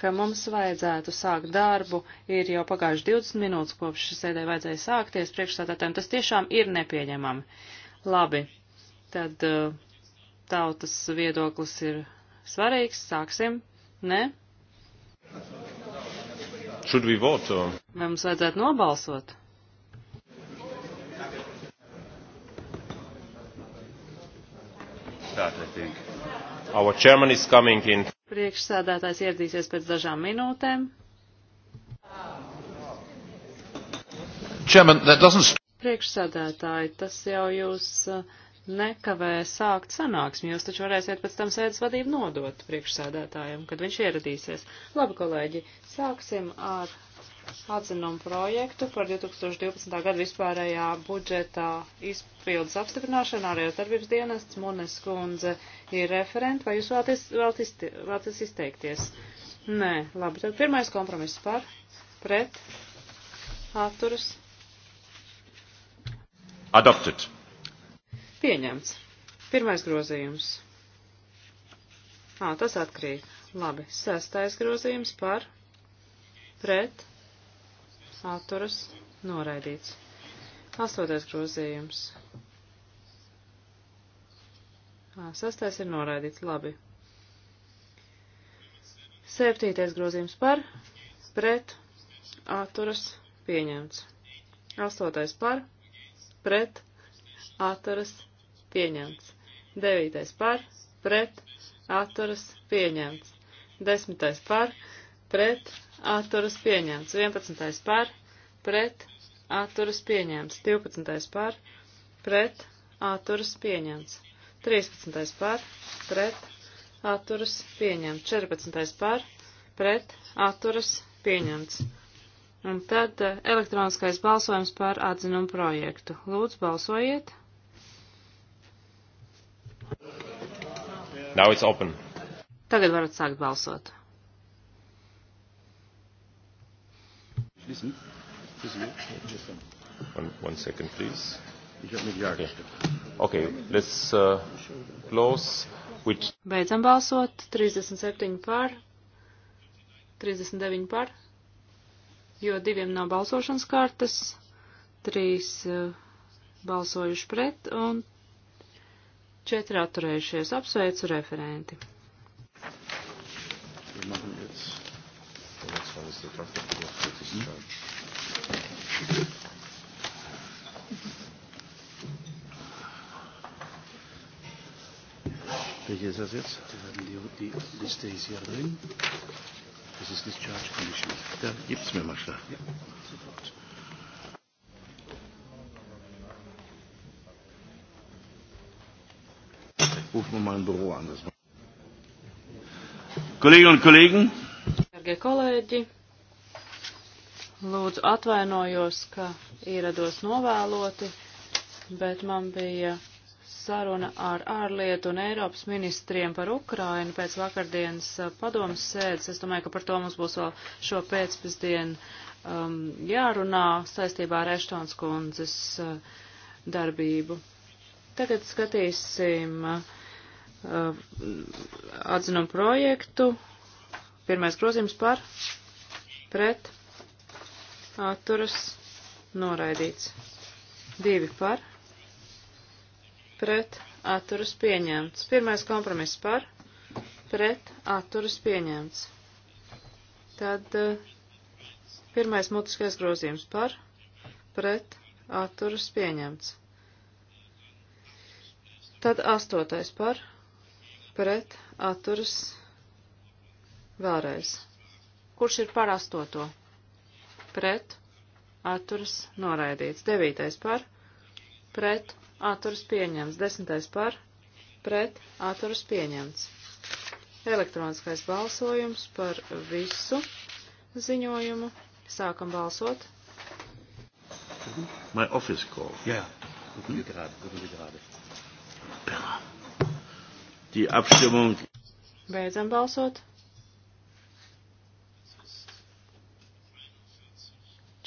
ka mums vajadzētu sākt darbu, ir jau pagājuši 20 minūtes kopš sēdē vajadzēja sākties priekšstādātājiem, tas tiešām ir nepieņemami. Labi, tad eh, tautas viedoklis ir svarīgs, sāksim, ne? Should we vote? Or? Vai mums vajadzētu nobalsot? That, I think. Our chairman is coming in. Priekšsēdētājs ieradīsies pēc dažām minūtēm. Chairman, Priekšsēdētāji, tas jau jūs uh, nekavē sākt sanāksmi, jūs taču varēsiet pēc tam sēdes vadību nodot priekšsēdētājiem, kad viņš ieradīsies. Labi, kolēģi, sāksim ar atzinumu projektu par 2012. gada vispārējā budžetā izpildes apstiprināšanu ārējās darbības dienests. Munes kundze ir referenta. Vai jūs vēlaties, vēlaties, vēlaties izteikties? Nē, labi. Tad pirmais kompromiss par, pret, atturas. Adopted. Pieņemts. Pirmais grozījums. Ā, tas atkrīt. Labi. Sestais grozījums par, pret, atturas, noraidīts. Astotais grozījums. Sastais ir noraidīts, labi. Septītais grozījums par, pret, atturas, pieņemts. Astotais par, pret, atturas, pieņemts. Devītais par, pret, atturas, pieņemts. Desmitais par, pret, atturas pieņemts. 11. par, pret, atturas pieņemts. 12. par, pret, atturas pieņemts. 13. par, pret, atturas pieņemts. 14. par, pret, atturas pieņemts. Un tad eh, elektroniskais balsojums par atzinumu projektu. Lūdzu, balsojiet. Now it's open. Tagad varat sākt balsot. Wissen? Wissen wir? One, one second, please. Ich habe mit Ja okay. gestimmt. Okay, let's uh, close. Which... Beidzam balsot. 37 par. 39 par. Jo diviem nav balsošanas kartes. Trīs uh, balsojuši pret un četri atturējušies. Apsveicu referenti. Wir machen That was the fact that we have to discharge. Welche ist das jetzt? Wir haben die, die Liste ist hier drin. Das ist Discharge Condition. Da gibt's mir mal schnell. Ja, sofort. Rufen wir mal ein Büro an. Das Kolleginnen und Kollegen, Dargie kolēģi, lūdzu atvainojos, ka ierados novēloti, bet man bija saruna ar ārlietu un Eiropas ministriem par Ukrainu pēc vakardienas uh, padomas sēdes. Es domāju, ka par to mums būs vēl šo pēcpusdienu um, jārunā saistībā ar Eštons kundzes uh, darbību. Tagad skatīsim. Uh, atzinumu projektu Pirmais grozījums par pret atturas noraidīts. Divi par pret atturas pieņemts. Pirmais kompromiss par pret atturas pieņemts. Tad eh, pirmais mutiskais grozījums par pret atturas pieņemts. Tad astotais par pret atturas Vēlreiz. Kurš ir par astoto? Pret. Atturas noraidīts. Devītais par. Pret. Atturas pieņemts. Desmitais par. Pret. Atturas pieņemts. Elektroniskais balsojums par visu ziņojumu. Sākam balsot. My office call. Jā. Gucken wir gerade, gucken wir gerade. Die Abstimmung. Beidzam balsot.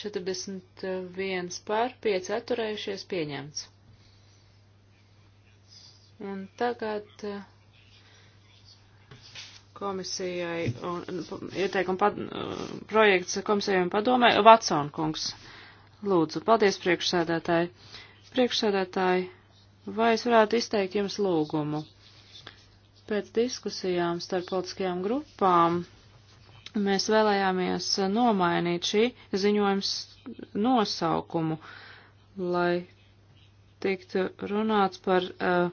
41 pār 5 atturējušies pieņemts. Un tagad eh, komisijai, un, ieteikuma pad, eh, projekts komisijai un padomē, Vatsonkungs. Lūdzu, paldies priekšsēdētāji. Priekšsēdētāji, vai es varētu izteikt jums lūgumu? Pēc diskusijām starp politiskajām grupām mēs vēlējāmies nomainīt šī ziņojums nosaukumu, lai tiktu runāts par uh,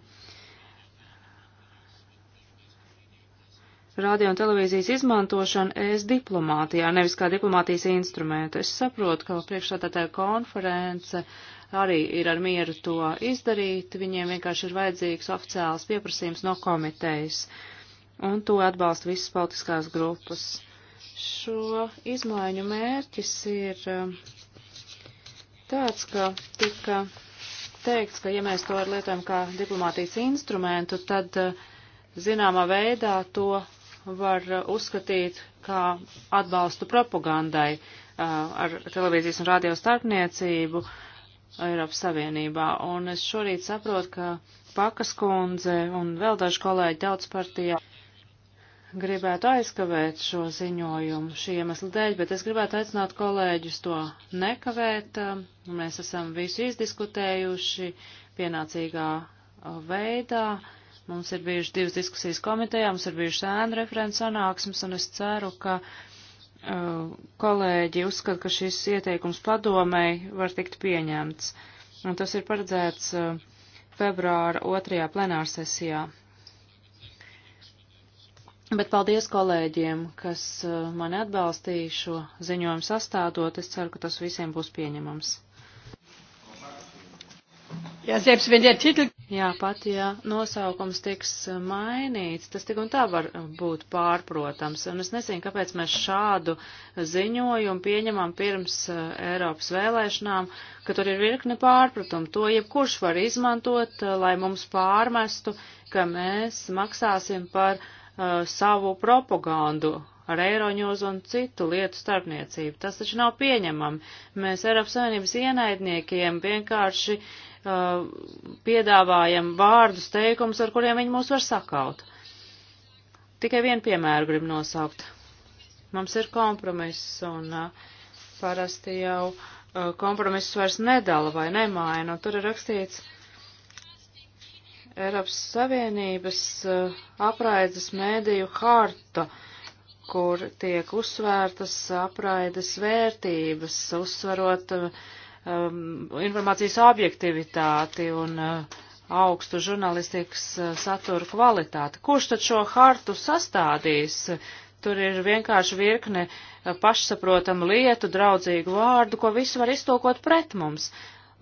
radio un televīzijas izmantošanu ES diplomātijā, nevis kā diplomātijas instrumentu. Es saprotu, ka priekšstādātāja konference arī ir ar mieru to izdarīt, viņiem vienkārši ir vajadzīgs oficiāls pieprasījums no komitejas, un to atbalsta visas politiskās grupas. Šo izmaiņu mērķis ir um, tāds, ka tika teikts, ka ja mēs to lietojam kā diplomātijas instrumentu, tad uh, zināmā veidā to var uh, uzskatīt kā atbalstu propagandai uh, ar televīzijas un radio starpniecību Eiropas Savienībā. Un es šorīt saprotu, ka Pakas kundze un vēl daži kolēģi daudz partijā gribētu aizkavēt šo ziņojumu šī iemesla dēļ, bet es gribētu aicināt kolēģus to nekavēt. Um, mēs esam visu izdiskutējuši pienācīgā uh, veidā. Mums ir bijušas divas diskusijas komitejā, mums ir bijušas ēnu referents sanāksmes, un es ceru, ka uh, kolēģi uzskata, ka šis ieteikums padomēji var tikt pieņemts. Un tas ir paredzēts uh, februāra otrajā plenārsesijā. Bet paldies kolēģiem, kas uh, mani atbalstīja šo ziņojumu sastādot. Es ceru, ka tas visiem būs pieņemams. Jā, selbst, wenn der Titel... Jā, pat ja nosaukums tiks uh, mainīts, tas tik un tā var uh, būt pārprotams. Un es nezinu, kāpēc mēs šādu ziņojumu pieņemam pirms Eiropas vēlēšanām, ka tur ir virkne pārpratumu. To jebkurš var izmantot, lai mums pārmestu, ka mēs maksāsim par uh, uh, savu propagandu ar eiroņos un citu lietu starpniecību. Tas taču nav pieņemami. Mēs Eiropas Savienības ienaidniekiem vienkārši uh, piedāvājam vārdus, teikumus, ar kuriem viņi mūs var sakaut. Tikai vienu piemēru grib nosaukt. Mums ir kompromiss, un uh, parasti jau uh, kompromiss vairs nedala vai nemaina, un tur ir rakstīts, uh, Eiropas Savienības eh, apraides mēdīju harta, kur tiek uzsvērtas apraides vērtības, uzsvarot eh, um, informācijas objektivitāti un uh, augstu žurnalistikas satura kvalitāti. Kurš tad šo hartu sastādīs? Tur ir vienkārši virkne pašsaprotamu lietu, draudzīgu vārdu, ko visu var iztolkot pret mums.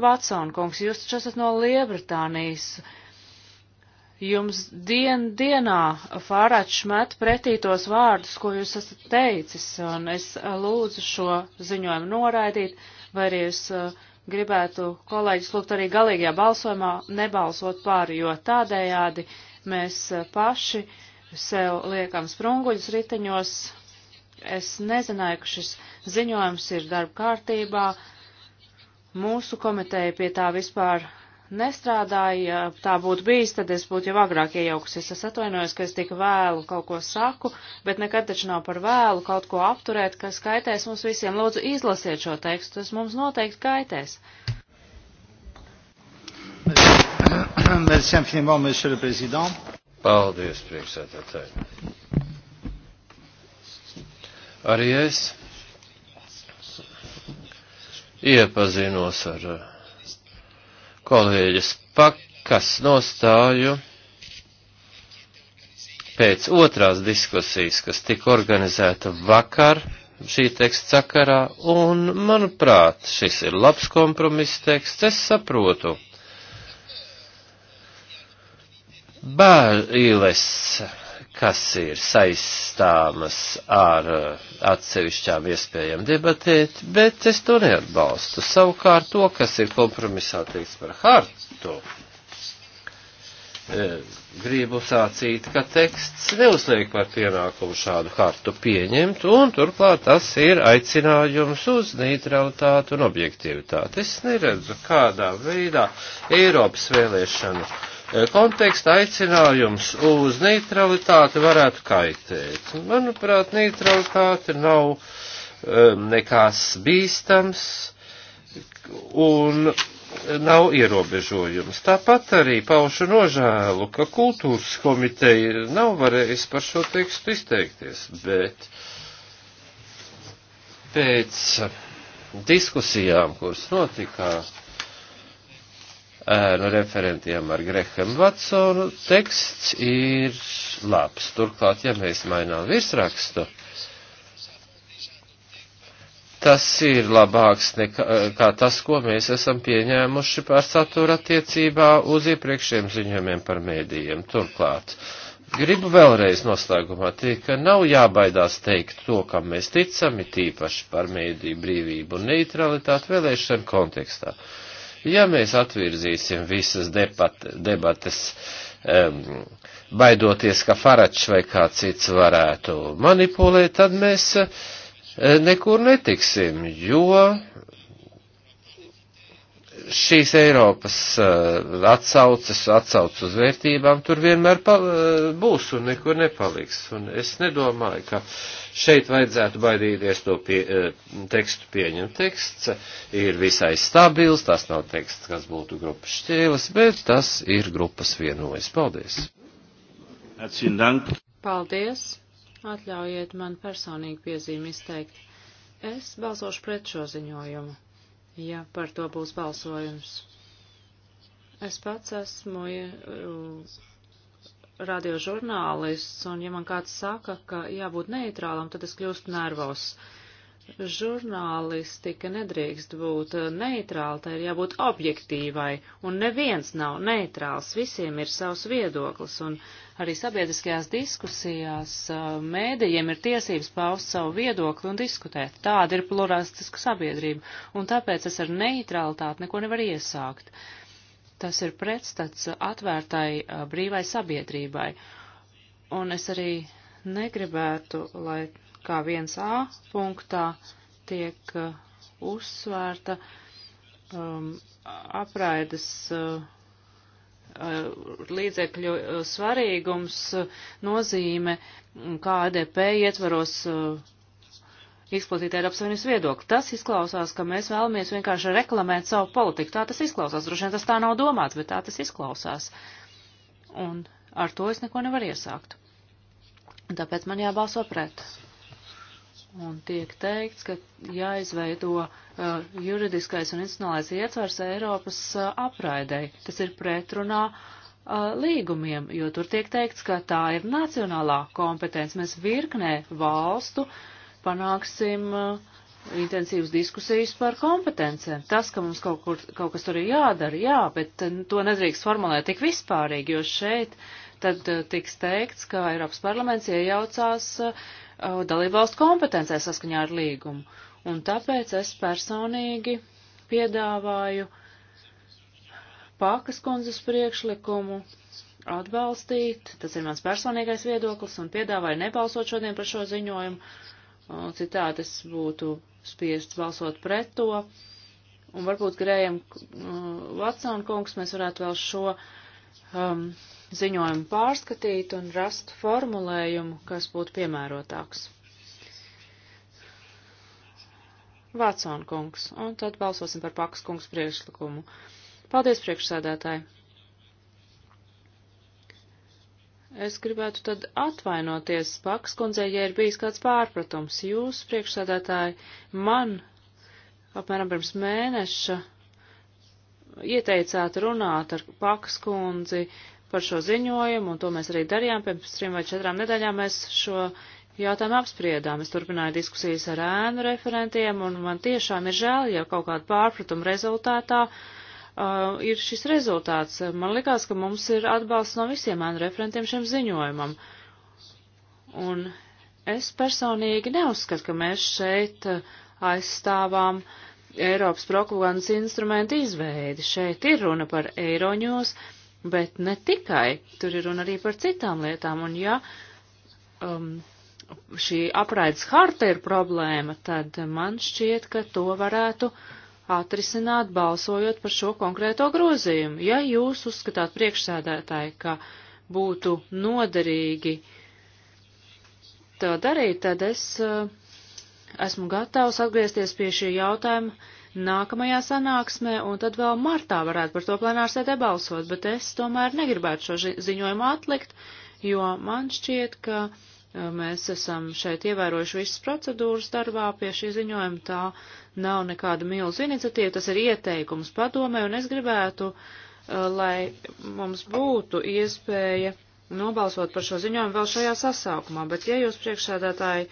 Vatsonkungs, jūs taču esat no Liebritānijas. Uh, jums dien dienā Fārāds šmet pretī tos vārdus, ko jūs esat teicis, un es eh, lūdzu šo ziņojumu noraidīt, vai arī es eh, gribētu kolēģis lūgt arī galīgajā balsojumā nebalsot pār, jo tādējādi mēs eh, paši sev liekam sprunguļus riteņos. Es nezināju, ka šis ziņojums ir darba kārtībā. Mūsu komiteja pie tā vispār nestrādāja, tā būtu bijis, tad es būtu jau agrāk iejaukusies. Es atvainojos, ka es tik vēlu kaut ko saku, bet nekad taču nav par vēlu kaut ko apturēt, kas kaitēs mums visiem. Lūdzu, izlasiet šo tekstu, tas mums noteikti kaitēs. Merci infiniment, monsieur le président. Paldies, priekšsēdētāji. Arī es iepazinos ar uh, kolēģis pakas nostāju pēc otrās diskusijas, kas tika organizēta vakar šī teksta sakarā, un, manuprāt, šis ir labs kompromiss teksts, es saprotu. Bēles kas ir saistāmas ar uh, atsevišķām iespējām debatēt, bet es to neatbalstu. Savukārt to, kas ir kompromisā teiks par hartu, uh, gribu sācīt, ka teksts neuzliek par pienākumu šādu hartu pieņemt, un turklāt tas ir aicinājums uz neitralitātu un objektivitāti. Es neredzu, kādā veidā Eiropas vēlēšanu Eh, konteksta aicinājums uz neutralitāti varētu kaitēt. Manuprāt, neutralitāte nav um, eh, nekās bīstams un nav ierobežojums. Tāpat arī paušu nožēlu, ka kultūras komiteja nav varējusi par šo tekstu izteikties, bet pēc diskusijām, kuras notikās, ēnu referentiem ar Greham Vatsonu. Teksts ir labs. Turklāt, ja mēs mainām virsrakstu, tas ir labāks nekā tas, ko mēs esam pieņēmuši par saturu attiecībā uz iepriekšējiem ziņojumiem par mēdījiem. Turklāt, gribu vēlreiz noslēgumā teikt, ka nav jābaidās teikt to, kam mēs ticam, it īpaši par mēdīju brīvību un neutralitāti vēlēšanu kontekstā. Ja mēs atvirzīsim visas debat, debates, um, baidoties, ka Faračs vai kāds cits varētu manipulēt, tad mēs eh, nekur netiksim, jo šīs Eiropas eh, atsauces, atsauces uz vērtībām tur vienmēr eh, būs un nekur nepaliks. Un es nedomāju, ka šeit vajadzētu baidīties to pie, eh, tekstu pieņemt. Teksts ir visai stabils, tas nav teksts, kas būtu grupas šķēlis, bet tas ir grupas vienojas. Paldies! Paldies! Atļaujiet man personīgi piezīmi izteikt. Es balsošu pret šo ziņojumu ja par to būs balsojums. Es pats esmu radiožurnālists, un ja man kāds saka, ka jābūt neitrālam, tad es kļūstu nervos. Uh, žurnālistika nedrīkst būt neitrāla, tai ir jābūt objektīvai, un neviens nav neitrāls, visiem ir savs viedoklis, un arī sabiedriskajās diskusijās mēdījiem ir tiesības paust savu viedokli un diskutēt. Tāda ir pluralistiska sabiedrība, un tāpēc es ar neitralitāti neko nevaru iesākt. Tas ir pretstats atvērtai brīvai sabiedrībai, un es arī negribētu, lai kā 1A punktā tiek uh, uzsvērta um, apraides uh, uh līdzekļu uh, svarīgums nozīme, mm, kā ADP e ietvaros izplatīt Eiropas Savienības viedokli. Tas izklausās, ka mēs vēlamies vienkārši reklamēt savu politiku. Tā tas izklausās. Droši vien tas tā nav domāts, bet tā tas izklausās. Un ar to es neko nevaru iesākt. Tāpēc man jābalso pret. Un tiek teikts, ka jāizveido uh, juridiskais un institucionālais ietvars Eiropas uh, apraidei. Tas ir pretrunā uh, līgumiem, jo tur tiek teikts, ka tā ir nacionālā kompetence. Mēs virknē valstu panāksim uh, intensīvas diskusijas par kompetencēm. Tas, ka mums kaut, kur, kaut kas tur ir jādara, jā, bet uh, to nedrīkst formulēt tik vispārīgi, jo šeit tad uh, tiks teikts, ka Eiropas parlaments iejaucās uh, Uh, dalībvalstu kompetencē saskaņā ar līgumu. Un tāpēc es personīgi piedāvāju Pākas kundzes priekšlikumu atbalstīt, tas ir mans personīgais viedoklis, un piedāvāju nebalsot šodien par šo ziņojumu, uh, citādi es būtu spiests balsot pret to, un varbūt Grējam Vatsona uh, kungs mēs varētu vēl šo um, ziņojumu pārskatīt un rast formulējumu, kas būtu piemērotāks. Vatsona kungs, un tad balsosim par pakas kungs priekšlikumu. Paldies, priekšsēdētāji! Es gribētu tad atvainoties pakas kundzei, ja ir bijis kāds pārpratums. Jūs, priekšsēdētāji, man apmēram pirms mēneša ieteicāt runāt ar pakas kundzi par šo ziņojumu, un to mēs arī darījām. Pirms trim vai četrām nedēļām mēs šo jautājumu apspriedām. Es turpināju diskusijas ar ēnu referentiem, un man tiešām ir žēl, ja kaut kāda pārpratuma rezultātā uh, ir šis rezultāts. Man likās, ka mums ir atbalsts no visiem ēnu referentiem šiem ziņojumam. Un es personīgi neuzskatu, ka mēs šeit uh, aizstāvām Eiropas propagandas instrumentu izveidi. Šeit ir runa par eiroņos Bet ne tikai, tur ir runa arī par citām lietām, un ja um, šī apraides harta ir problēma, tad man šķiet, ka to varētu atrisināt balsojot par šo konkrēto grozījumu. Ja jūs uzskatāt priekšsēdētāji, ka būtu noderīgi to darīt, tad es uh, esmu gatavs atgriezties pie šī jautājuma nākamajā sanāksmē, un tad vēl martā varētu par to plenārsēdē balsot, bet es tomēr negribētu šo zi ziņojumu atlikt, jo man šķiet, ka uh, mēs esam šeit ievērojuši visas procedūras darbā pie šī ziņojuma, tā nav nekāda milzu iniciatīva, tas ir ieteikums padomē, un es gribētu, uh, lai mums būtu iespēja nobalsot par šo ziņojumu vēl šajā sasaukumā, bet ja jūs priekšsēdētāji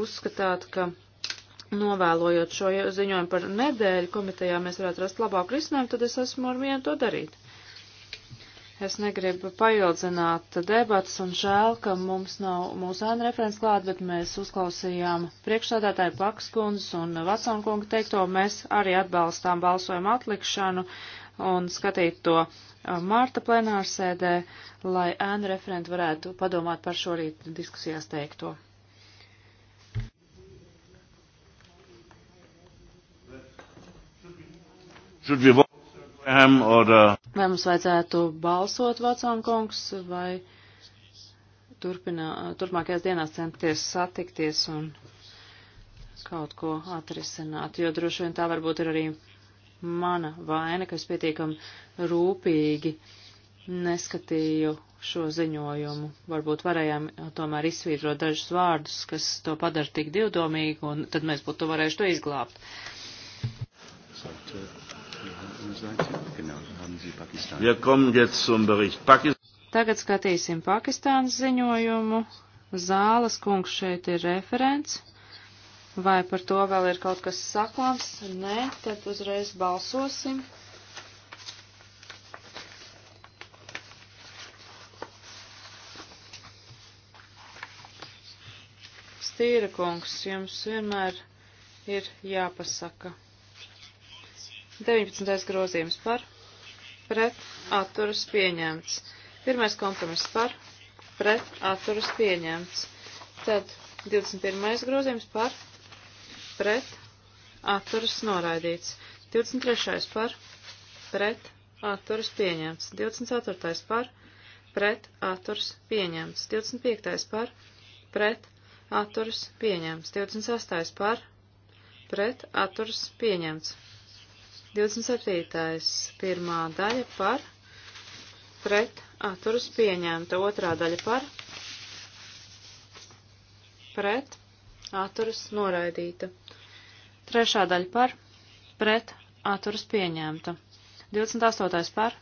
uzskatāt, ka novēlojot šo ziņojumu par nedēļu komitejā, mēs varētu rast labāku risinājumu, tad es esmu ar vienu to darīt. Es negribu paildzināt debatas un žēl, ka mums nav mūsu ēna referents klāt, bet mēs uzklausījām priekšstādātāju Pakskundas un Vatsonkunga teikto, mēs arī atbalstām balsojumu atlikšanu un skatīt to uh, Mārta plenārsēdē, lai ēna referenti varētu padomāt par šorīt diskusijās teikto. Uh, vai mums vajadzētu balsot, Vācām kungs, vai turpinā, turpmākajās dienās centies satikties un kaut ko atrisināt, jo droši vien tā varbūt ir arī mana vaina, ka es pietiekam rūpīgi neskatīju šo ziņojumu. Varbūt varējām tomēr izsvītrot dažus vārdus, kas to padara tik divdomīgu, un tad mēs būtu varējuši to izglābt. Sakt, Seite. Genau, haben Sie Pakistan. Wir kommen jetzt zum Bericht Pakistan. Tagad skatīsim Pakistānas ziņojumu. Zāles kungs šeit ir referents. Vai par to vēl ir kaut kas sakāms? Nē, tad uzreiz balsosim. Stīra kungs, jums vienmēr ir jāpasaka. 19. grozījums par, pret, atturas pieņemts. Pirmais kompromiss par, pret, atturas pieņemts. Tad 21. grozījums par, pret, atturas noraidīts. 23. par, pret, atturas pieņemts. 24. par, pret, atturas pieņemts. 25. par, pret, atturas pieņemts. 26. par, pret, atturas pieņemts. 27. pirmā daļa par pret atturas pieņemta, otrā daļa par pret atturas noraidīta, trešā daļa par pret atturas pieņemta, 28. par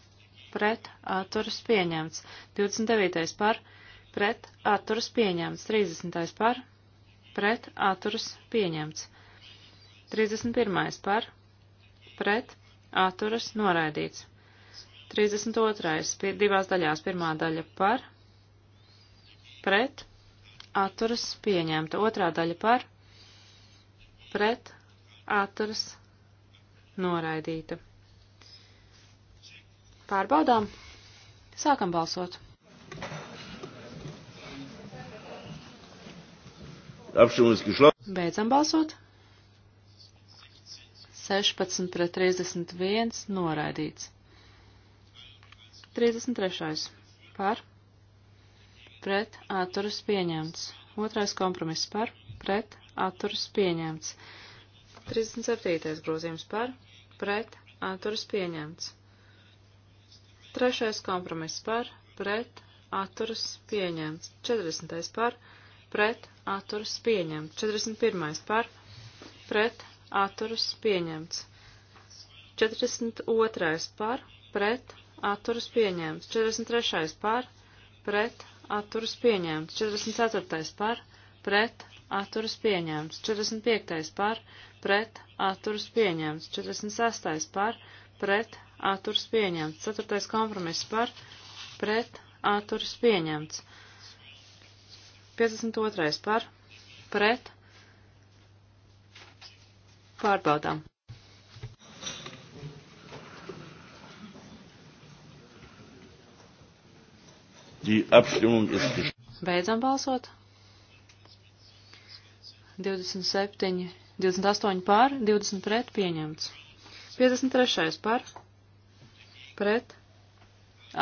pret atturas pieņemts, 29. par pret atturas pieņemts, 30. par pret atturas pieņemts, 31. par pret pret, atturas, noraidīts. 32. Pie, divās daļās, pirmā daļa par, pret, atturas, pieņemta. Otrā daļa par, pret, atturas, noraidīta. Pārbaudām. Sākam balsot. Beidzam balsot. 16 pret 31 noraidīts. 33. par, pret, atturas pieņemts. Otrais kompromiss par, pret, atturas pieņemts. 37. grozījums par, pret, atturas pieņemts. Trešais kompromiss par, pret, atturas pieņemts. 40. par, pret, atturas pieņemts. 41. par, pret, atturas pieņemts. 42. par, pret, atturas pieņemts. 43. par, pret, atturas pieņemts. 44. par, pret, atturas pieņemts. 45. par, pret, atturas pieņemts. 46. par, pret, atturas pieņemts. 4. kompromiss par, pret, atturas pieņemts. 52. par, pret, Pārbaudām. Beidzam balsot. 27, 28 pār, 20 pret pieņemts. 53 par, pret,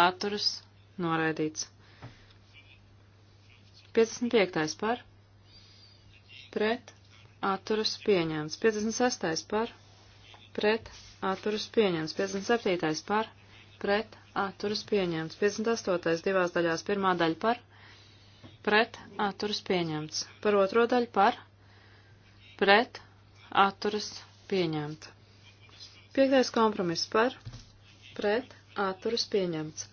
atturas, noraidīts. 55 par, pret, atturas pieņemts. 56. par, pret, atturas pieņemts. 57. par, pret, atturas pieņemts. 58. divās daļās pirmā daļa par, pret, atturas pieņemts. Par otro daļu par, pret, atturas pieņemta. Piektais kompromiss par, pret, atturas pieņemts.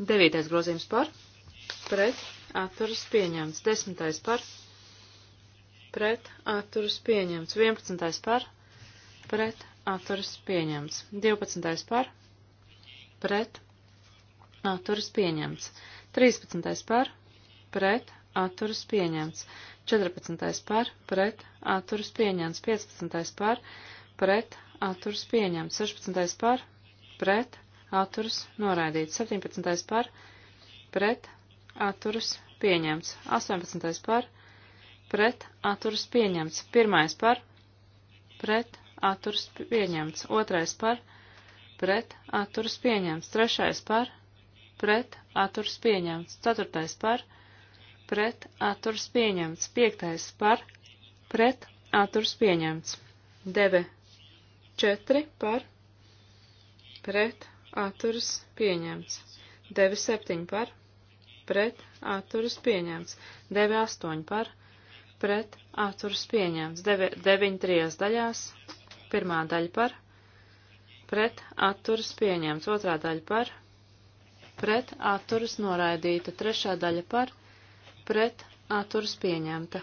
Devītais grozījums par, pret, atturas pieņemts. Desmitais par, pret pret atturas pieņemts. 11. par pret atturas pieņemts. 12. par pret atturas pieņemts. 13. par pret atturas pieņemts. 14. par pret atturas pieņemts. 15. par pret atturas pieņemts. 16. par pret atturas noraidīts. 17. par pret atturas pieņemts. 18. par pret pret atturas pieņemts. Pirmais par pret atturas pieņemts. Otrais par pret atturas pieņemts. Trešais par pret atturas pieņemts. Ceturtais par pret atturas pieņemts. Piektais par pret atturas pieņemts. Deve 4 par pret atturas pieņemts. Deve 7 par pret atturas pieņemts. Deve 8 par pret pret atturas pieņemts. 9 trijās daļās. Pirmā daļa par pret atturas pieņemts. Otrā daļa par pret atturas noraidīta. Trešā daļa par pret atturas pieņemta.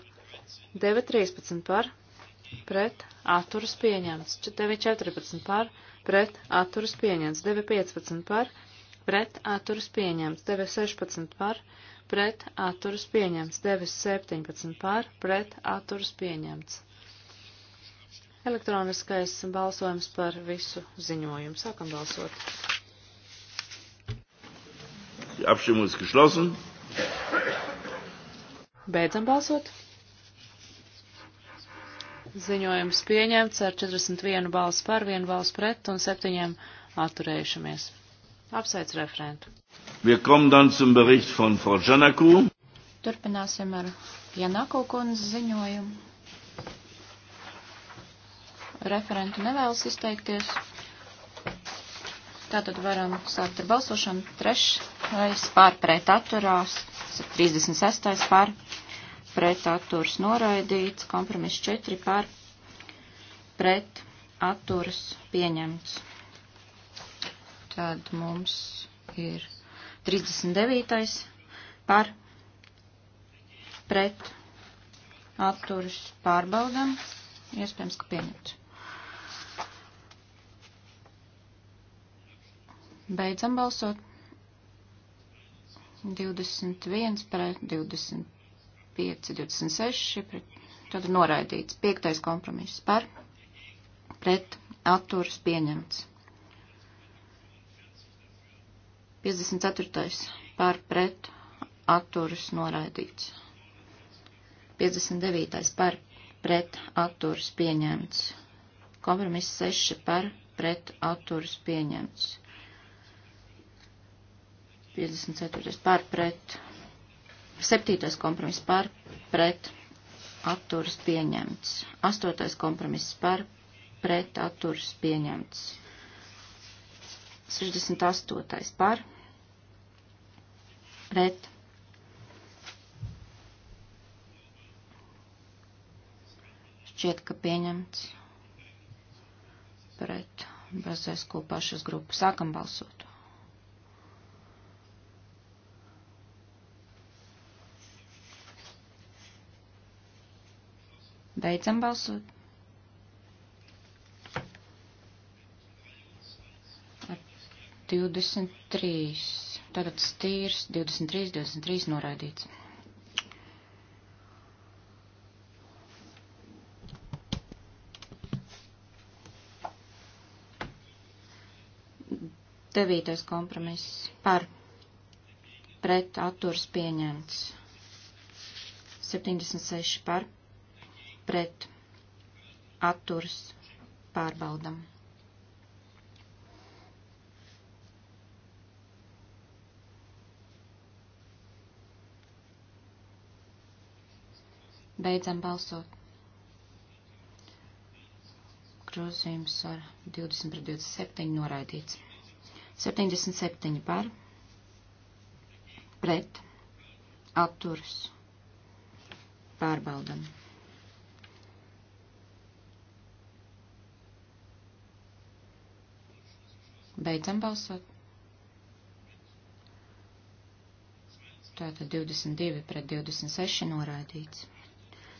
9.13 par pret atturas pieņemts. 9.14 par pret atturas pieņemts. 9.15 par pret atturas pieņemts. 9.16 par pret pret atturas pieņemts. 917 par pret atturas pieņemts. Elektroniskais balsojums par visu ziņojumu. Sākam balsot. Apšķirmums geschlossen. Beidzam balsot. Ziņojums pieņemts ar 41 balsu par, 1 balsu pret un 7 atturējušamies. Apsveic referentu. Turpināsim ar Janaku kundzes ziņojumu. Referentu nevēlas izteikties. Tātad varam sākt ar balsošanu. Trešais pār pret atturās, 36. pār pret atturs noraidīts, kompromiss 4 pār pret atturs pieņemts. Tad mums ir 39. par pret atturas pārbaudam. Iespējams, ka pieņemts. Beidzam balsot. 21 pret 25, 26 pret. Tad noraidīts. Piektais kompromiss par pret atturas pieņemts. 54. par pret atturas noraidīts. 59. par pret atturas pieņemts. Kompromiss 6 par pret atturas pieņemts. 54. par pret. 7. kompromiss par pret atturas pieņemts. 8. kompromiss par pret atturas pieņemts. 68. par pret šķiet, ka pieņemts pret Bazēsku pašas grupu. Sākam balsot. Beidzam balsot. 23. Tātad stīrs 23, 23 noraidīts. Devītais kompromiss par pret atturs pieņemts. 76 par pret atturs pārbaudam. Beidzam balsot. Grozījums ar 20 pret 27 noraidīts. 77 par. Pret. Atturs. Pārbaudam. Beidzam balsot. Tātad 22 pret 26 noraidīts.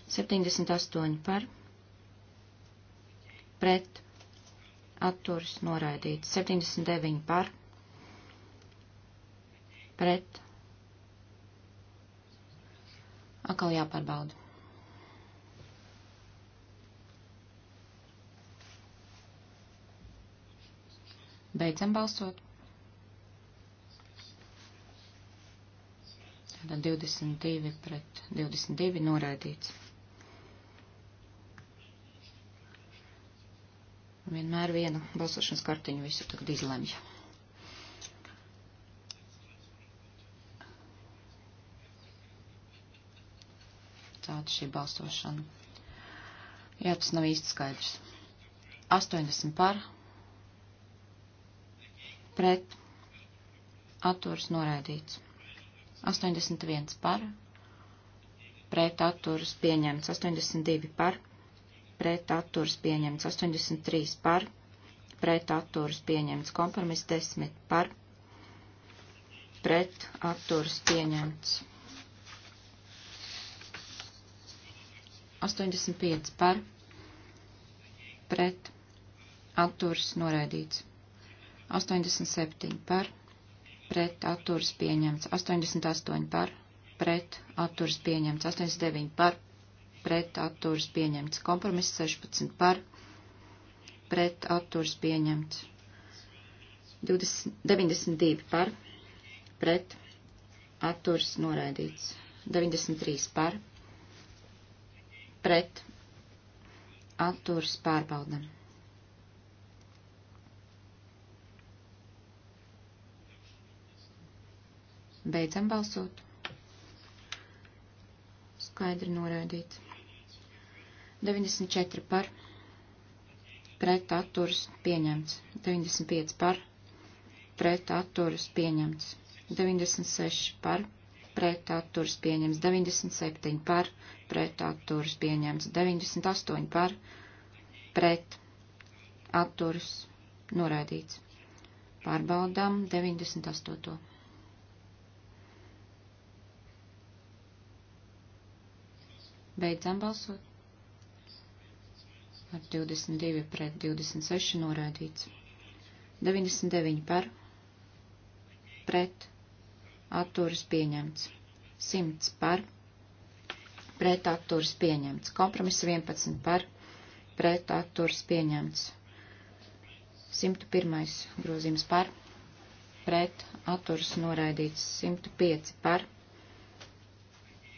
78 par, pret, atturas noraidīts, 79 par, pret, atkal jāpārbauda. Beidzam balsot. Tātad 22 pret 22 noraidīts. Vienmēr viena balsošanas kartiņa visu tagad izlemj. Tāda šī balsošana. Jā, tas nav īsti skaidrs. 80 par, pret, atturs noraidīts. 81 par, pret atturs pieņemts. 82 par, pret atturas pieņemts 83 par, pret atturas pieņemts kompromiss 10 par, pret atturas pieņemts 85 par, pret atturas noraidīts 87 par, pret atturas pieņemts 88 par, pret atturas pieņemts 89 par pret atturs pieņemts. Kompromiss 16 par pret atturs pieņemts. 20, 92 par pret atturs noraidīts. 93 par pret atturs pārbaudam. Beidzam balsot. Skaidri noraidīts. 94 par pret atturas pieņemts, 95 par pret atturas pieņemts, 96 par pret atturas pieņemts, 97 par pret atturas pieņemts, 98 par pret atturas norādīts. Pārbaudām 98. Beidzam balsot ar 22 pret 26 noraidīts. 99 par, pret, atturas pieņemts. 100 par, pret, atturas pieņemts. Kompromiss 11 par, pret, atturas pieņemts. 101 grozījums par, pret, atturas noraidīts. 105 par,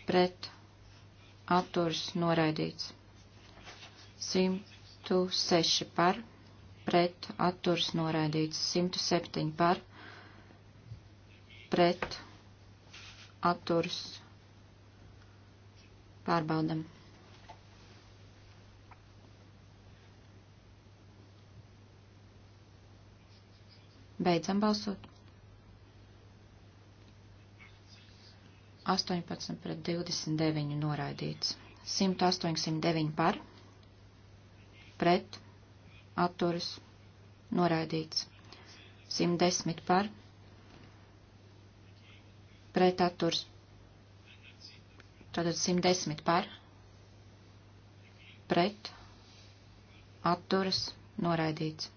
pret, atturas noraidīts. 106 par, pret atturs noraidīts 107 par, pret atturs pārbaudam. Beidzam balsot. 18 pret 29 noraidīts. 108, 109 par pret, atturas, noraidīts. 110 par, pret atturs, tātad 110 par, pret, atturas, noraidīts.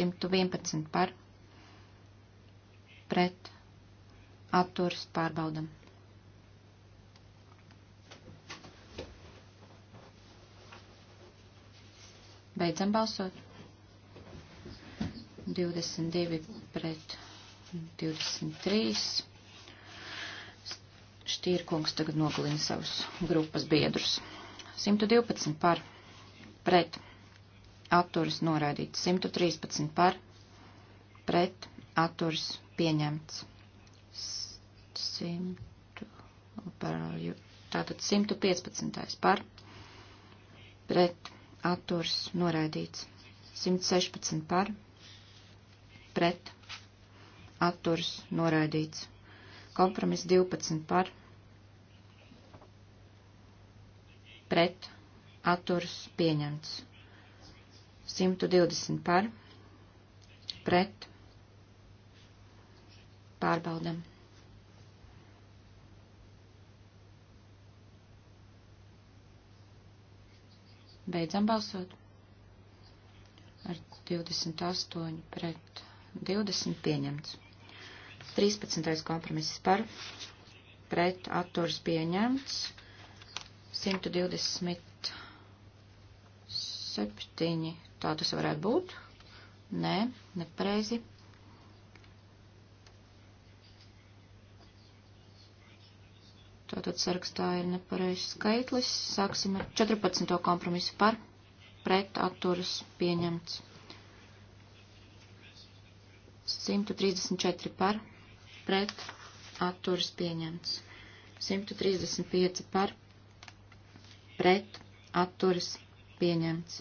111 par, pret, atturas, pārbaudam. Beidzam balsot. 22 pret 23. Štīrkungs tagad nogalina savus grupas biedrus. 112 par pret atturis noraidīts. 113 par pret atturis pieņemts. 100 par, tātad 115 par pret atturs noraidīts. 116 par, pret, atturs noraidīts. Kompromiss 12 par, pret, atturs pieņemts. 120 par, pret, pārbaudam. Beidzam balsot. Ar 28 pret 20 pieņemts. 13. kompromiss par pret atturs pieņemts. 127. Tā tas varētu būt. Nē, nepareizi. tātad sarakstā ir nepareizs skaitlis. Sāksim ar 14. kompromisu par pret atturas pieņemts. 134 par pret atturas pieņemts. 135 par pret atturas pieņemts.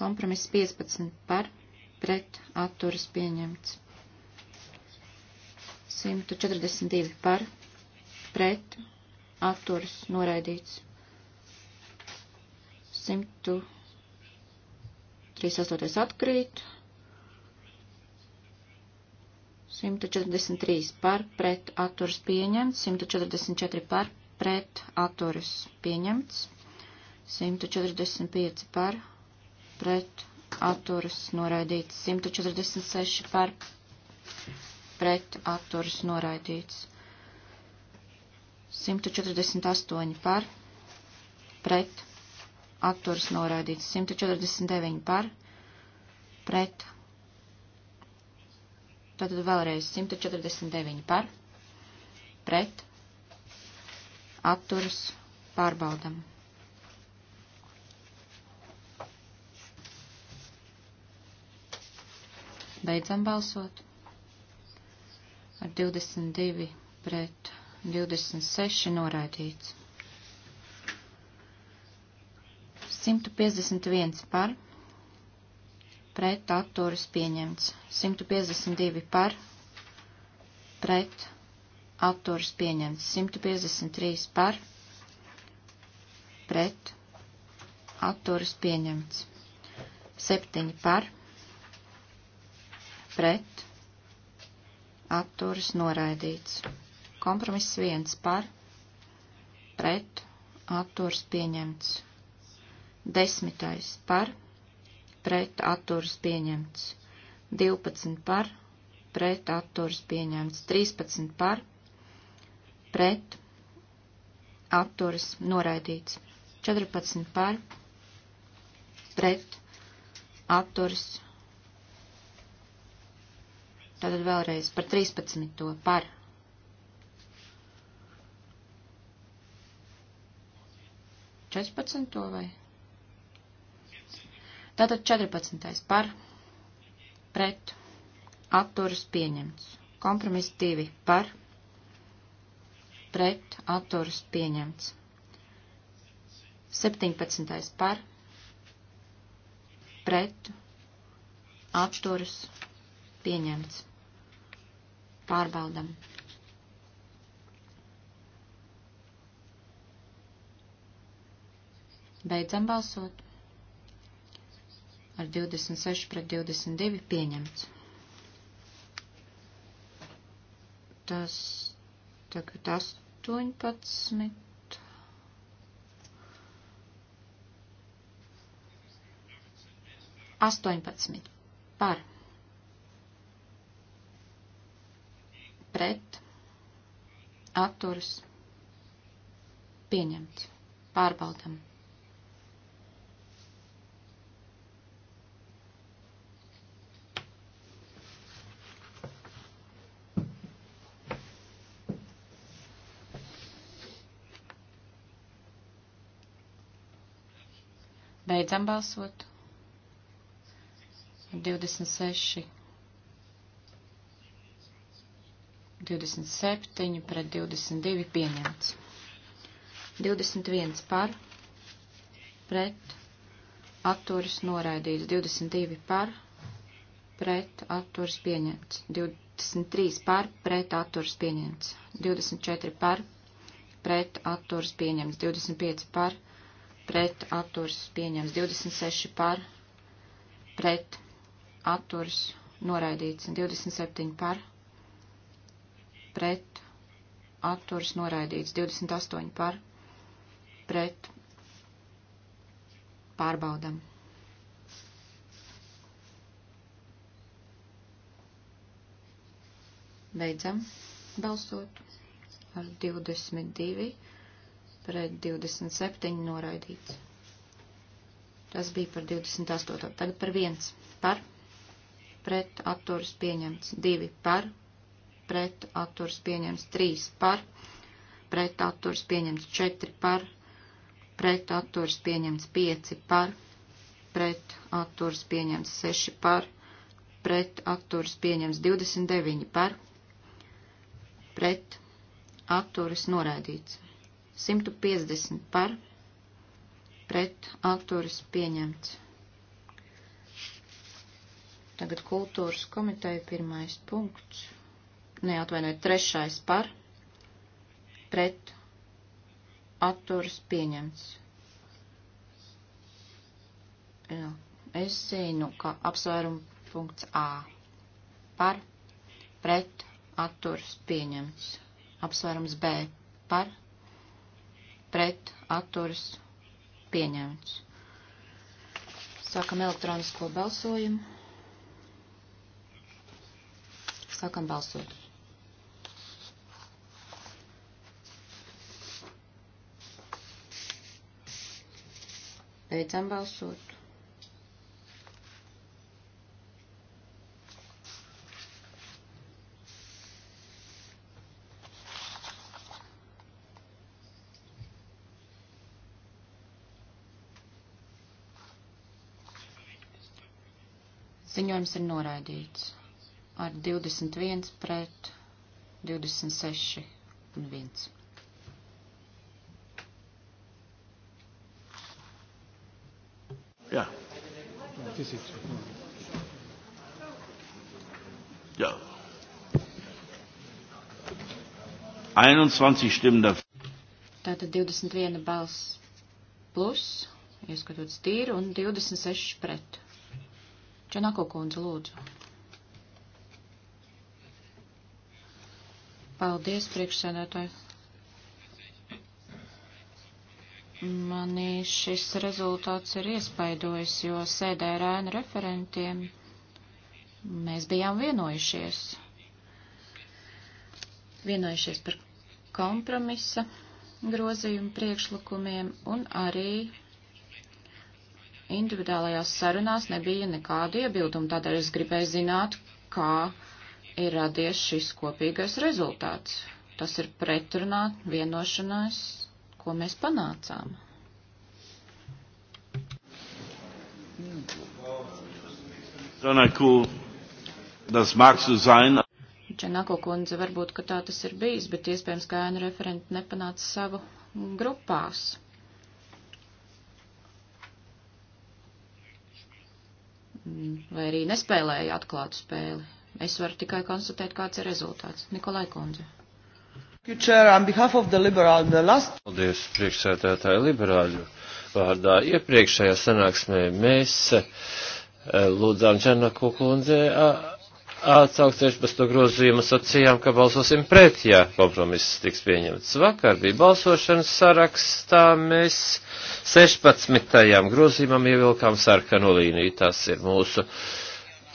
Kompromiss 15 par pret atturas pieņemts. 142 par pret atturas noraidīts. 138 atkrīt. 143 par pret atturas pieņemts. 144 par pret atturas pieņemts. 145 par pret atturas noraidīts. 146 par pret atturas noraidīts. 148 par, pret, atturas noraidīts, 149 par, pret, tātad vēlreiz 149 par, pret, atturas pārbaudam. Beidzam balsot ar 22 pret 26 noraidīts. 151 par, pret atturas pieņemts. 152 par, pret atturas pieņemts. 153 par, pret atturas pieņemts. 7 par, pret atturas noraidīts. Kompromiss viens par, pret, atturs pieņemts. Desmitais par, pret, atturs pieņemts. Divpadsmit par, pret, atturs pieņemts. Trīspadsmit par, pret, atturs noraidīts. Četrpadsmit par, pret, atturs noraidīts. Tātad vēlreiz par 13. par 14. vai? Tātad 14. par, pret, atturas pieņemts. Kompromiss 2 par, pret, atturas pieņemts. 17. par, pret, atturas pieņemts. Pārbaudam. Beidzam balsot. Ar 26 pret 22 pieņemts. Tas tagad 18. Astoņpadsmit par pret atturas pieņemts. Pārbaudam. Beidzam balsot. 26. 27 pret 22 pieņemts. 21 par, pret, atturis noraidīts. 22 par, pret, atturis pieņemts. 23 par, pret, atturis pieņemts. 24 par, pret, atturis pieņemts. 25 par, pret pret atturs pieņems 26 par, pret atturs noraidīts 27 par, pret atturs noraidīts 28 par, pret pārbaudam. Beidzam balsot ar 22 pret 27 noraidīts. Tas bija par 28. Tagad par 1. Par pret atturs pieņemts 2. Par pret atturs pieņemts 3. Par pret atturs pieņemts 4. Par pret atturs pieņemts 5. Par pret atturs pieņemts 6. Par pret atturs pieņemts 29. Par pret atturs noraidīts 150 par pret atturas pieņemts. Tagad kultūras komiteja pirmais punkts. Neatvainojiet, trešais par pret atturas pieņemts. Jā, es zinu, ka apsvērumu punkts A par pret atturas pieņemts. Apsvērums B par pret pret atturas pieņemts. Sākam elektronisko balsojumu. Sākam balsot. Beidzam balsot. Ziņojums ir noraidīts ar 21 pret 26 un 1. Jā. Jā. 21 stimmen dafür. Tātad 21 balss plus, ieskatot stīru, un 26 pret. Čenako kundze, lūdzu. Paldies, priekšsēdētāji. Mani šis rezultāts ir iespaidojis, jo sēdē ar ēnu referentiem mēs bijām vienojušies. Vienojušies par kompromisa grozījumu priekšlikumiem un arī individuālajās sarunās nebija nekādu iebildumu, tādēļ es gribēju zināt, kā ir radies šis kopīgais rezultāts. Tas ir pretrunā vienošanās, ko mēs panācām. Čenako kundze, varbūt, ka tā tas ir bijis, bet iespējams, ka ēna referenti nepanāca savu grupās. vai arī nespēlēja atklātu spēli. Es varu tikai konstatēt, kāds ir rezultāts. Nikolai Kundze. Paldies, priekšsētētāji liberāļu vārdā. Iepriekšējā sanāksmē mēs eh, lūdzām Černaku kundzei atsaukt 16. grozījumu sacījām, ka balsosim pret, ja kompromiss tiks pieņemts. Vakar bija balsošanas sarakstā, mēs 16. grozījumam ievilkām sarkanu līniju, tas ir mūsu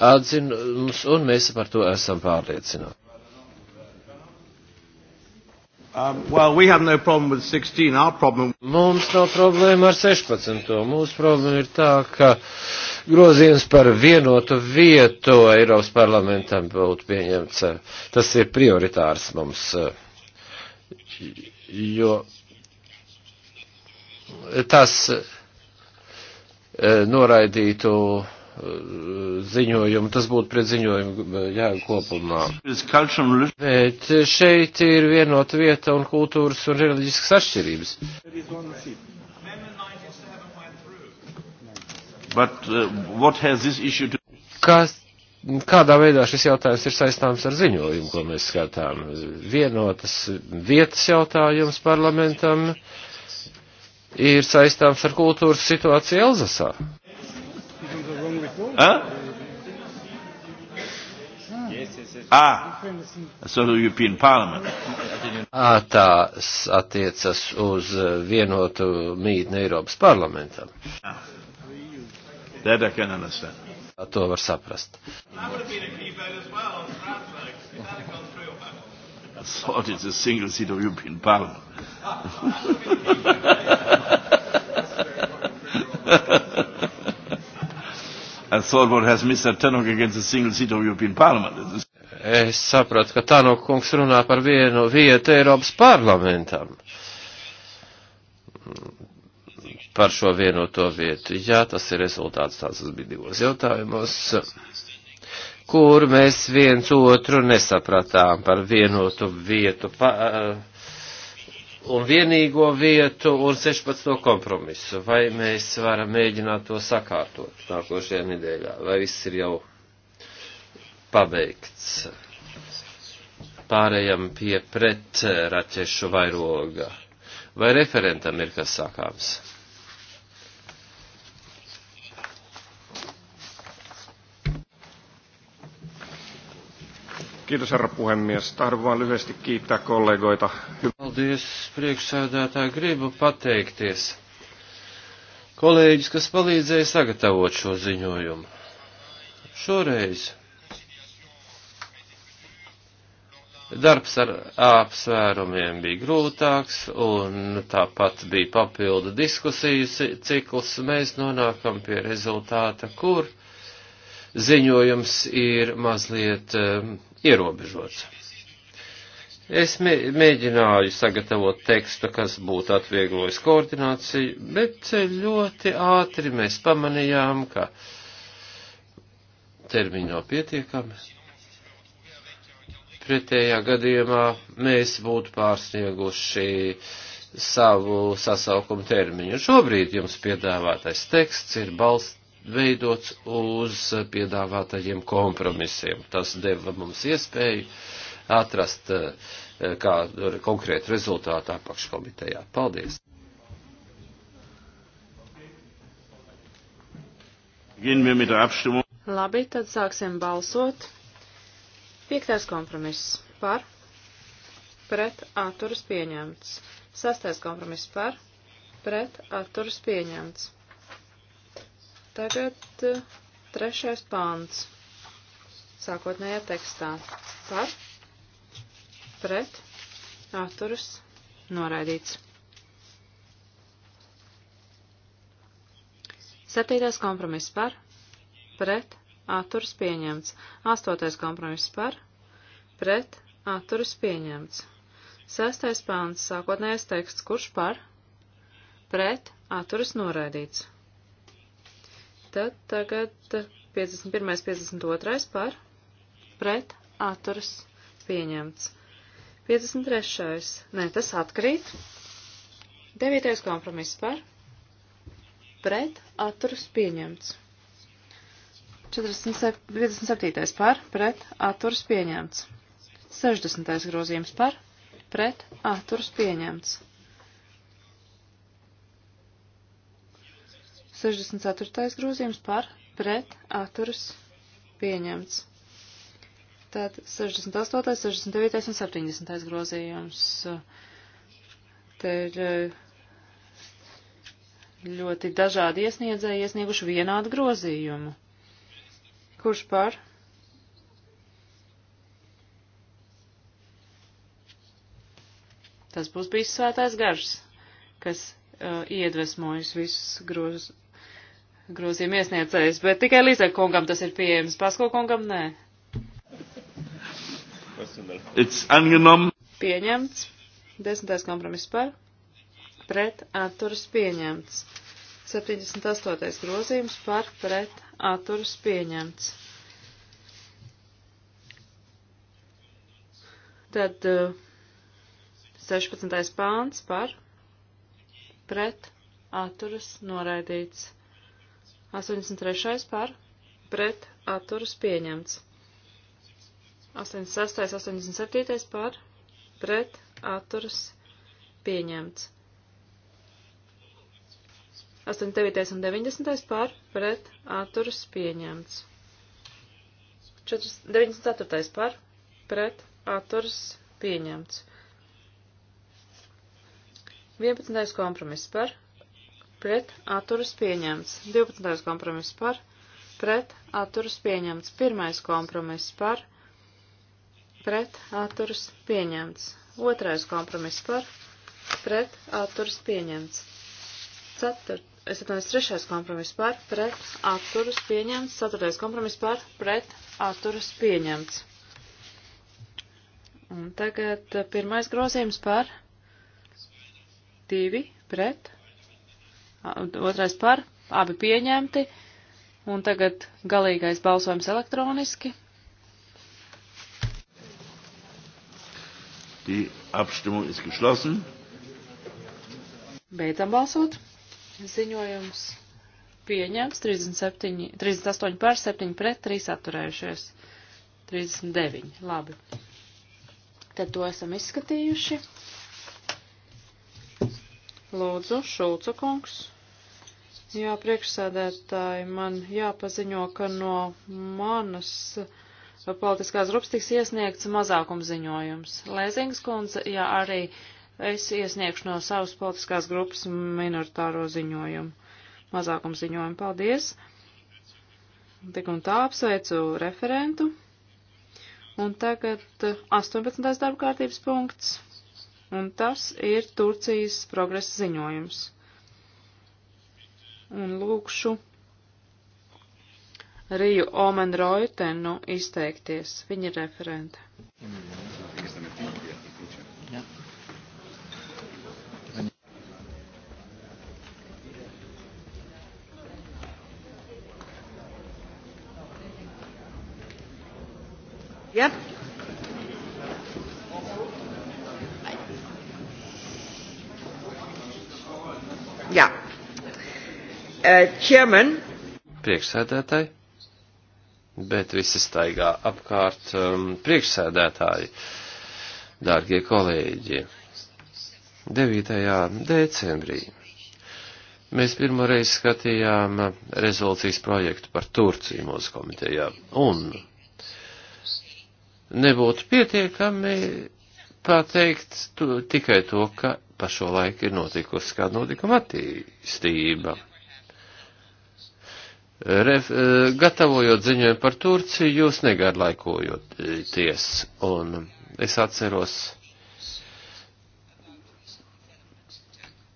atzinums, un mēs par to esam pārliecināti. Um, well, we have no problem with 16. Our problem... Mums nav problēma ar 16. Mūsu problēma ir tā, ka grozījums par vienotu vietu Eiropas parlamentam būtu pieņemts. Tas ir prioritārs mums, jo tas noraidītu ziņojumu, tas būtu pret ziņojumu jā, kopumā. Bet šeit ir vienota vieta un kultūras un reliģiskas atšķirības. But, uh, to... Kas, kādā veidā šis jautājums ir saistāms ar ziņojumu, ko mēs skatām? Vienotas vietas jautājums parlamentam ir saistāms ar kultūras situāciju Elzasā. Huh? Ah, so the European Parliament. Ah, tās attiecas uz vienotu mītni Eiropas parlamentam. Ah. That I can understand. To var saprast. I thought it's a single seat of European Parliament. I thought what has Mr. Tannock against a single seat of European Parliament? Es sapratu, ka Tannock kungs runā par vienu vietu Eiropas parlamentam par šo vienoto vietu. Jā, tas ir rezultāts tāds bija divos jautājumos, kur mēs viens otru nesapratām par vienotu vietu pa, eh, un vienīgo vietu un 16. kompromisu. Vai mēs varam mēģināt to sakārtot nākošajā nedēļā, vai viss ir jau pabeigts? Pārējām pie pretraķešu vairoga. Vai referentam ir kas sakāms? Kiitos, herra puhemies. Tahdon vain lyhyesti kiittää kollegoita. Paldies, priekšsēdētāji. Gribu pateikties kolēģis, kas palīdzēja sagatavot šo ziņojumu. Šoreiz darbs ar apsvērumiem bija grūtāks, un tāpat bija papildu diskusiju cikls. Mēs nonākam pie rezultāta, kur ziņojums ir mazliet um, ierobežots. Es mēģināju sagatavot tekstu, kas būtu atvieglojis koordināciju, bet ļoti ātri mēs pamanījām, ka termiņi nav pietiekami. Pretējā gadījumā mēs būtu pārsnieguši savu sasaukumu termiņu. Šobrīd jums piedāvātais teksts ir balsts veidots uz piedāvātajiem kompromisiem. Tas deva mums iespēju atrast eh, kā konkrētu rezultātu apakškomitejā. Paldies! Labi, tad sāksim balsot. Piektais kompromiss par, pret atturas pieņemts. Sastais kompromiss par, pret atturas pieņemts. Tagad eh, trešais pāns. Sākotnējā tekstā. Par, pret, atturas, noraidīts. Septītais kompromiss par, pret, atturas pieņemts. Astotais kompromiss par, pret, atturas pieņemts. Sestais pāns, sākotnējais teksts, kurš par, pret, atturas noraidīts. Tad tagad 51. 52. par pret atturas pieņemts. 53. Nē, tas atkrīt. 9. kompromiss par pret atturas pieņemts. 47, 57. par pret atturas pieņemts. 60. grozījums par pret atturas pieņemts. 64. grozījums par pret atturas pieņemts. Tad 68., 69. un 70. grozījums. Te ir eh, ļoti dažādi iesniedzēji iesnieguši vienādu grozījumu. Kurš par? Tas būs bijis svētais garš, kas uh, iedvesmojas visus groz, grozījuma iesniedzējs, bet tikai Līzē kungam tas ir pieejams, Pasko kungam nē. Pieņemts. Desmitais kompromiss par. Pret atturas pieņemts. 78. grozījums par pret atturas pieņemts. Tad 16. Uh, pāns par pret atturas noraidīts. 83. par pret atturas pieņemts. 86. 87. par pret atturas pieņemts. 89. un 90. par pret atturas pieņemts. 94. par pret atturas pieņemts. 11. kompromiss par pret atturas pieņemts. 12. kompromiss par pret atturas pieņemts. 1. kompromiss par pret atturas pieņemts. 2. kompromiss par pret atturas pieņemts. 4. Es atvainojos, trešais kompromiss par pret atturas pieņemts, ceturtais kompromiss par pret atturas pieņemts. Un tagad uh, pirmais grozījums par divi pret otrais par, abi pieņemti. Un tagad galīgais balsojums elektroniski. Die Abstimmung ist geschlossen. Beidzam balsot. Ziņojums pieņemts 37, 38 pār 7 pret 3 atturējušies. 39. Labi. Tad to esam izskatījuši. Lūdzu, Šulca kungs. Jā, priekšsēdētāji, man jāpaziņo, ka no manas politiskās grupas tiks iesniegts mazākumziņojums. Lēzings kundze, jā, arī es iesniegšu no savas politiskās grupas minoritāro ziņojumu. Mazākumziņojumu, paldies. Tik un tā apsveicu referentu. Un tagad 18. darba kārtības punkts. Un tas ir Turcijas progresa ziņojums un lūkšu Riju Omen Roitenu izteikties. Viņa ir referente. Yep. Uh, chairman. Priekšsēdētāji. Bet visi staigā apkārt um, priekšsēdētāji, dārgie kolēģi. 9. decembrī mēs pirmo reizi skatījām rezolūcijas projektu par Turciju mūsu komitejā. Un nebūtu pietiekami pateikt tu, tikai to, ka pa šo laiku ir notikusi kāda notikuma attīstība. Ref, e, gatavojot ziņojumu par Turciju, jūs negarlaikojoties. Un es atceros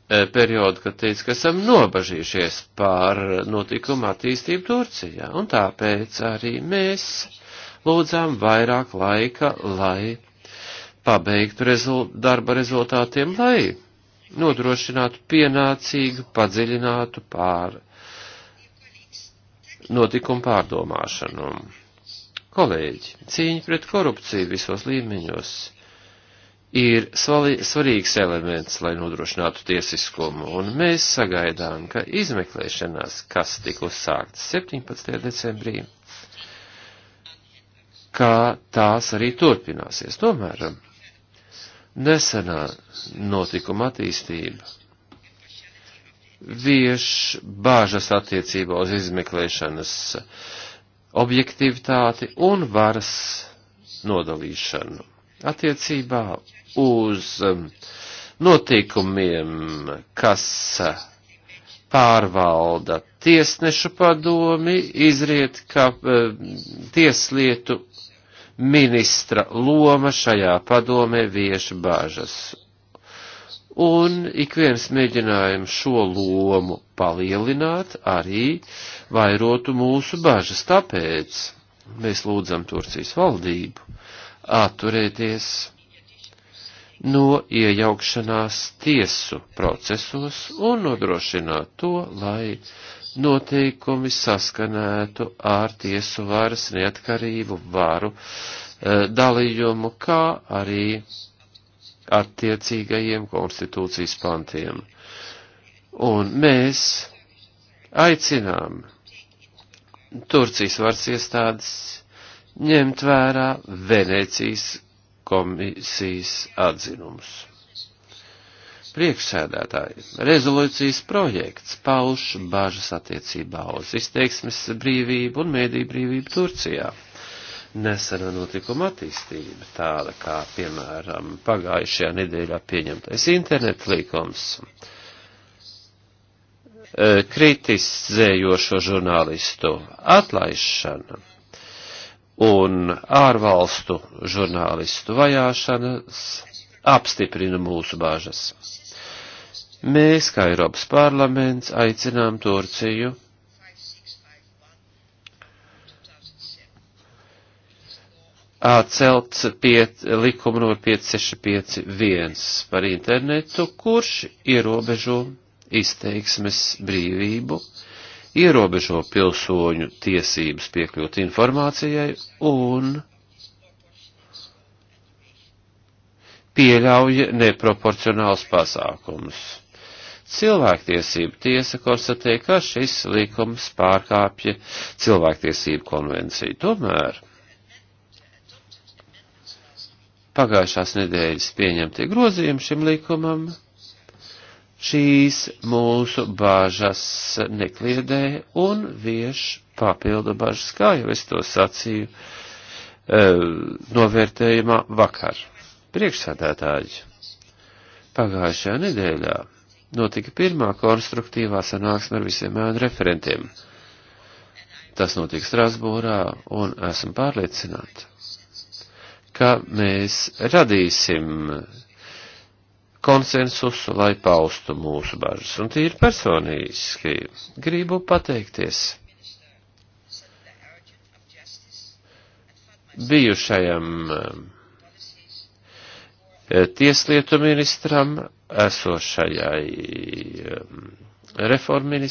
e, periodu, kad teica, ka esam nobažījušies par notikumu attīstību Turcijā. Un tāpēc arī mēs lūdzām vairāk laika, lai pabeigtu rezult, darba rezultātiem, lai nodrošinātu pienācīgu, padziļinātu pār notikumu pārdomāšanu. Kolēģi, cīņa pret korupciju visos līmeņos ir svarīgs elements, lai nodrošinātu tiesiskumu, un mēs sagaidām, ka izmeklēšanās, kas tika uzsākts 17. decembrī, kā tās arī turpināsies. Tomēr nesenā notikuma attīstība vieš bāžas attiecībā uz izmeklēšanas objektivitāti un varas nodalīšanu. Attiecībā uz um, notikumiem, kas pārvalda tiesnešu padomi, izriet, ka um, tieslietu ministra loma šajā padomē vieš bāžas un ik viens mēģinājums šo lomu palielināt arī vairotu mūsu bažas. Tāpēc mēs lūdzam Turcijas valdību atturēties no iejaukšanās tiesu procesos un nodrošināt to, lai noteikumi saskanētu ar tiesu varas neatkarību varu e, dalījumu, kā arī attiecīgajiem konstitūcijas pantiem. Un mēs aicinām Turcijas varas iestādes ņemt vērā Venecijas komisijas atzinumus. Priekšsēdētāji, rezolūcijas projekts pauž bažas attiecībā uz izteiksmes brīvību un mēdī brīvību Turcijā nesena notikuma attīstība, tāda kā, piemēram, pagājušajā nedēļā pieņemtais internet likums, e, kritizējošo žurnālistu atlaišana un ārvalstu žurnālistu vajāšanas apstiprina mūsu bāžas. Mēs, kā Eiropas parlaments, aicinām Turciju atcelt piet, likumu no 5651 par internetu, kurš ierobežo izteiksmes brīvību, ierobežo pilsoņu tiesības piekļūt informācijai un pieļauj neproporcionāls pasākums. Cilvēktiesība tiesa konstatē, ka šis likums pārkāpja cilvēktiesību konvenciju. Tomēr pagājušās nedēļas pieņemtie grozījumi šim likumam, šīs mūsu bāžas nekliedē un vieš papildu bažas, kā jau es to sacīju e, novērtējumā vakar. Priekšsādātāji, pagājušajā nedēļā notika pirmā konstruktīvā sanāksme ar visiem ēnu referentiem. Tas notika Strasbūrā un esmu pārliecināta ka mēs radīsim konsensusu, lai paustu mūsu bažas. Un tīri personīgi gribu pateikties bijušajam eh, tieslietu ministram, esošajai eh, reformu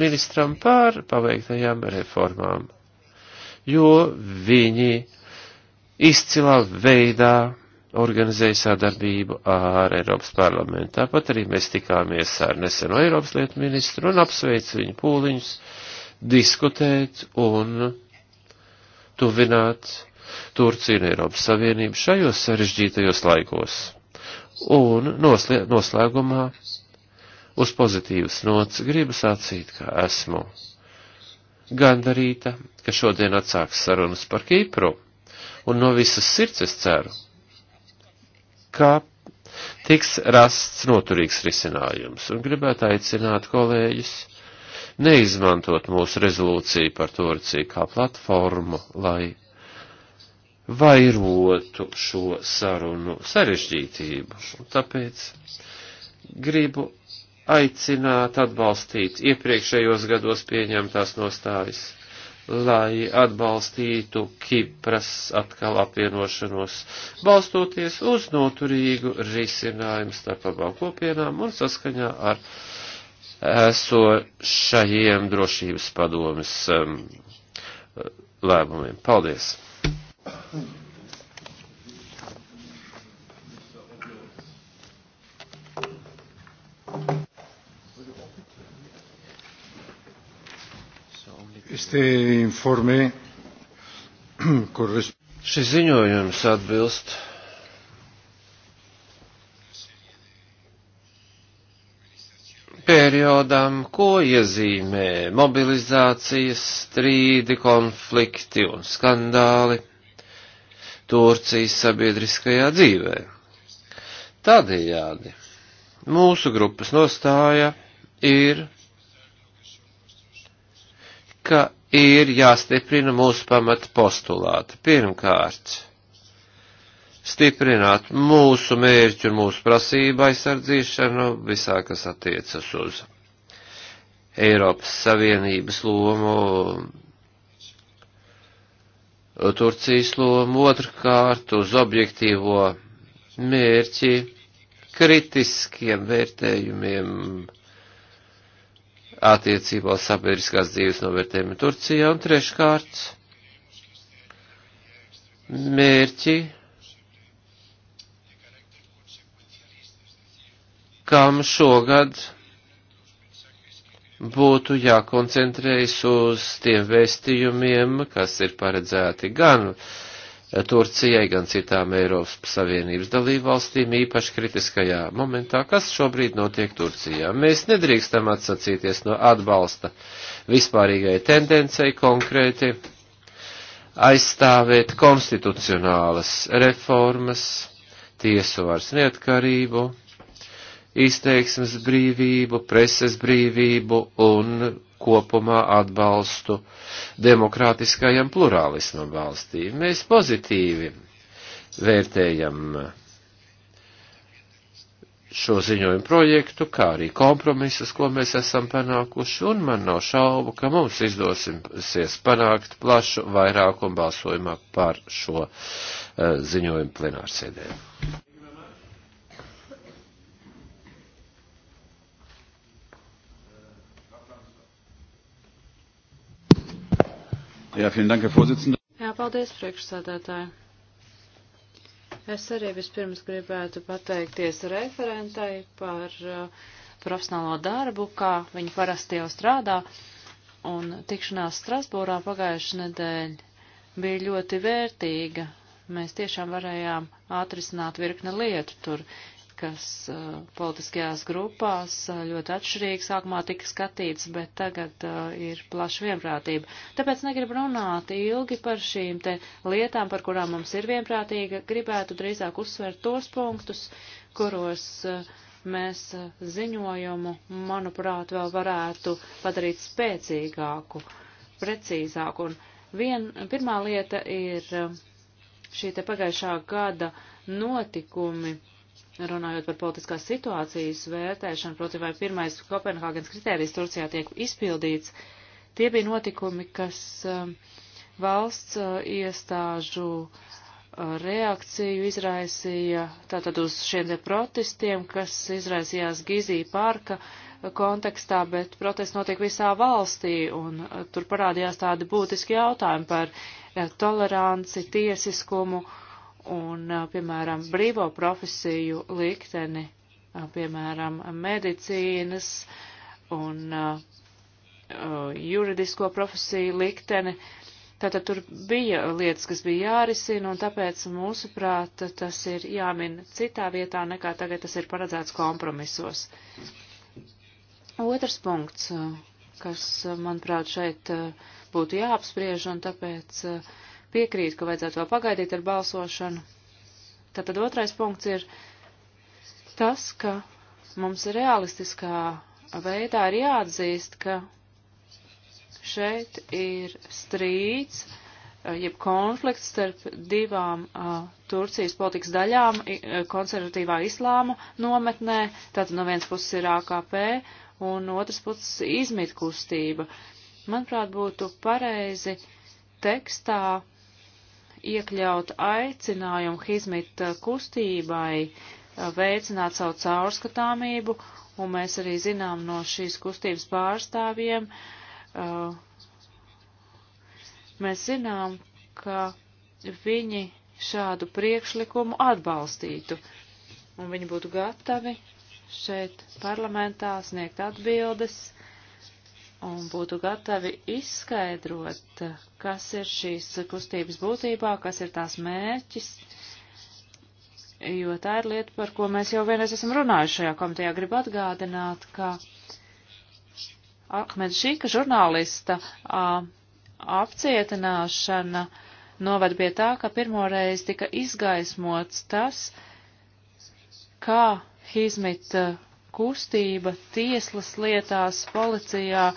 ministram pār paveiktajām reformām, jo viņi izcilā veidā organizēja sadarbību ar Eiropas parlamentu. Tāpat arī mēs tikāmies ar neseno Eiropas lietu ministru un apsveicu viņu pūliņus diskutēt un tuvināt Turciju un Eiropas Savienību šajos sarežģītajos laikos. Un noslē, noslēgumā uz pozitīvas nots gribu sacīt, ka esmu gandarīta, ka šodien atsāks sarunas par Kīpru un no visas sirds es ceru, ka tiks rasts noturīgs risinājums, un gribētu aicināt kolēģis neizmantot mūsu rezolūciju par Turciju kā platformu, lai vairotu šo sarunu sarežģītību. Un tāpēc gribu aicināt atbalstīt iepriekšējos gados pieņemtās nostājas lai atbalstītu Kipras atkal apvienošanos, balstoties uz noturīgu risinājumu starp abām kopienām un saskaņā ar esošajiem drošības padomis um, lēmumiem. Paldies! Thank you. Este informe, kur es... Šis ziņojums atbilst periodam, ko iezīmē mobilizācijas, strīdi, konflikti un skandāli Turcijas sabiedriskajā dzīvē. Tādējādi mūsu grupas nostāja ir ka ir jāstiprina mūsu pamata postulāti. Pirmkārt, stiprināt mūsu mērķu un mūsu prasību aizsardzīšanu visā, kas attiecas uz Eiropas Savienības lomu, Turcijas lomu, otrkārt uz objektīvo mērķi kritiskiem vērtējumiem attiecībā uz sabiedriskās dzīves novērtējumu Turcijā un treškārt mērķi, kam šogad būtu jākoncentrējas uz tiem vēstījumiem, kas ir paredzēti gan uh, Turcijai, gan citām Eiropas Savienības dalībvalstīm, īpaši kritiskajā momentā, kas šobrīd notiek Turcijā. Mēs nedrīkstam atsacīties no atbalsta vispārīgai tendencei konkrēti aizstāvēt konstitucionālas reformas, tiesu vairs neatkarību, izteiksmes brīvību, preses brīvību un kopumā atbalstu demokrātiskajam plurālismam valstī. Mēs pozitīvi vērtējam šo ziņojumu projektu, kā arī kompromisus, ko mēs esam panākuši, un man nav šaubu, ka mums izdosies panākt plašu vairākumu balsojumā par šo uh, ziņojumu plenārsēdē. Jā, dank, Jā paldies, priekšsādātāji. Es arī vispirms gribētu pateikties referentai par uh, profesionālo darbu, kā viņi parasti jau strādā, un tikšanās Strasbūrā pagājušajā nedēļa bija ļoti vērtīga. Mēs tiešām varējām atrisināt virkni lietu tur, kas eh, politiskajās grupās eh, ļoti atšķirīgi sākumā tika skatīts, bet tagad eh, ir plaša vienprātība. Tāpēc negribu runāt ilgi par šīm te lietām, par kurām mums ir vienprātīga. Gribētu drīzāk uzsvērt tos punktus, kuros mēs ziņojumu, manuprāt, vēl varētu padarīt spēcīgāku, precīzāku. Un vien, pirmā lieta ir šī te pagājušā gada notikumi runājot par politiskās situācijas vērtēšanu, proti vai pirmais Kopenhāgens kritērijs Turcijā tiek izpildīts, tie bija notikumi, kas um, valsts uh, iestāžu uh, reakciju izraisīja tātad uz šiem te protestiem, kas izraisījās Gizī parka uh, kontekstā, bet protests notiek visā valstī, un tur parādījās tādi būtiski jautājumi par toleranci, tiesiskumu, uh, un, piemēram, brīvo profesiju likteni, piemēram, medicīnas un juridisko profesiju likteni. Tātad tur bija lietas, kas bija jārisina, un tāpēc, mūsuprāt, tas ir jāmin citā vietā, nekā tagad tas ir paredzēts kompromisos. Otrs punkts, kas, manuprāt, šeit būtu jāapspriež, un tāpēc uh, piekrīt, ka vajadzētu vēl pagaidīt ar balsošanu. Tātad otrais punkts ir tas, ka mums realistiskā veidā ir jāatzīst, ka šeit ir strīds, eh, jeb konflikts starp divām a, eh, Turcijas politikas daļām i, eh, konservatīvā islāma nometnē, tātad no vienas puses ir AKP un otras puses izmit kustība. Manuprāt, būtu pareizi tekstā iekļaut aicinājumu Hizmit eh, kustībai eh, veicināt savu caurskatāmību, un mēs arī zinām no šīs kustības pārstāvjiem, eh, mēs zinām, ka viņi šādu priekšlikumu atbalstītu, un viņi būtu gatavi šeit parlamentā sniegt atbildes un būtu gatavi izskaidrot, kas ir šīs kustības būtībā, kas ir tās mērķis, jo tā ir lieta, par ko mēs jau vienreiz esam runājuši šajā komitejā. Gribu atgādināt, ka Ahmed Šīka žurnālista a, apcietināšana noved pie tā, ka pirmoreiz tika izgaismots tas, kā Hizmita kustība tieslas lietās policijā uh,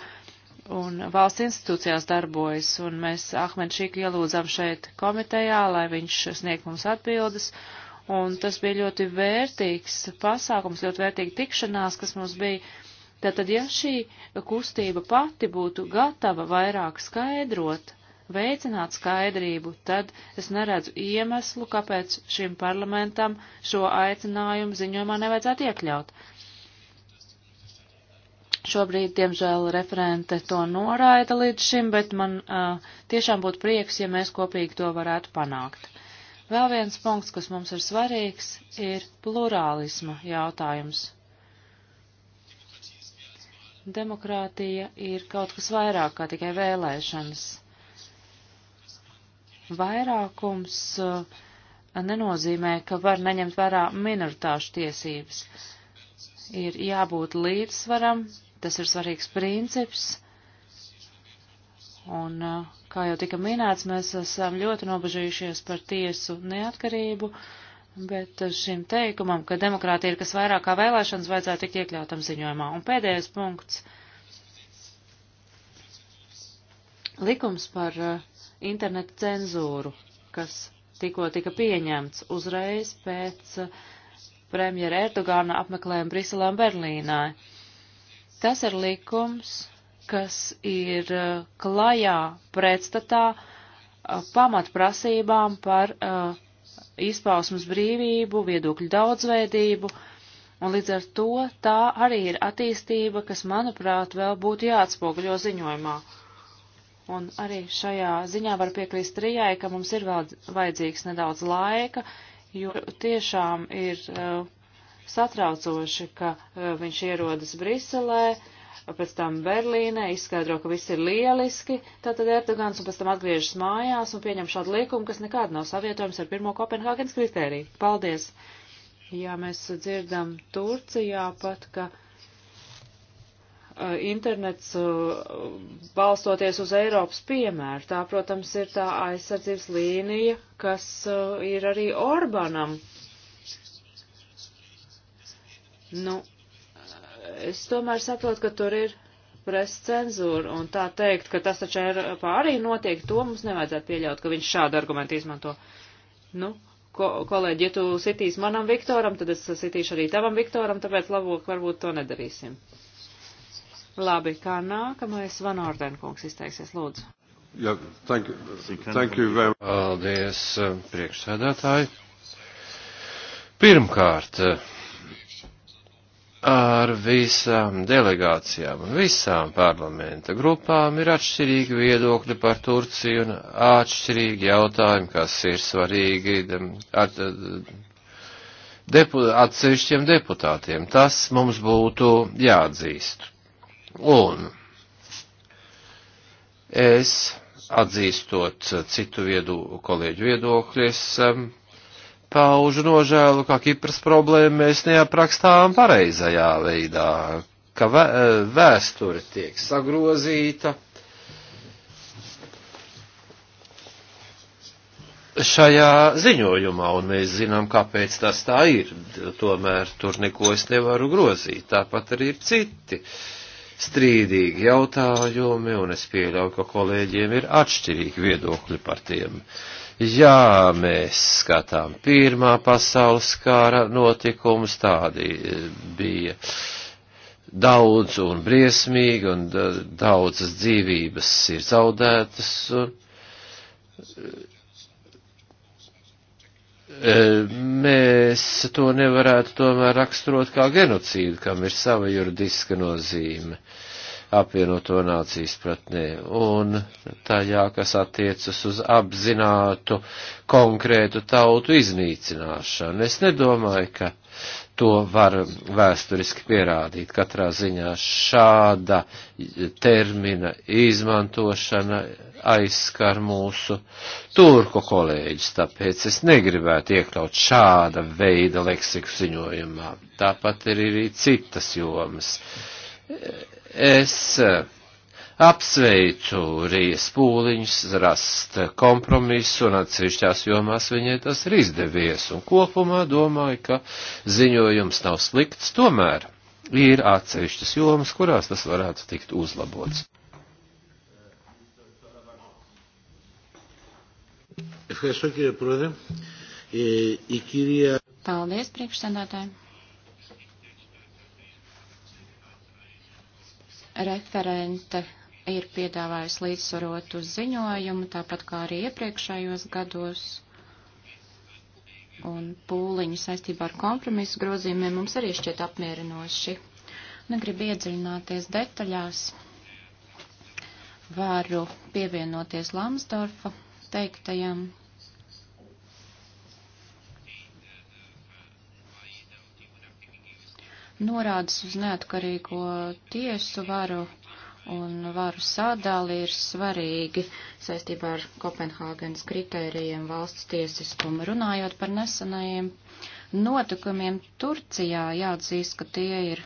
un valsts institūcijās darbojas, un mēs Ahmed Šīku ielūdzām šeit komitejā, lai viņš sniegt mums atbildes, un tas bija ļoti vērtīgs pasākums, ļoti vērtīga tikšanās, kas mums bija. Tātad, ja šī kustība pati būtu gatava vairāk skaidrot, veicināt skaidrību, tad es neredzu iemeslu, kāpēc šim parlamentam šo aicinājumu ziņojumā nevajadzētu iekļaut. Šobrīd, diemžēl, referente to noraida līdz šim, bet man uh, tiešām būtu prieks, ja mēs kopīgi to varētu panākt. Vēl viens punkts, kas mums ir svarīgs, ir plurālisma jautājums. Demokrātija ir kaut kas vairāk kā tikai vēlēšanas. Vairākums uh, nenozīmē, ka var neņemt vērā minoritāšu tiesības. Ir jābūt līdzsvaram Tas ir svarīgs princips. Un, uh, kā jau tika minēts, mēs esam ļoti nobežījušies par tiesu neatkarību, bet šim teikumam, ka demokrātija ir kas vairāk kā vēlēšanas, vajadzētu tikt iekļautam ziņojumā. Un pēdējais punkts. Likums par uh, internetu cenzūru, kas tikko tika pieņemts uzreiz pēc uh, premjera Erdogāna apmeklējuma Briselē un Berlīnai Tas ir likums, kas ir uh, klajā pretstatā uh, pamatprasībām par uh, izpausmas brīvību, viedokļu daudzveidību, un līdz ar to tā arī ir attīstība, kas, manuprāt, vēl būtu jāatspoguļo ziņojumā. Un arī šajā ziņā var piekrīst trijai, ka mums ir vēl vajadzīgs nedaudz laika, jo tiešām ir uh, satraucoši, ka e, viņš ierodas Briselē, pēc tam Berlīnē, izskaidro, ka viss ir lieliski, tātad Erdogans un pēc tam atgriežas mājās un pieņem šādu likumu, kas nekāda nav savietojums ar pirmo Kopenhāgenes kritēriju. Paldies! Jā, mēs dzirdam Turcijā pat, ka e, internets e, balstoties uz Eiropas piemēru. Tā, protams, ir tā aizsardzības līnija, kas ir arī Orbanam Nu, es tomēr saprotu, ka tur ir presa cenzūra, un tā teikt, ka tas taču Eiropā arī notiek, to mums nevajadzētu pieļaut, ka viņš šādu argumentu izmanto. Nu, ko, kolēģi, ja tu sitīs manam Viktoram, tad es sitīšu arī tavam Viktoram, tāpēc labāk varbūt to nedarīsim. Labi, kā nākamais Van Ordenkungs izteiksies, lūdzu. Jā, yeah, thank you. Thank you very much. Paldies, priekšsēdētāji. Pirmkārt, uh, ar visām delegācijām un visām parlamenta grupām ir atšķirīgi viedokļi par Turciju un atšķirīgi jautājumi, kas ir svarīgi at, depu, atsevišķiem deputātiem. Tas mums būtu jāatzīst. Un es atzīstot citu viedu, kolēģu viedokļus, paužu nožēlu, kā Kipras problēma mēs neaprakstām pareizajā veidā, ka e, vēsture tiek sagrozīta. Šajā ziņojumā, un mēs zinām, kāpēc tas tā ir, tomēr tur neko es nevaru grozīt, tāpat arī ir citi strīdīgi jautājumi, un es pieļauju, ka kolēģiem ir atšķirīgi viedokļi par tiem. Uh, Jā, mēs skatām pirmā pasaules kara notikumus, tādi eh, bija daudz un briesmīgi, un daudzas dzīvības ir zaudētas. Un, eh, mēs to nevarētu tomēr raksturot kā genocīdu, kam ir sava juridiska nozīme. Uh, apvienoto nāciju izpratnē un tajā, kas attiecas uz apzinātu konkrētu tautu iznīcināšanu. Es nedomāju, ka to var vēsturiski pierādīt. Katrā ziņā šāda termina izmantošana aizskar mūsu turku kolēģis, tāpēc es negribētu iekļaut šāda veida leksiku ziņojumā. Tāpat ir arī citas jomas Es eh, apsveicu Rijas pūliņus, rast kompromisu un atsevišķās jomās viņai tas ir izdevies, un kopumā domāju, ka ziņojums nav slikts, tomēr ir atsevišķas jomas, kurās tas varētu tikt uzlabots. Paldies, priekšsēdētāji! referente ir piedāvājusi līdzsvarotu ziņojumu, tāpat kā arī iepriekšējos gados. Un pūliņi saistībā ar kompromisu grozījumiem mums arī šķiet apmierinoši. Negribu nu, iedziļināties detaļās. Varu pievienoties Lamsdorfa teiktajam, norādes uz neatkarīgo tiesu varu un varu sādāli ir svarīgi saistībā ar Kopenhāgenes kritērijiem valsts tiesiskumu. Runājot par nesenajiem notikumiem Turcijā, jāatzīst, ka tie ir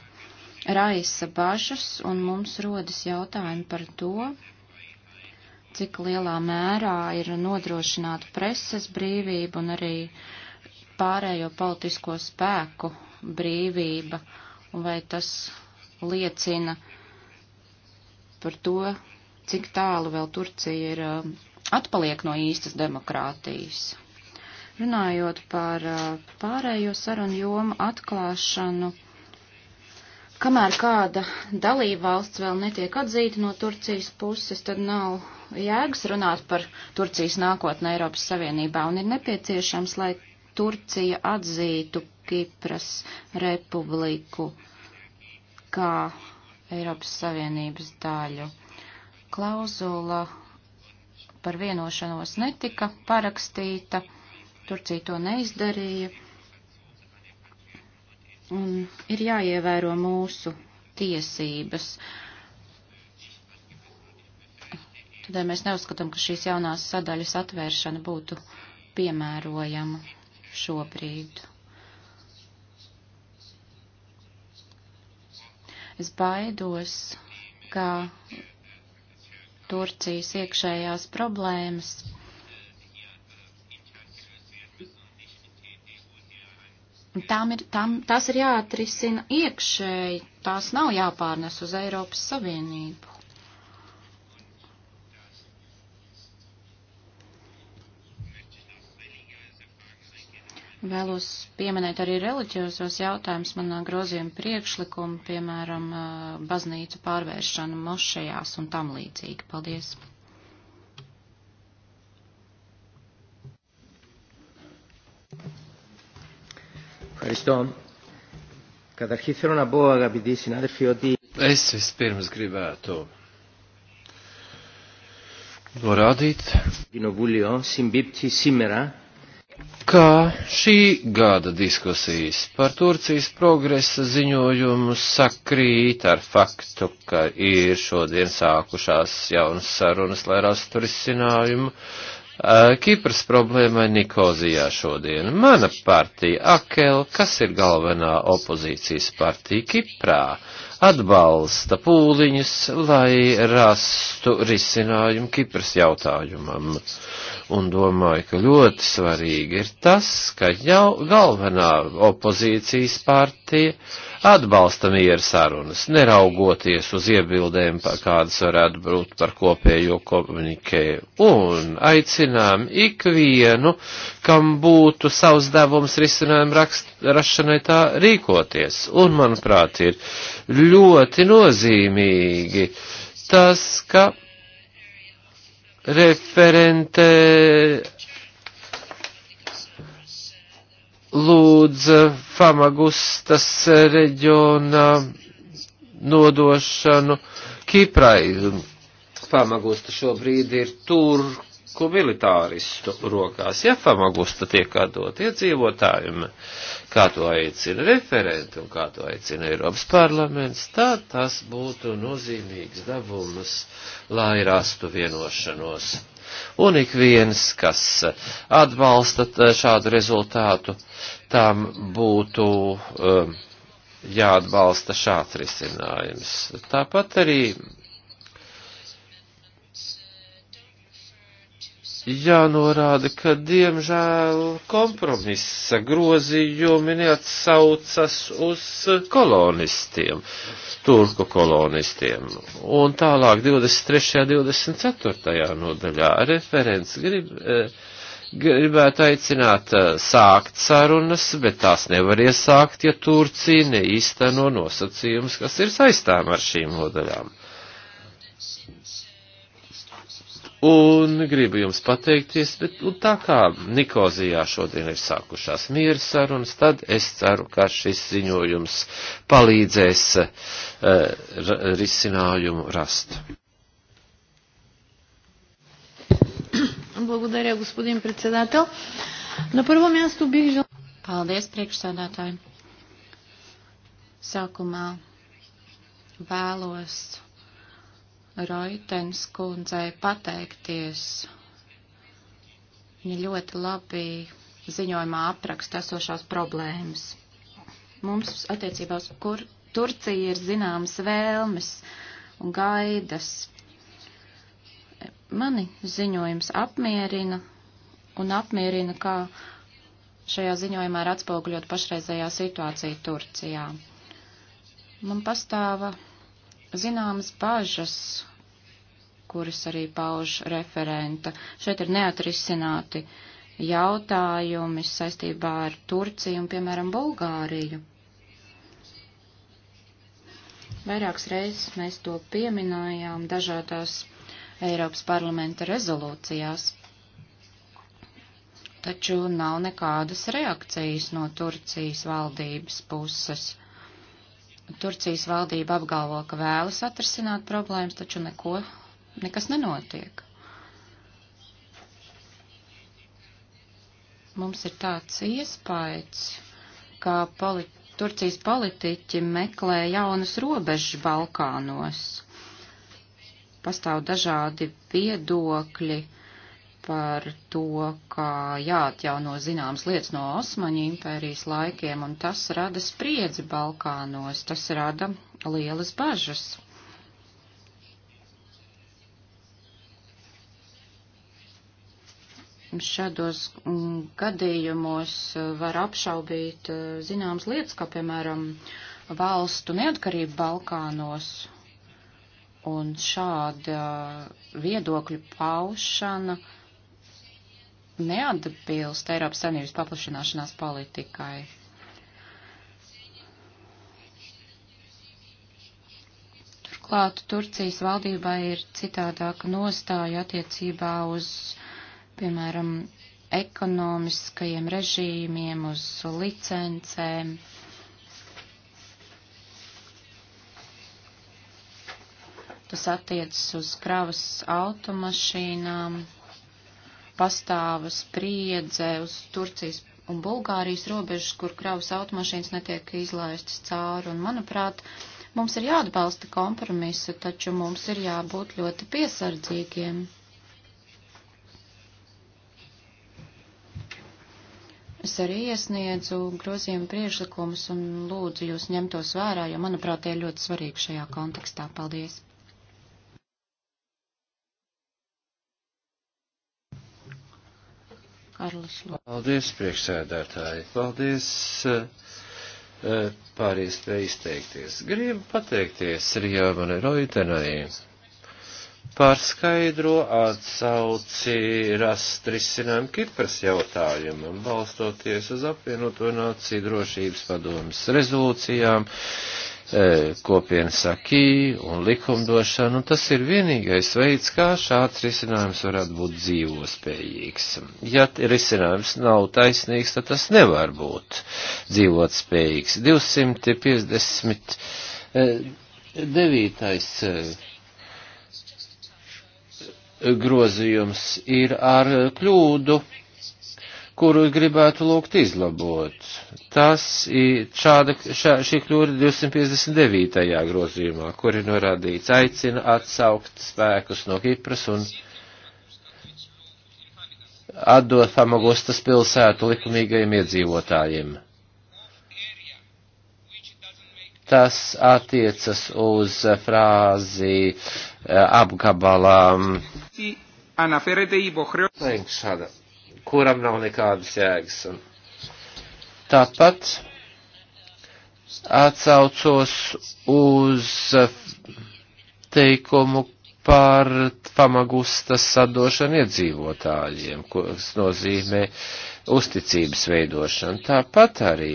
raisa bažas, un mums rodas jautājumi par to, cik lielā mērā ir nodrošināta preses brīvība un arī pārējo politisko spēku brīvība. Uh, vai tas liecina par to, cik tālu vēl Turcija ir atpaliek no īstas demokrātijas. Runājot par pārējo sarunu jomu atklāšanu, kamēr kāda dalībvalsts vēl netiek atzīta no Turcijas puses, tad nav jēgas runāt par Turcijas nākotni Eiropas Savienībā un ir nepieciešams, lai Turcija atzītu Kipras republiku kā Eiropas Savienības daļu. Klauzula par vienošanos netika parakstīta, Turcija to neizdarīja. Un ir jāievēro mūsu tiesības. Tādēļ mēs neuzskatām, ka šīs jaunās sadaļas atvēršana būtu piemērojama šobrīd. Es baidos, ka Turcijas iekšējās problēmas Tām ir, tām, tās ir jāatrisina iekšēji, tās nav jāpārnes uz Eiropas Savienību. Vēlos pieminēt arī reliģiozos jautājumus manā grozījuma priekšlikuma, piemēram, baznīcu pārvēršanu mošajās un tam līdzīgi. Paldies! Ευχαριστώ. Καταρχήν θέλω να πω αγαπητοί συνάδελφοι ότι... Es vispirms gribētu norādīt. Κοινοβούλιο συμπίπτει σήμερα ka šī gada diskusijas par Turcijas progresa ziņojumu sakrīt ar faktu, ka ir šodien sākušās jaunas sarunas, lai rastu risinājumu. Eh, Kipras problēmai Nikozijā šodien. Mana partija Akel, kas ir galvenā opozīcijas partija Kiprā, uh, atbalsta pūliņus, lai rastu risinājumu Kipras jautājumam. Un domāju, ka ļoti svarīgi ir tas, ka jau galvenā opozīcijas partija atbalsta miera sarunas, neraugoties uz iebildēm, kādas varētu būt par kopējo komunikē, un aicinām ikvienu, kam būtu savs devums risinājumu rašanai tā rīkoties. Un, manuprāt, ir ļoti nozīmīgi tas, ka referente lūdz Famagustas reģiona nodošanu Kiprai. Famagusta šobrīd ir turku militāristu rokās. Ja Famagusta tiek atdot iedzīvotājiem, kā to aicina referenti un kā to aicina Eiropas parlaments, tad tas būtu nozīmīgs devums, lai rastu vienošanos un ik viens, kas atbalsta šādu rezultātu, tam būtu um, jāatbalsta šāds risinājums. Tāpat arī jānorāda, ka diemžēl kompromisa grozījumi neatsaucas uz kolonistiem, turku kolonistiem. Un tālāk 23. un 24. nodaļā referents grib, eh, gribētu aicināt eh, sākt sarunas, bet tās nevar iesākt, ja Turcija neīsteno nosacījumus, kas ir saistām ar šīm nodaļām. Un gribu jums pateikties, bet un tā kā Nikozijā šodien ir sākušās mieru sarunas, tad es ceru, ka šis ziņojums palīdzēs uh, risinājumu rast. Благодаря, господин председател. На първо място бих жел... Paldies, priekšsēdētāji. Sākumā vēlos Roitens kundzei pateikties. Viņa ļoti labi ziņojumā apraksta esošās problēmas. Mums attiecībās, kur Turcija ir zināmas vēlmes un gaidas. Mani ziņojums apmierina un apmierina, kā šajā ziņojumā ir atspoguļot pašreizējā situācija Turcijā. Man pastāva zināmas bažas, kuras arī pauž referenta. Šeit ir neatrisināti jautājumi saistībā ar Turciju un, piemēram, Bulgāriju. Vairākas reizes mēs to pieminējām dažādās Eiropas parlamenta rezolūcijās, taču nav nekādas reakcijas no Turcijas valdības puses. Turcijas valdība apgalvo, ka vēlas atrisināt problēmas, taču neko, nekas nenotiek. Mums ir tāds iespējas, ka polit Turcijas politiķi meklē jaunas robežas Balkānos. Pastāv dažādi viedokļi par to, kā jāatjauno zināmas lietas no Osmaņu impērijas laikiem, un tas rada spriedzi Balkānos, tas rada lielas bažas. Šādos gadījumos var apšaubīt eh, zināmas lietas, kā piemēram valstu neatkarību Balkānos, un šāda viedokļu paušana uh, neatbilst Eiropas Savienības paplašināšanās politikai. Turklāt Turcijas valdībā ir citādāka nostāja attiecībā uz, piemēram, ekonomiskajiem režīmiem, uz licencēm. Tas attiecas uz kravas automašīnām pastāv spriedze uz Turcijas un Bulgārijas robežas, kur kravas automašīnas netiek izlaistas cauri. Un, manuprāt, mums ir jāatbalsta kompromisa, taču mums ir jābūt ļoti piesardzīgiem. Es arī iesniedzu grozījumu priešlikumus un lūdzu jūs ņemtos vērā, jo, manuprāt, tie ir ļoti svarīgi šajā kontekstā. Paldies! vārds. Paldies, priekšsēdētāji. Paldies eh, par iespēju izteikties. Gribu pateikties Rijāmanai Roitenai par skaidro atsauci rast risinājumu Kipras jautājumam, balstoties uz apvienoto nāciju drošības padomas rezolūcijām, E, kopienas akī un likumdošanu, un tas ir vienīgais veids, kā šāds risinājums varētu būt dzīvospējīgs. Ja risinājums nav taisnīgs, tad tas nevar būt dzīvotspējīgs. 259. E, e, grozījums ir ar kļūdu kuru gribētu lūgt izlabot. Tas ir šāda, šā, šī kļūda 259. grozījumā, kur ir norādīts aicina atsaukt spēkus no Kipras un atdot Famagustas pilsētu likumīgajiem iedzīvotājiem. Tas attiecas uz frāzi eh, apgabalām. Αναφέρεται η υποχρέωση. Δεν ξέρω kuram nav nekādas jēgas. Un tāpat atsaucos uz teikumu par famagustas sadošanu iedzīvotājiem, kas nozīmē uzticības veidošanu. Tāpat arī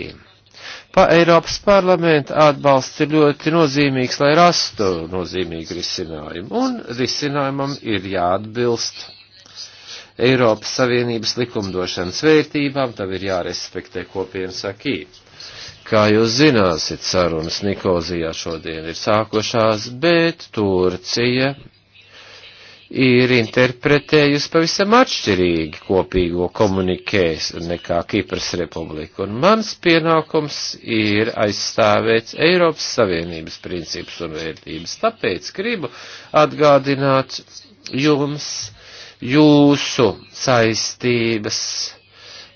pa Eiropas parlamenta atbalsts ir ļoti nozīmīgs, lai rastu nozīmīgu risinājumu, un risinājumam ir jāatbilst Eiropas Savienības likumdošanas vērtībām, tam ir jārespektē kopienas akī. Kā jūs zināsiet, sarunas Nikozijā šodien ir sākušās, bet Turcija ir interpretējusi pavisam atšķirīgi kopīgo komunikēs nekā Kipras republika. Un mans pienākums ir aizstāvēt Eiropas Savienības principus un vērtības. Tāpēc gribu atgādināt jums jūsu saistības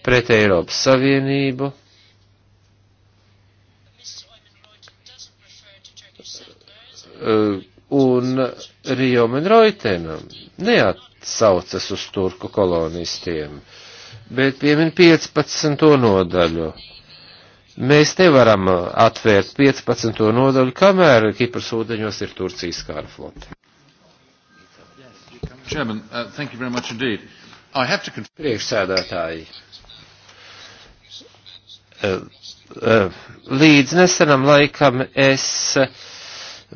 pret Eiropas Savienību. Eh, un Rijomen Roitenam neatsaucas uz turku kolonistiem, bet piemin 15. nodaļu. Mēs nevaram atvērt 15. nodaļu, kamēr Kipras ūdeņos ir Turcijas kara flote. Chairman, uh, thank you very much indeed. I have to Priekšsēdētāji. Uh, uh, līdz nesenam laikam es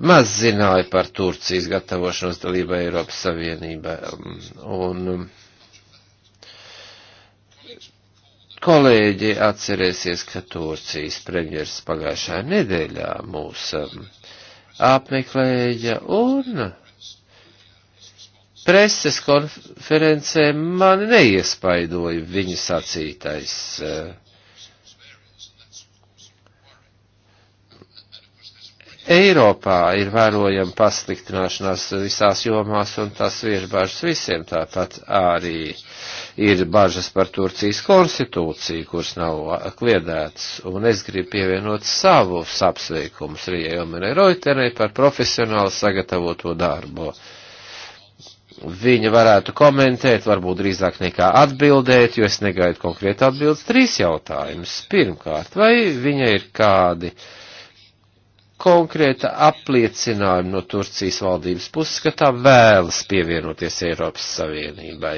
maz zināju par Turcijas gatavošanos dalībai Eiropas Savienībā. Un um, kolēģi atcerēsies, ka Turcijas premjeras pagājušajā nedēļā mūs um, apmeklēja un preses konferencē mani neiespaidoja viņa sacītais. Eh, Eiropā ir vērojama pasliktināšanās visās jomās, un tas vieš bažas visiem. Tāpat arī ir bažas par Turcijas konstitūciju, kuras nav kliedētas, un es gribu pievienot savus apsveikumus Rijai Omenai Roiterei par profesionāli sagatavoto darbu. Uh, viņa varētu komentēt, varbūt drīzāk nekā atbildēt, jo es negaidu konkrēti atbildes. Trīs jautājumus. Pirmkārt, vai viņa ir kādi konkrēta apliecinājumi no Turcijas valdības puses, ka tā vēlas pievienoties Eiropas Savienībai?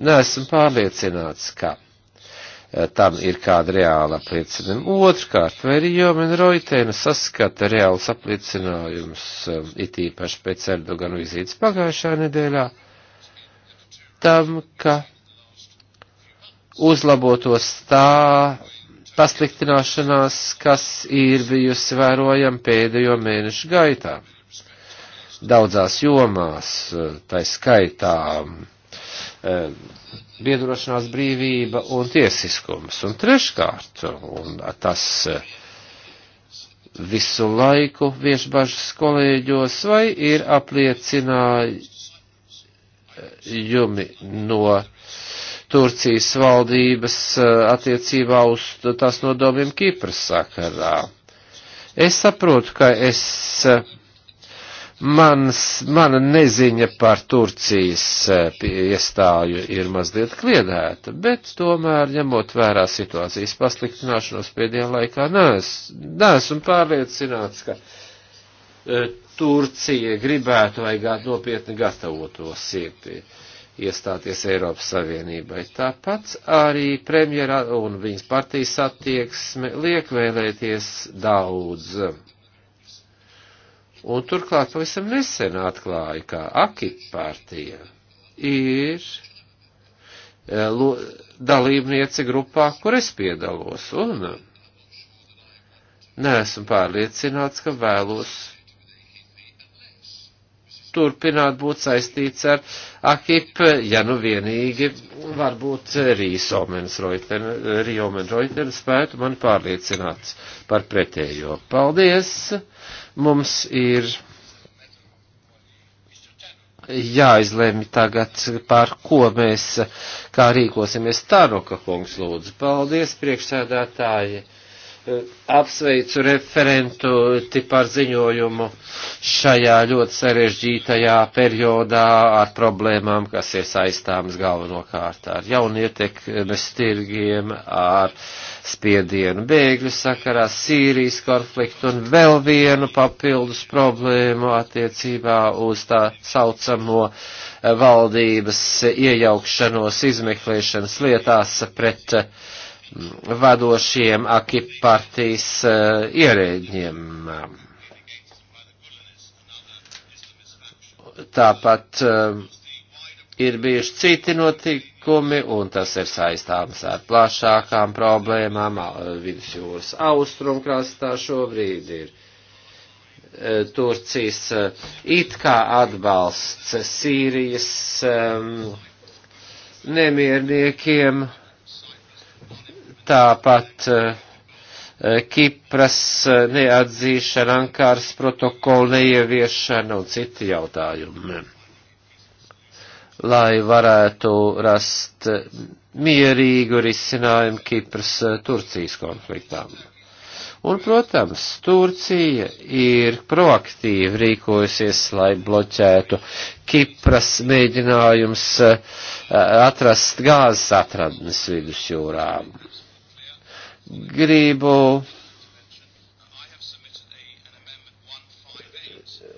Nesmu pārliecināts, ka Eh, tam ir kāda reāla apliecinājuma. Otrkārt, Merijomina Roitēna saskata reāls apliecinājums, eh, it īpaši pēc Erdoganu vizītes pagājušā nedēļā, tam, ka uzlabotos tā pasliktināšanās, kas ir bijusi vērojama pēdējo mēnešu gaitā. Daudzās jomās, eh, tai skaitā, biedrošanās brīvība un tiesiskums. Un treškārt, un tas eh, visu laiku viešbažas kolēģos vai ir apliecinājumi no Turcijas valdības eh, attiecībā uz tās nodomiem Kipras sakarā. Es saprotu, ka es eh, Mans, mana neziņa par Turcijas eh, iestāju ir mazliet kliedēta, bet tomēr, ņemot vērā situācijas pasliktināšanos pēdējā laikā, neesmu pārliecināts, ka e, Turcija gribētu vai gāt nopietni gatavotos iepie iestāties Eiropas Savienībai. Tāpat arī premjera un viņas partijas attieksme liek vēlēties daudz Un turklāt pavisam nesen atklāja, ka AKI partija ir eh, dalībniece grupā, kur es piedalos, un neesmu pārliecināts, ka vēlos turpināt būt saistīts ar AKIP, ja nu vienīgi varbūt Rījomen Roitena spētu mani pārliecināt par pretējo. Paldies! mums ir jāizlemj tagad, par ko mēs, kā rīkosimies. Tānoka kungs lūdzu. Paldies, priekšsēdētāji apsveicu referentu par ziņojumu šajā ļoti sarežģītajā periodā ar problēmām, kas ir saistāmas galvenokārt ar jaunietekmes tirgiem, ar spiedienu bēgļu sakarā, Sīrijas konfliktu un vēl vienu papildus problēmu attiecībā uz tā saucamo valdības iejaukšanos izmeklēšanas lietās pret uh, vadošiem akipartijas eh, ierēģiem. Tāpat eh, ir bijuši citi notikumi, un tas ir saistāms ar plašākām problēmām. Vidusjūras austrumkrastā šobrīd ir eh, Turcijas it kā atbalsts Sīrijas nemierniekiem Tāpat eh, eh, Kipras eh, neatzīšana, Ankāras protokola neieviešana un citi jautājumi. Lai varētu rast mierīgu risinājumu Kipras Turcijas konfliktām. Un, protams, Turcija ir proaktīvi rīkojusies, lai bloķētu Kipras mēģinājums atrast gāzes atradnes vidusjūrā gribu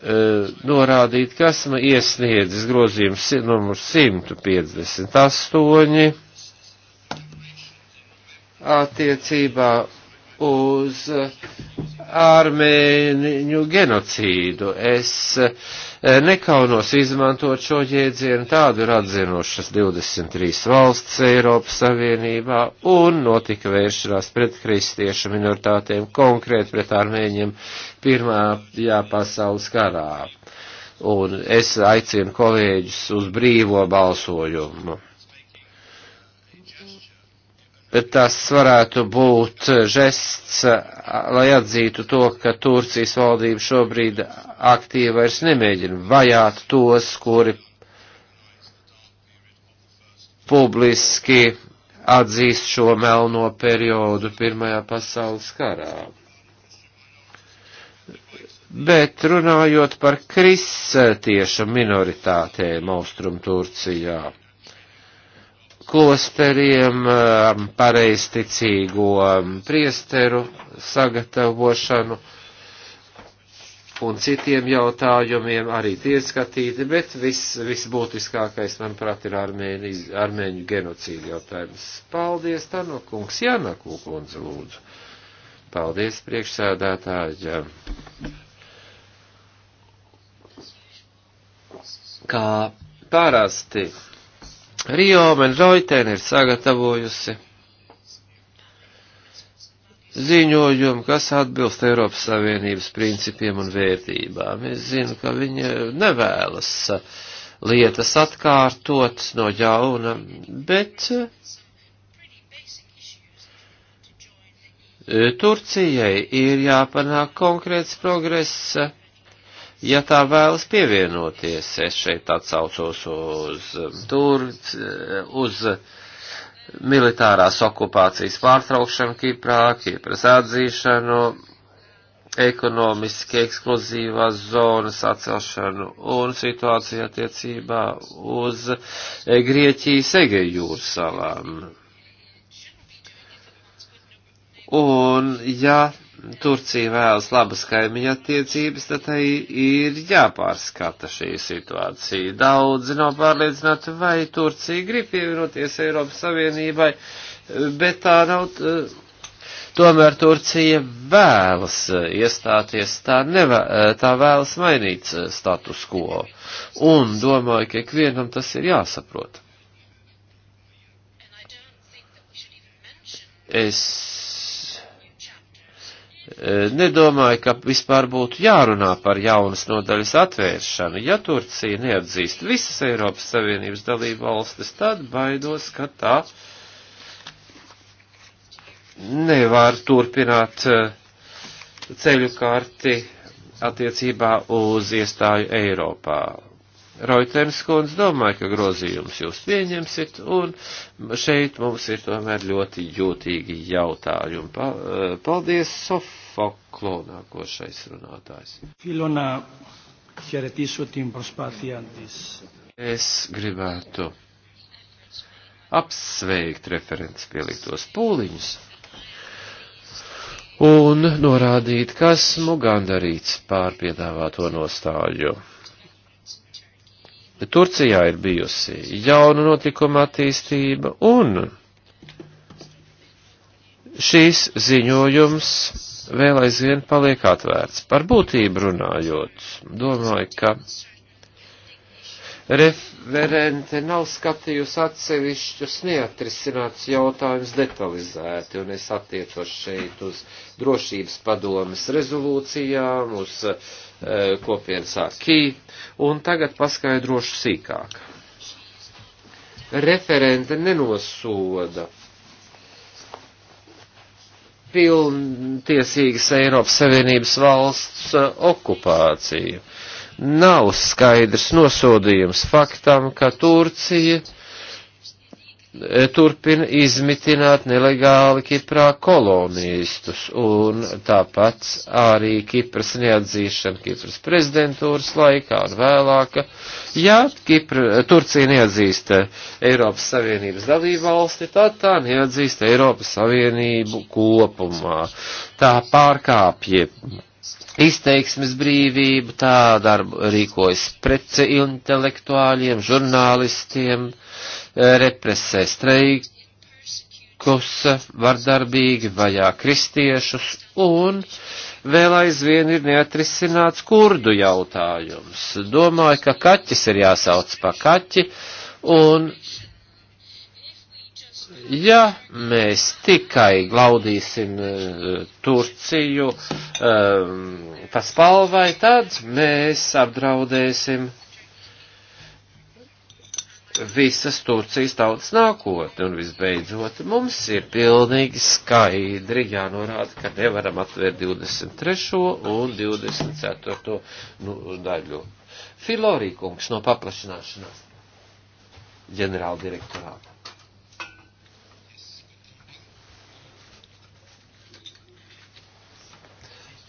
eh, norādīt, kas man iesniedzis grozījums numur 158 attiecībā uz eh, armēņu genocīdu. Es uh, Eh, nekaunos izmantot šo jēdzienu, tādu ir atzinušas 23 valsts Eiropas Savienībā un notika vēršanās pret kristiešu minoritātēm, konkrēti pret armēņiem Pirmajā pasaules karā. Un es aicinu kolēģus uz brīvo balsojumu tas varētu būt žests, lai atzītu to, ka Turcijas valdība šobrīd aktīvi vairs nemēģina vajāt tos, kuri publiski atzīst šo melno periodu Pirmajā pasaules karā. Bet runājot par kristiešu minoritātēm Austrum Turcijā klosteriem, eh, pareisticīgo eh, priesteru sagatavošanu un citiem jautājumiem arī tiek skatīti, bet viss, visbūtiskākais, manuprāt, ir armēņu, armēņu genocīdu jautājums. Paldies, Tano kungs, Janaku kundze, lūdzu. Paldies, priekšsēdētāji. Kā parasti Rio Menroitēna ir sagatavojusi ziņojumu, kas atbilst Eiropas Savienības principiem un vērtībām. Es zinu, ka viņa nevēlas lietas atkārtot no jauna, bet eh, Turcijai ir jāpanāk konkrēts progress ja tā vēlas pievienoties, es šeit atsaucos uz um, tur, uh, uz uh, militārās okupācijas pārtraukšanu Kiprā, Kipras atzīšanu, ekonomiski ekskluzīvās zonas atcelšanu un situāciju attiecībā uz uh, Grieķijas Egejūras salām. Un, ja Turcija vēlas labas kaimiņa attiecības, tad tai ir jāpārskata šī situācija. Daudzi nav pārliecināti, vai Turcija grib pievienoties Eiropas Savienībai, bet tā nav. Tomēr Turcija vēlas iestāties, tā, nevē, tā vēlas mainīt status quo. Un domāju, ka ikvienam tas ir jāsaprot. Es E, nedomāju, ka vispār būtu jārunā par jaunas nodaļas atvēršanu. Ja Turcija neatzīst visas Eiropas Savienības dalību valstis, tad baidos, ka tā nevar turpināt e, ceļu karti attiecībā uz iestāju Eiropā. Roitēns kundze domāja, ka grozījums jūs pieņemsit, un šeit mums ir tomēr ļoti jūtīgi jautājumi. E, paldies, Sof! Foklo nākošais runātājs. Filona, χαιρετήσω την προσπάθεια της. Es gribētu apsveikt referents pieliktos pūliņus un norādīt, ka esmu gandarīts pār piedāvāto nostāļu. Turcijā ir bijusi jauna notikuma attīstība un šīs ziņojums vēl aizvien paliek atvērts. Par būtību runājot, domāju, ka referente nav skatījusi atsevišķus neatrisināts jautājumus detalizēti, un es attiecos šeit uz drošības padomes rezolūcijām, uz e, kopienas akī, un tagad paskaidrošu sīkāk. Referente nenosoda pilntiesīgas Eiropas Savienības valsts uh, okupācija. Nav skaidrs nosodījums faktam, ka Turcija eh, turpina izmitināt nelegāli Kiprā kolonistus, un tāpat arī Kipras neatzīšana Kipras prezidentūras laikā un vēlāka Ja Kipra, Turcija neatzīst Eiropas Savienības dalību valsti, tad tā neatzīst Eiropas Savienību kopumā. Tā pārkāpja izteiksmes brīvību, tā darbu rīkojas pret intelektuāļiem, žurnālistiem, represē streikus, vardarbīgi vajā kristiešus un uh, vēl aizvien ir neatrisināts kurdu jautājums. Domāju, ka kaķis ir jāsauc pa kaķi, un ja mēs tikai glaudīsim eh, Turciju um, eh, paspalvai, tad mēs apdraudēsim visas Turcijas tautas nākotni. Un visbeidzot, mums ir pilnīgi skaidri jānorāda, ka nevaram atvērt 23. un 24. Nu, daļu. Filorīkungs no paplašināšanās ģenerāla direktorāta.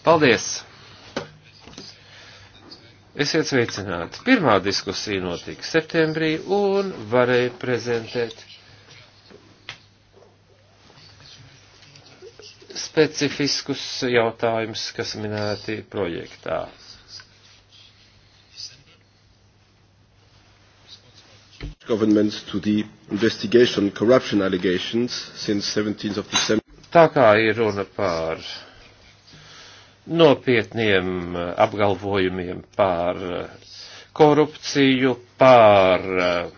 Paldies! Esiet sveicināti. Pirmā diskusija notika septembrī un varēja prezentēt specifiskus jautājumus, kas minēti projektā. governments to the investigation corruption allegations since 17th of December. Tā kā ir runa par nopietniem eh, apgalvojumiem par eh, korupciju, par eh,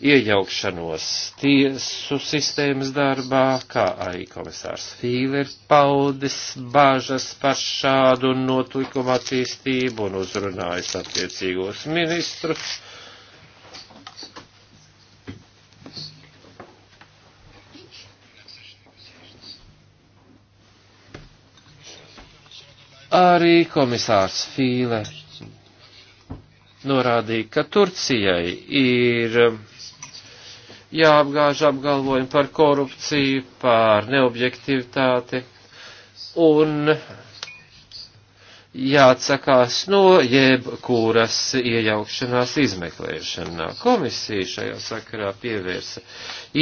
iejaukšanos tiesu sistēmas darbā, kā arī komisārs Fīle ir paudis bāžas par šādu notlikumu attīstību un uzrunājis attiecīgos ministrus Arī komisārs Fīle norādīja, ka Turcijai ir jāapgāž apgalvojumi par korupciju, par neobjektivitāti un jāatsakās no jebkuras iejaukšanās izmeklēšanā. Komisija šajā sakarā pievērsa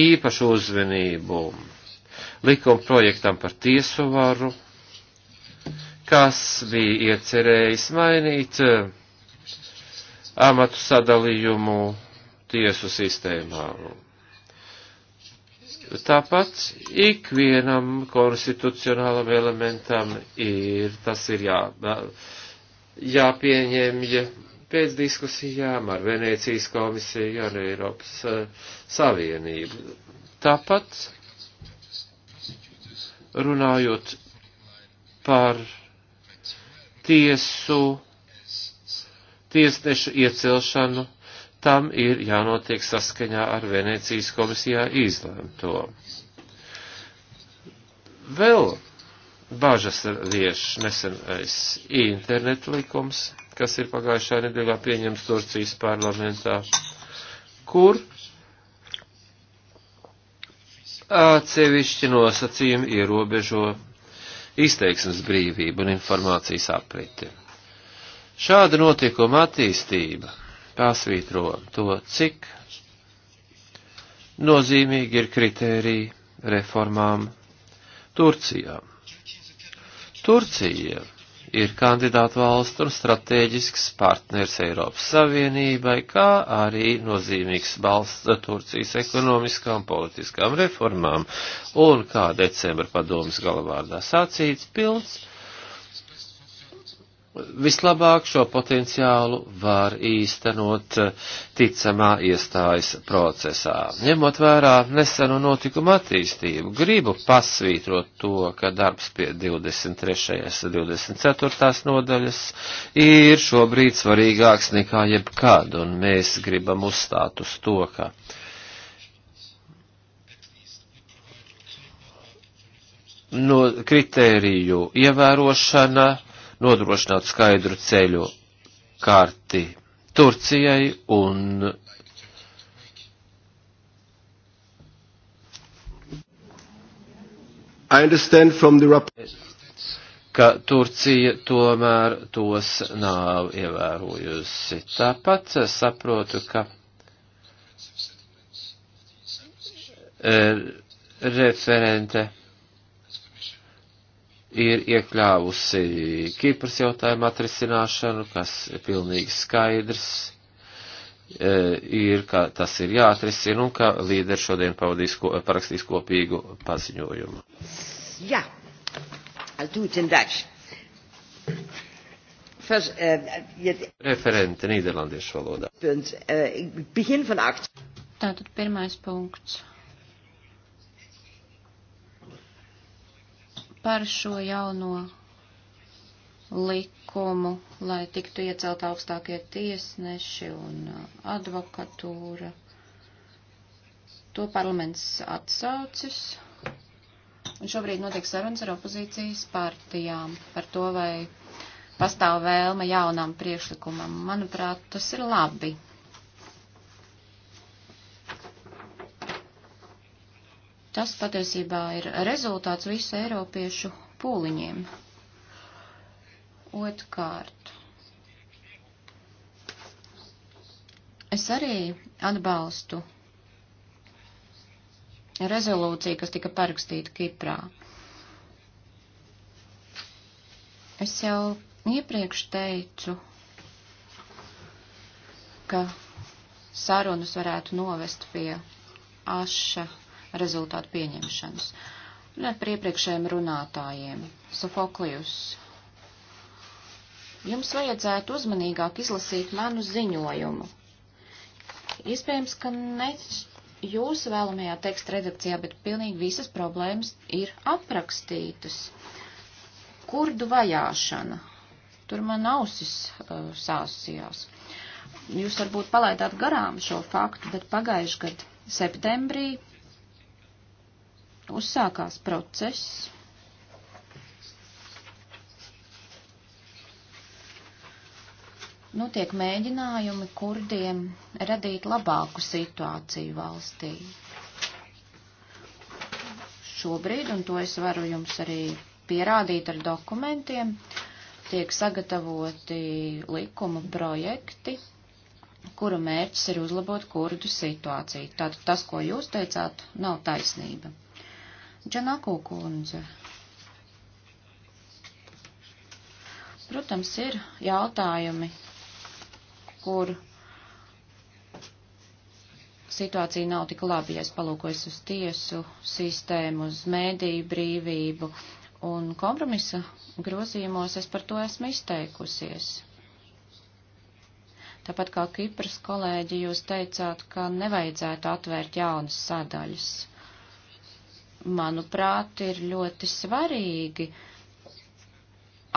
īpašu uzmanību likuma projektam par tiesu varu kas bija iecerējis mainīt eh, amatu sadalījumu tiesu sistēmā. Tāpat ikvienam konstitucionālam elementam ir, tas ir jā, jāpieņem pēc diskusijām ar Venēcijas komisiju, ar Eiropas eh, Savienību. Tāpat runājot par tiesu, tiesnešu iecelšanu, tam ir jānotiek saskaņā ar Venecijas komisijā izlēmto. Vēl bažas vieš nesenais internet likums, kas ir pagājušā nedēļā pieņemts Turcijas parlamentā, kur atsevišķi nosacījumi ierobežo izteiksmes brīvību un informācijas apriti. Šāda notikuma attīstība pasvītro to, cik nozīmīgi ir kritēriji reformām Turcijā. Turcija ir kandidāta valsts un strateģisks partners Eiropas Savienībai, kā arī nozīmīgs balsts Turcijas ekonomiskām politiskām reformām, un kā decembra padomas galvārdā sacīts pilns vislabāk šo potenciālu var īstenot eh, ticamā iestājas procesā. Ņemot vērā nesenu notikumu attīstību, gribu pasvītrot to, ka darbs pie 23. un 24. nodaļas ir šobrīd svarīgāks nekā jebkad, un mēs gribam uzstāt uz to, ka no kritēriju ievērošana nodrošināt skaidru ceļu kārti Turcijai un ka Turcija tomēr tos nav ievērojusi. Tāpat saprotu, ka eh, referente ir iekļāvusi Kipras jautājumu atrisināšanu, kas ir pilnīgi skaidrs, e, ir, ka tas ir jāatrisina un ka līderi šodien pavadīs, ko, parakstīs kopīgu paziņojumu. Jā, First, uh, ja... Referente Nīderlandiešu valodā. Uh, Tātad pirmais punkts. par šo jauno likumu, lai tiktu iecelt augstākie tiesneši un uh, advokatūra. To parlaments atsaucis. Un šobrīd notiek sarunas ar opozīcijas partijām par to, vai pastāv vēlme jaunam priekšlikumam. Manuprāt, tas ir labi. Tas patiesībā ir rezultāts visu eiropiešu pūliņiem. Otkārt, es arī atbalstu rezolūciju, kas tika parakstīta Kiprā. Es jau iepriekš teicu, ka sarunas varētu novest pie aša rezultātu pieņemšanas. Runāt par iepriekšējiem runātājiem. Sofoklijus. Jums vajadzētu uzmanīgāk izlasīt manu ziņojumu. Iespējams, ka ne jūsu vēlamajā teksta redakcijā, bet pilnīgi visas problēmas ir aprakstītas. Kurdu vajāšana. Tur man ausis uh, sāsījās. Jūs varbūt palaidāt garām šo faktu, bet pagājuši gadu septembrī uzsākās process. Notiek nu, mēģinājumi kurdiem radīt labāku situāciju valstī. Šobrīd, un to es varu jums arī pierādīt ar dokumentiem, tiek sagatavoti likuma projekti, kuru mērķis ir uzlabot kurdu situāciju. Tātad tas, ko jūs teicāt, nav taisnība. Džanako kundze. Protams, ir jautājumi, kur situācija nav tik labi, ja es palūkojos uz tiesu sistēmu, uz mēdīju brīvību, un kompromisa grozījumos es par to esmu izteikusies. Tāpat kā Kipras kolēģi, jūs teicāt, ka nevajadzētu atvērt jaunas sadaļas manuprāt, ir ļoti svarīgi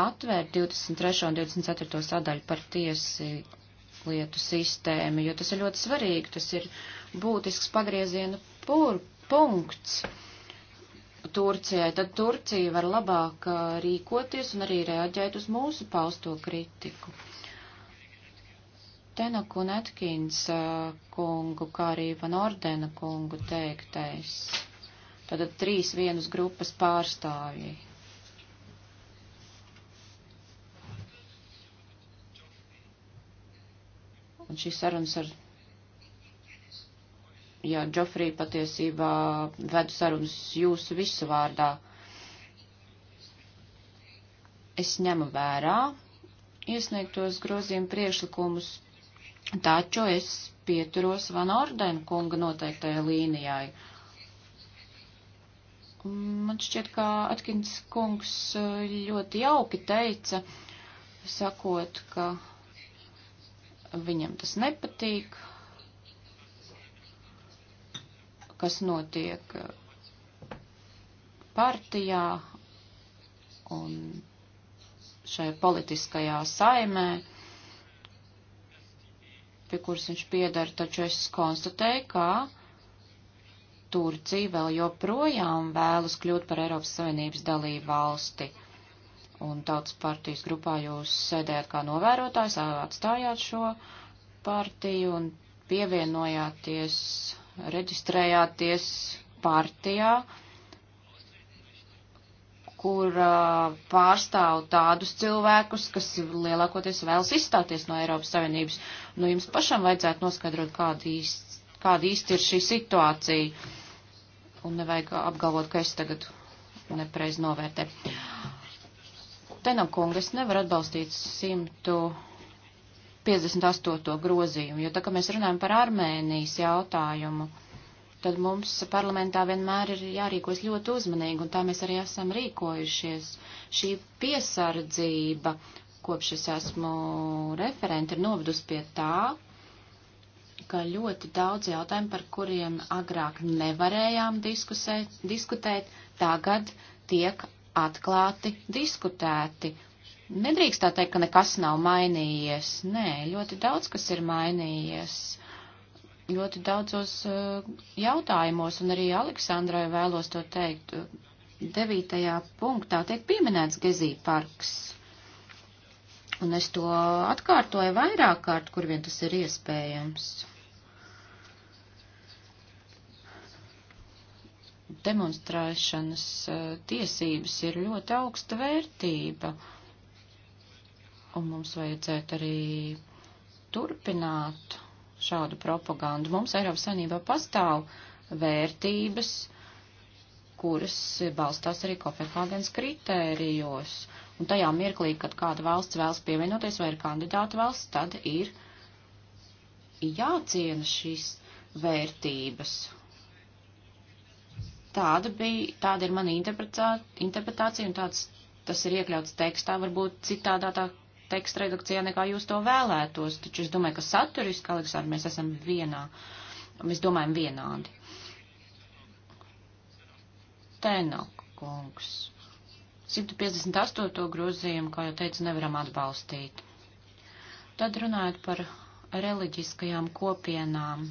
atvērt 23. un 24. sadaļu par tiesi lietu sistēmu, jo tas ir ļoti svarīgi, tas ir būtisks pagrieziena pur, punkts Turcijai. Tad Turcija var labāk rīkoties un arī reaģēt uz mūsu pausto kritiku. Tenak un Atkins kungu, kā arī Van Ordena kungu teiktais Tātad trīs vienas grupas pārstāvji. Un šīs sarunas ar, jā, Džofrī patiesībā vedu sarunas jūsu visu vārdā. Es ņemu vērā iesniegtos grozījumu priekšlikumus, taču es pieturos Van Ordena kunga noteiktajai līnijai Man šķiet, ka Atkins kungs eh, ļoti jauki teica, sakot, ka viņam tas nepatīk, kas notiek eh, partijā un šai politiskajā saimē, pie kuras viņš piedara, taču es konstatēju, ka Turcija vēl joprojām vēlas kļūt par Eiropas Savienības dalību valsti. Un tautas partijas grupā jūs sēdējāt kā novērotājs, atstājāt šo partiju un pievienojāties, reģistrējāties partijā, kur uh, pārstāv tādus cilvēkus, kas lielākoties vēlas izstāties no Eiropas Savienības. Nu, jums pašam vajadzētu noskaidrot, kāda īsti kāda īsti ir šī situācija. Un nevajag apgalvot, ka es tagad nepreiz novērtē. Tenam kunga, es nevaru atbalstīt 158. grozījumu, jo tā kā mēs runājam par Armēnijas jautājumu, tad mums parlamentā vienmēr ir jārīkojas ļoti uzmanīgi, un tā mēs arī esam rīkojušies. Šī piesardzība, kopš es esmu referenti, ir novedus pie tā, ka ļoti daudz jautājumu, par kuriem agrāk nevarējām diskusēt, diskutēt, tagad tiek atklāti diskutēti. Nedrīkst tā teikt, ka nekas nav mainījies. Nē, ļoti daudz kas ir mainījies. Ļoti daudzos eh, jautājumos, un arī Aleksandrai vēlos to teikt, eh, devītajā punktā tiek pieminēts Gezī parks. Un es to atkārtoju vairāk kārt, kur vien tas ir iespējams. demonstrēšanas eh, tiesības ir ļoti augsta vērtība, un mums vajadzētu arī turpināt šādu propagandu. Mums Eiropas Savienībā pastāv vērtības, kuras balstās arī Kopenhāgenes kritērijos, un tajā mirklī, kad kāda valsts vēlas pievienoties vai ir kandidāta valsts, tad ir jāciena šīs vērtības Tāda bija, tāda ir mana interpretācija, un tāds tas ir iekļauts tekstā, varbūt citādā tā teksta redakcijā, nekā jūs to vēlētos, taču es domāju, ka saturiski, Aleksandr, mēs esam vienā, mēs domājam vienādi. Tenok, kungs. 158. grozījumu, kā jau teicu, nevaram atbalstīt. Tad runājot par reliģiskajām kopienām,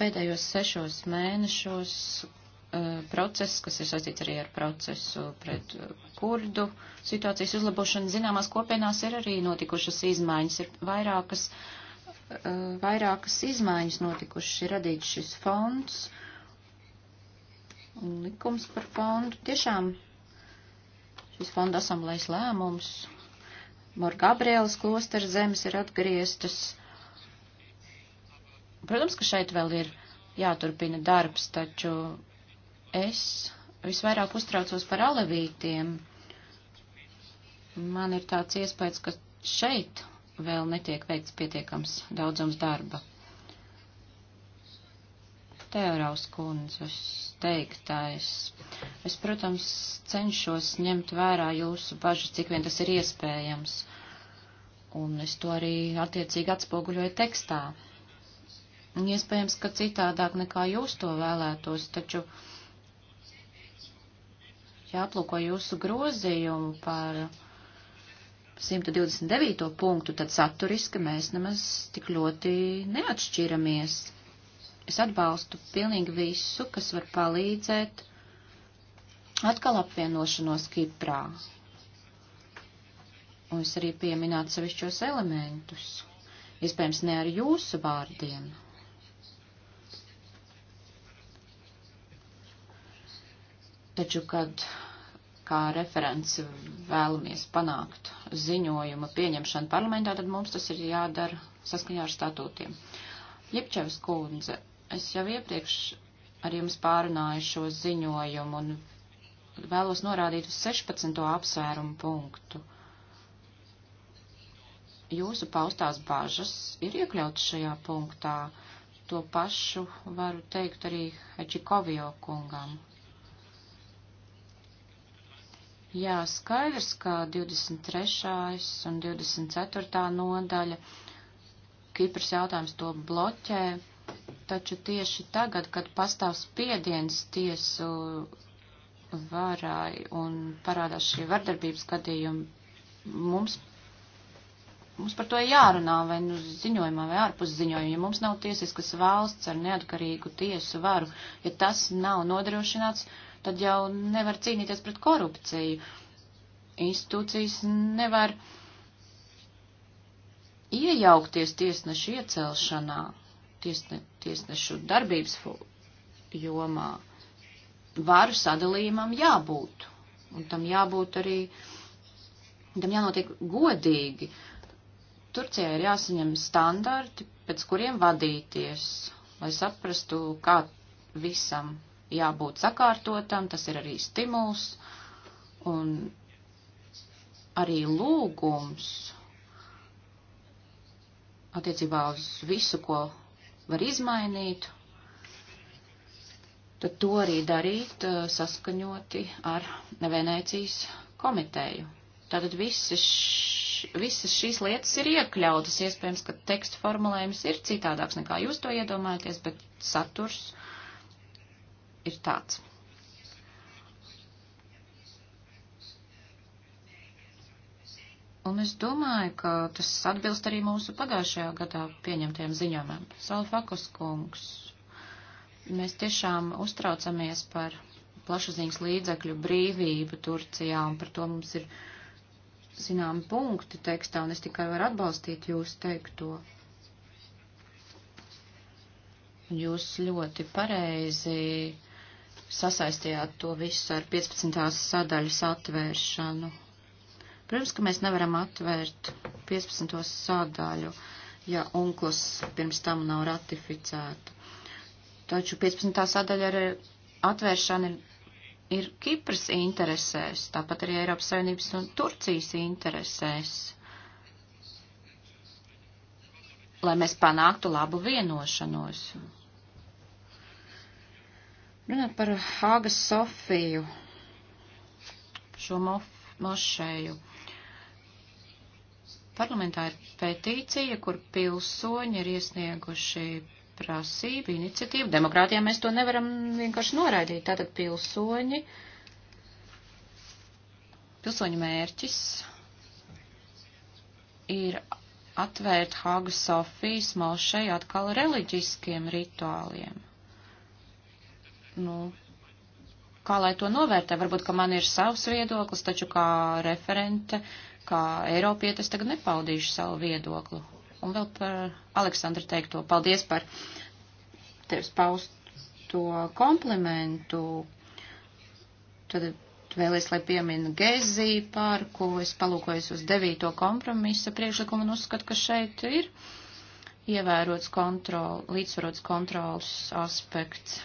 Pēdējos sešos mēnešos eh, process, kas ir saistīts arī ar procesu pret eh, kurdu situācijas uzlabošanu. Zināmās kopienās ir arī notikušas izmaiņas, ir vairākas, eh, vairākas izmaiņas notikušas, ir radīts šis fonds un likums par fondu. Tiešām šis fonda asamblējas lēmums. Morgabrielas klosters zemes ir atgrieztas Protams, ka šeit vēl ir jāturpina darbs, taču es visvairāk uztraucos par alevītiem. Man ir tāds iespējas, ka šeit vēl netiek veikts pietiekams daudzums darba. Teoraus kundzes teiktais. Es, protams, cenšos ņemt vērā jūsu bažas, cik vien tas ir iespējams, un es to arī attiecīgi atspoguļoju tekstā. Iespējams, ka citādāk nekā jūs to vēlētos, taču jāaplūko jūsu grozījumu par 129. punktu, tad saturiski mēs nemaz tik ļoti neatšķiramies. Es atbalstu pilnīgi visu, kas var palīdzēt atkal apvienošanos Kiprā. Un es arī pieminātu sevišķos elementus, iespējams, ne ar jūsu vārdiem. Taču, kad kā referents vēlamies panākt ziņojuma pieņemšanu parlamentā, tad mums tas ir jādara saskaņā ar statūtiem. Ļipčevs kundze, es jau iepriekš ar jums pārunāju šo ziņojumu un vēlos norādīt uz 16. apsvērumu punktu. Jūsu paustās bažas ir iekļautas šajā punktā. To pašu varu teikt arī Hečikovio kungam. Jā, skaidrs, ka 23. un 24. nodaļa Kipras jautājums to bloķē, taču tieši tagad, kad pastāv spiediens tiesu varai un parādās šie vardarbības gadījumi, mums, mums par to ir jārunā vai nu ziņojumā vai ārpus ziņojuma. Ja mums nav tiesiskas valsts ar neatkarīgu tiesu varu, ja tas nav nodrošināts, tad jau nevar cīnīties pret korupciju. Institūcijas nevar iejaukties tiesnešu iecelšanā, tiesne, tiesnešu darbības jomā. Varu sadalījumam jābūt, un tam jābūt arī, tam jānotiek godīgi. Turcijai ir jāsaņem standarti, pēc kuriem vadīties, lai saprastu, kā visam jābūt sakārtotam, tas ir arī stimuls un arī lūgums attiecībā uz visu, ko var izmainīt, tad to arī darīt eh, saskaņoti ar Venēcijas komiteju. Tātad visas, visas šīs lietas ir iekļautas, iespējams, ka tekstu formulējums ir citādāks nekā jūs to iedomājaties, bet saturs ir tāds. Un es domāju, ka tas atbilst arī mūsu pagājušajā gadā pieņemtajiem ziņojumiem. Salfakus kungs, mēs tiešām uztraucamies par plašsaziņas līdzekļu brīvību Turcijā, un par to mums ir zinām punkti tekstā, un es tikai varu atbalstīt jūsu teikto. Jūs ļoti pareizi sasaistījāt to visu ar 15. sadaļas atvēršanu. Protams, ka mēs nevaram atvērt 15. sadaļu, ja UNCLOS pirms tam nav ratificēta. Taču 15. sadaļa ar atvēršanu ir, ir Kipras interesēs, tāpat arī Eiropas Savienības un Turcijas interesēs, lai mēs panāktu labu vienošanos. Runāt par Hāgas Sofiju, šo mošēju. Parlamentā ir pētīcija, kur pilsoņi ir iesnieguši prasību, iniciatīvu. Demokrātijā mēs to nevaram vienkārši noraidīt. Tātad pilsoņi, pilsoņu mērķis ir atvērt Hāgu Sofijas malšai atkal reliģiskiem rituāliem nu, kā lai to novērtē. Varbūt, ka man ir savs viedoklis, taču kā referente, kā Eiropiet, es tagad nepaudīšu savu viedoklu. Un vēl par Aleksandru teikto. Paldies par tevis pausto komplimentu. Tad vēlies, lai pieminu Gezi parku. Es palūkojos uz devīto kompromisa priekšlikumu un uzskatu, ka šeit ir ievērots kontrol, līdzsvarots kontrols aspekts.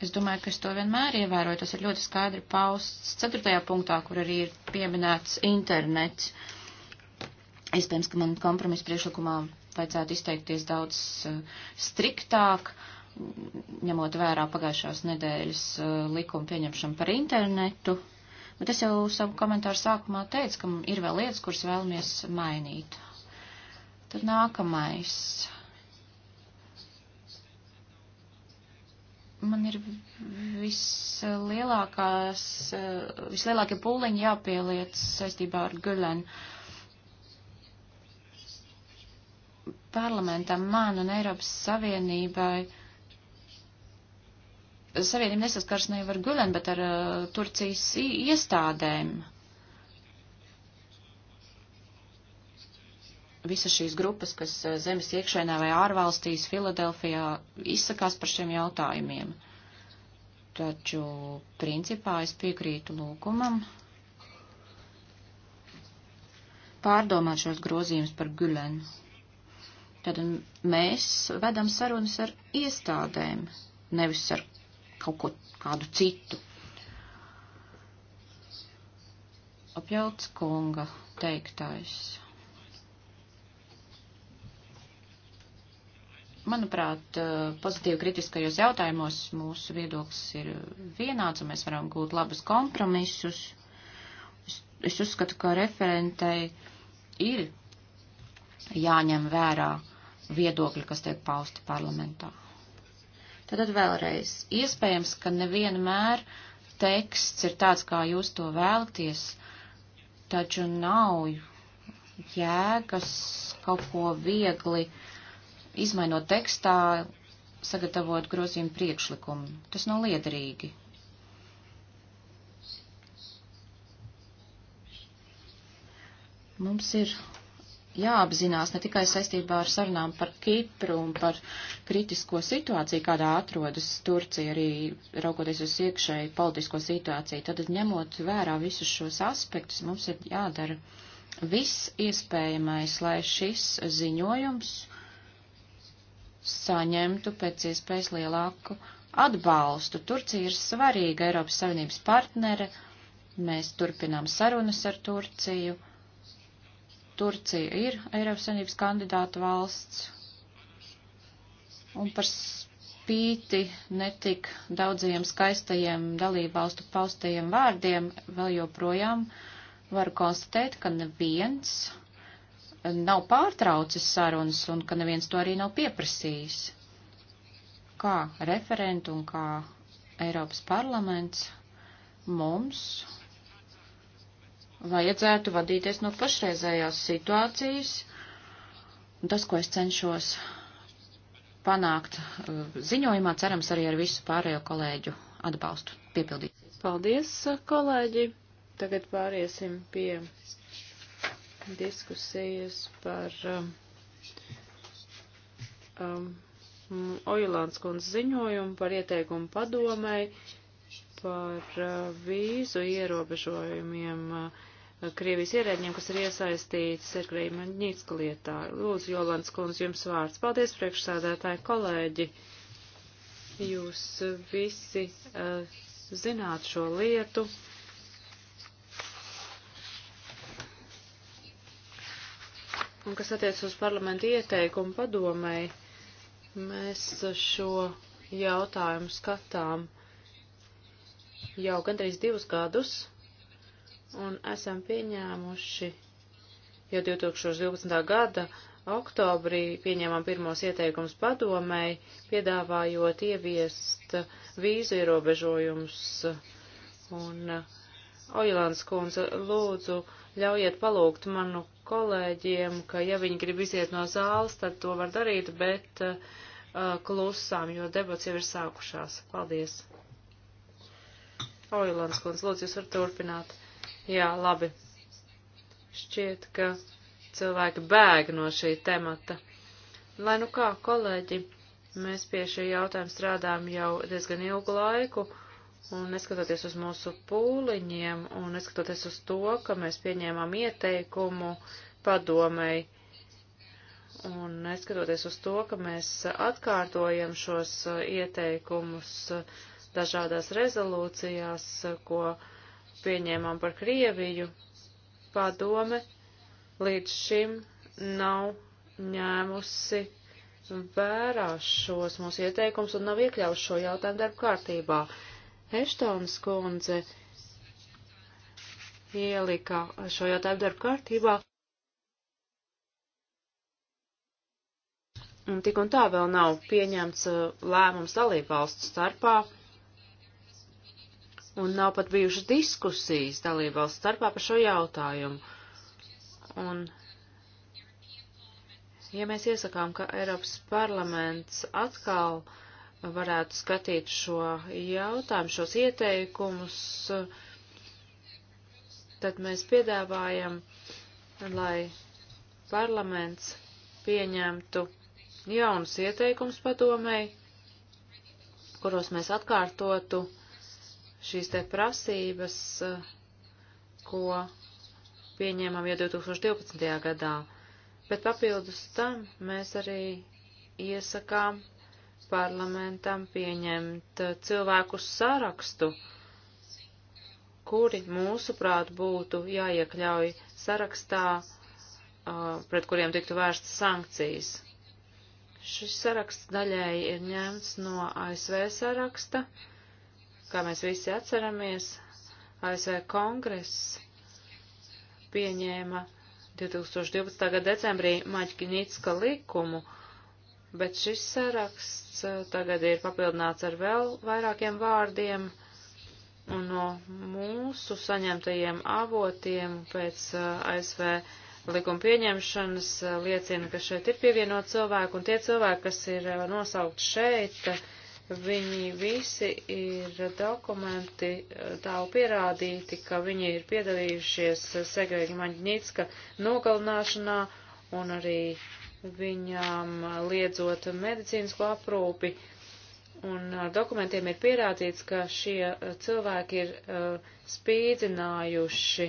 Es domāju, ka es to vienmēr ievēroju. Tas ir ļoti skaidri pausts ceturtajā punktā, kur arī ir pieminēts internets. Iespējams, ka man kompromisa priekšlikumā vajadzētu izteikties daudz eh, striktāk, ņemot vērā pagājušās nedēļas eh, likuma pieņemšanu par internetu. Bet es jau savu komentāru sākumā teicu, ka ir vēl lietas, kuras vēlamies mainīt. Tad nākamais man ir vislielākās, vislielākie pūliņi jāpieliec saistībā ar Gulenu. Parlamentam, man un Eiropas Savienībai. Savienība nesaskars ne jau ar Gulenu, bet ar uh, Turcijas iestādēm. Uh, visas šīs grupas, kas eh, zemes iekšēnā vai ārvalstīs Filadelfijā izsakās par šiem jautājumiem. Taču, principā, es piekrītu lūkumam pārdomāt šos grozījumus par Gulenu. Tad mēs vedam sarunas ar iestādēm, nevis ar kaut ko kādu citu. Apjauts kunga teiktais. Manuprāt, eh, pozitīvi kritiskajos jautājumos mūsu viedoklis ir vienāds, un mēs varam gūt labus kompromisus. Es uzskatu, ka referentei ir jāņem vērā viedokļi, kas tiek pausti parlamentā. Tad vēlreiz, iespējams, ka nevienmēr teksts ir tāds, kā jūs to vēlties, taču nav jēgas kaut ko viegli uh, izmainot tekstā, sagatavot grozījumu priekšlikumu. Tas nav liederīgi. Mums ir jāapzinās ne tikai saistībā ar sarunām par Kipru un par kritisko situāciju, kādā atrodas Turcija, arī raugoties uz iekšēju politisko situāciju. Tad, ņemot vērā visus šos aspektus, mums ir jādara viss iespējamais, lai šis ziņojums saņemtu pēc iespējas lielāku atbalstu. Turcija ir svarīga Eiropas Savienības partnere, mēs turpinām sarunas ar Turciju. Turcija ir Eiropas Savienības kandidāta valsts, un par spīti netik daudziem skaistajiem dalībvalstu paustajiem vārdiem vēl joprojām varu konstatēt, ka neviens nav pārtraucis sarunas un ka neviens to arī nav pieprasījis. Kā referentu un kā Eiropas parlaments mums vajadzētu vadīties no pašreizējās situācijas. Un tas, ko es cenšos panākt eh, ziņojumā, cerams arī ar visu pārējo kolēģu atbalstu piepildīt. Paldies, kolēģi! Tagad pāriesim pie diskusijas par um, um Ojulāns kundz ziņojumu par ieteikumu padomai par uh, vīzu ierobežojumiem uh, Krievijas ierēģiem, kas ir iesaistīts Sergeja Maņīcka lietā. Lūdzu, Jolants kundz, jums vārds. Paldies, priekšsādātāji kolēģi. Jūs visi uh, zināt šo lietu. Uh, Un kas attiec uz parlamentu ieteikumu padomēji, mēs šo jautājumu skatām jau gandrīz divus gadus un esam pieņēmuši jau 2012. gada oktobrī pieņēmām pirmos ieteikumus padomēji, piedāvājot ieviest vīzu ierobežojumus. Un uh, Oilāns kundze, lūdzu, ļaujiet palūgt manu kolēģiem, ka ja viņi grib iziet no zāles, tad to var darīt, bet uh, klusām, jo debats jau ir sākušās. Paldies. Oilans kundze, lūdzu, jūs varat turpināt. Jā, labi. Šķiet, ka cilvēki bēg no šī temata. Lai nu kā, kolēģi, mēs pie šī jautājuma strādājam jau diezgan ilgu laiku Un neskatoties uz mūsu pūliņiem un neskatoties uz to, ka mēs pieņēmām ieteikumu padomēji, un neskatoties uz to, ka mēs atkārtojam šos uh, ieteikumus uh, dažādās rezolūcijās, uh, ko pieņēmām par Krieviju, padome līdz šim nav ņēmusi vērā šos mūsu ieteikumus un nav iekļauts šo jautājumu darba kārtībā. Eštons kundze ielika šo jautājumu darba kārtībā. Un tik un tā vēl nav pieņemts uh, lēmums dalībvalstu starpā, un nav pat bijušas diskusijas dalībvalstu starpā par šo jautājumu. Un, ja mēs iesakām, ka Eiropas parlaments atkal uh, varētu skatīt šo jautājumu, šos ieteikumus, tad mēs piedāvājam, lai parlaments pieņemtu jaunus ieteikumus padomēji, kuros mēs atkārtotu šīs te prasības, ko pieņēmām jau 2012. gadā. Bet papildus tam mēs arī iesakām parlamentam pieņemt eh, cilvēku sarakstu, kuri mūsuprāt būtu jāiekļauj sarakstā, eh, pret kuriem tiktu vērstas sankcijas. Šis saraksts daļēji ir ņemts no ASV saraksta, kā mēs visi atceramies, ASV kongress pieņēma 2012. gada decembrī Maķiņitska likumu, uh, bet šis saraksts eh, tagad ir papildināts ar vēl vairākiem vārdiem, un no mūsu saņemtajiem avotiem pēc eh, ASV likuma pieņemšanas eh, liecina, ka šeit ir pievienot cilvēku, un tie cilvēki, kas ir nosaukt šeit, viņi visi ir dokumenti tālu pierādīti, ka viņi ir piedalījušies Segreģa Maņģņīcka nogalināšanā un arī uh, viņām liedzot medicīnisko aprūpi. Un ar dokumentiem ir pierādīts, ka šie cilvēki ir uh, spīdzinājuši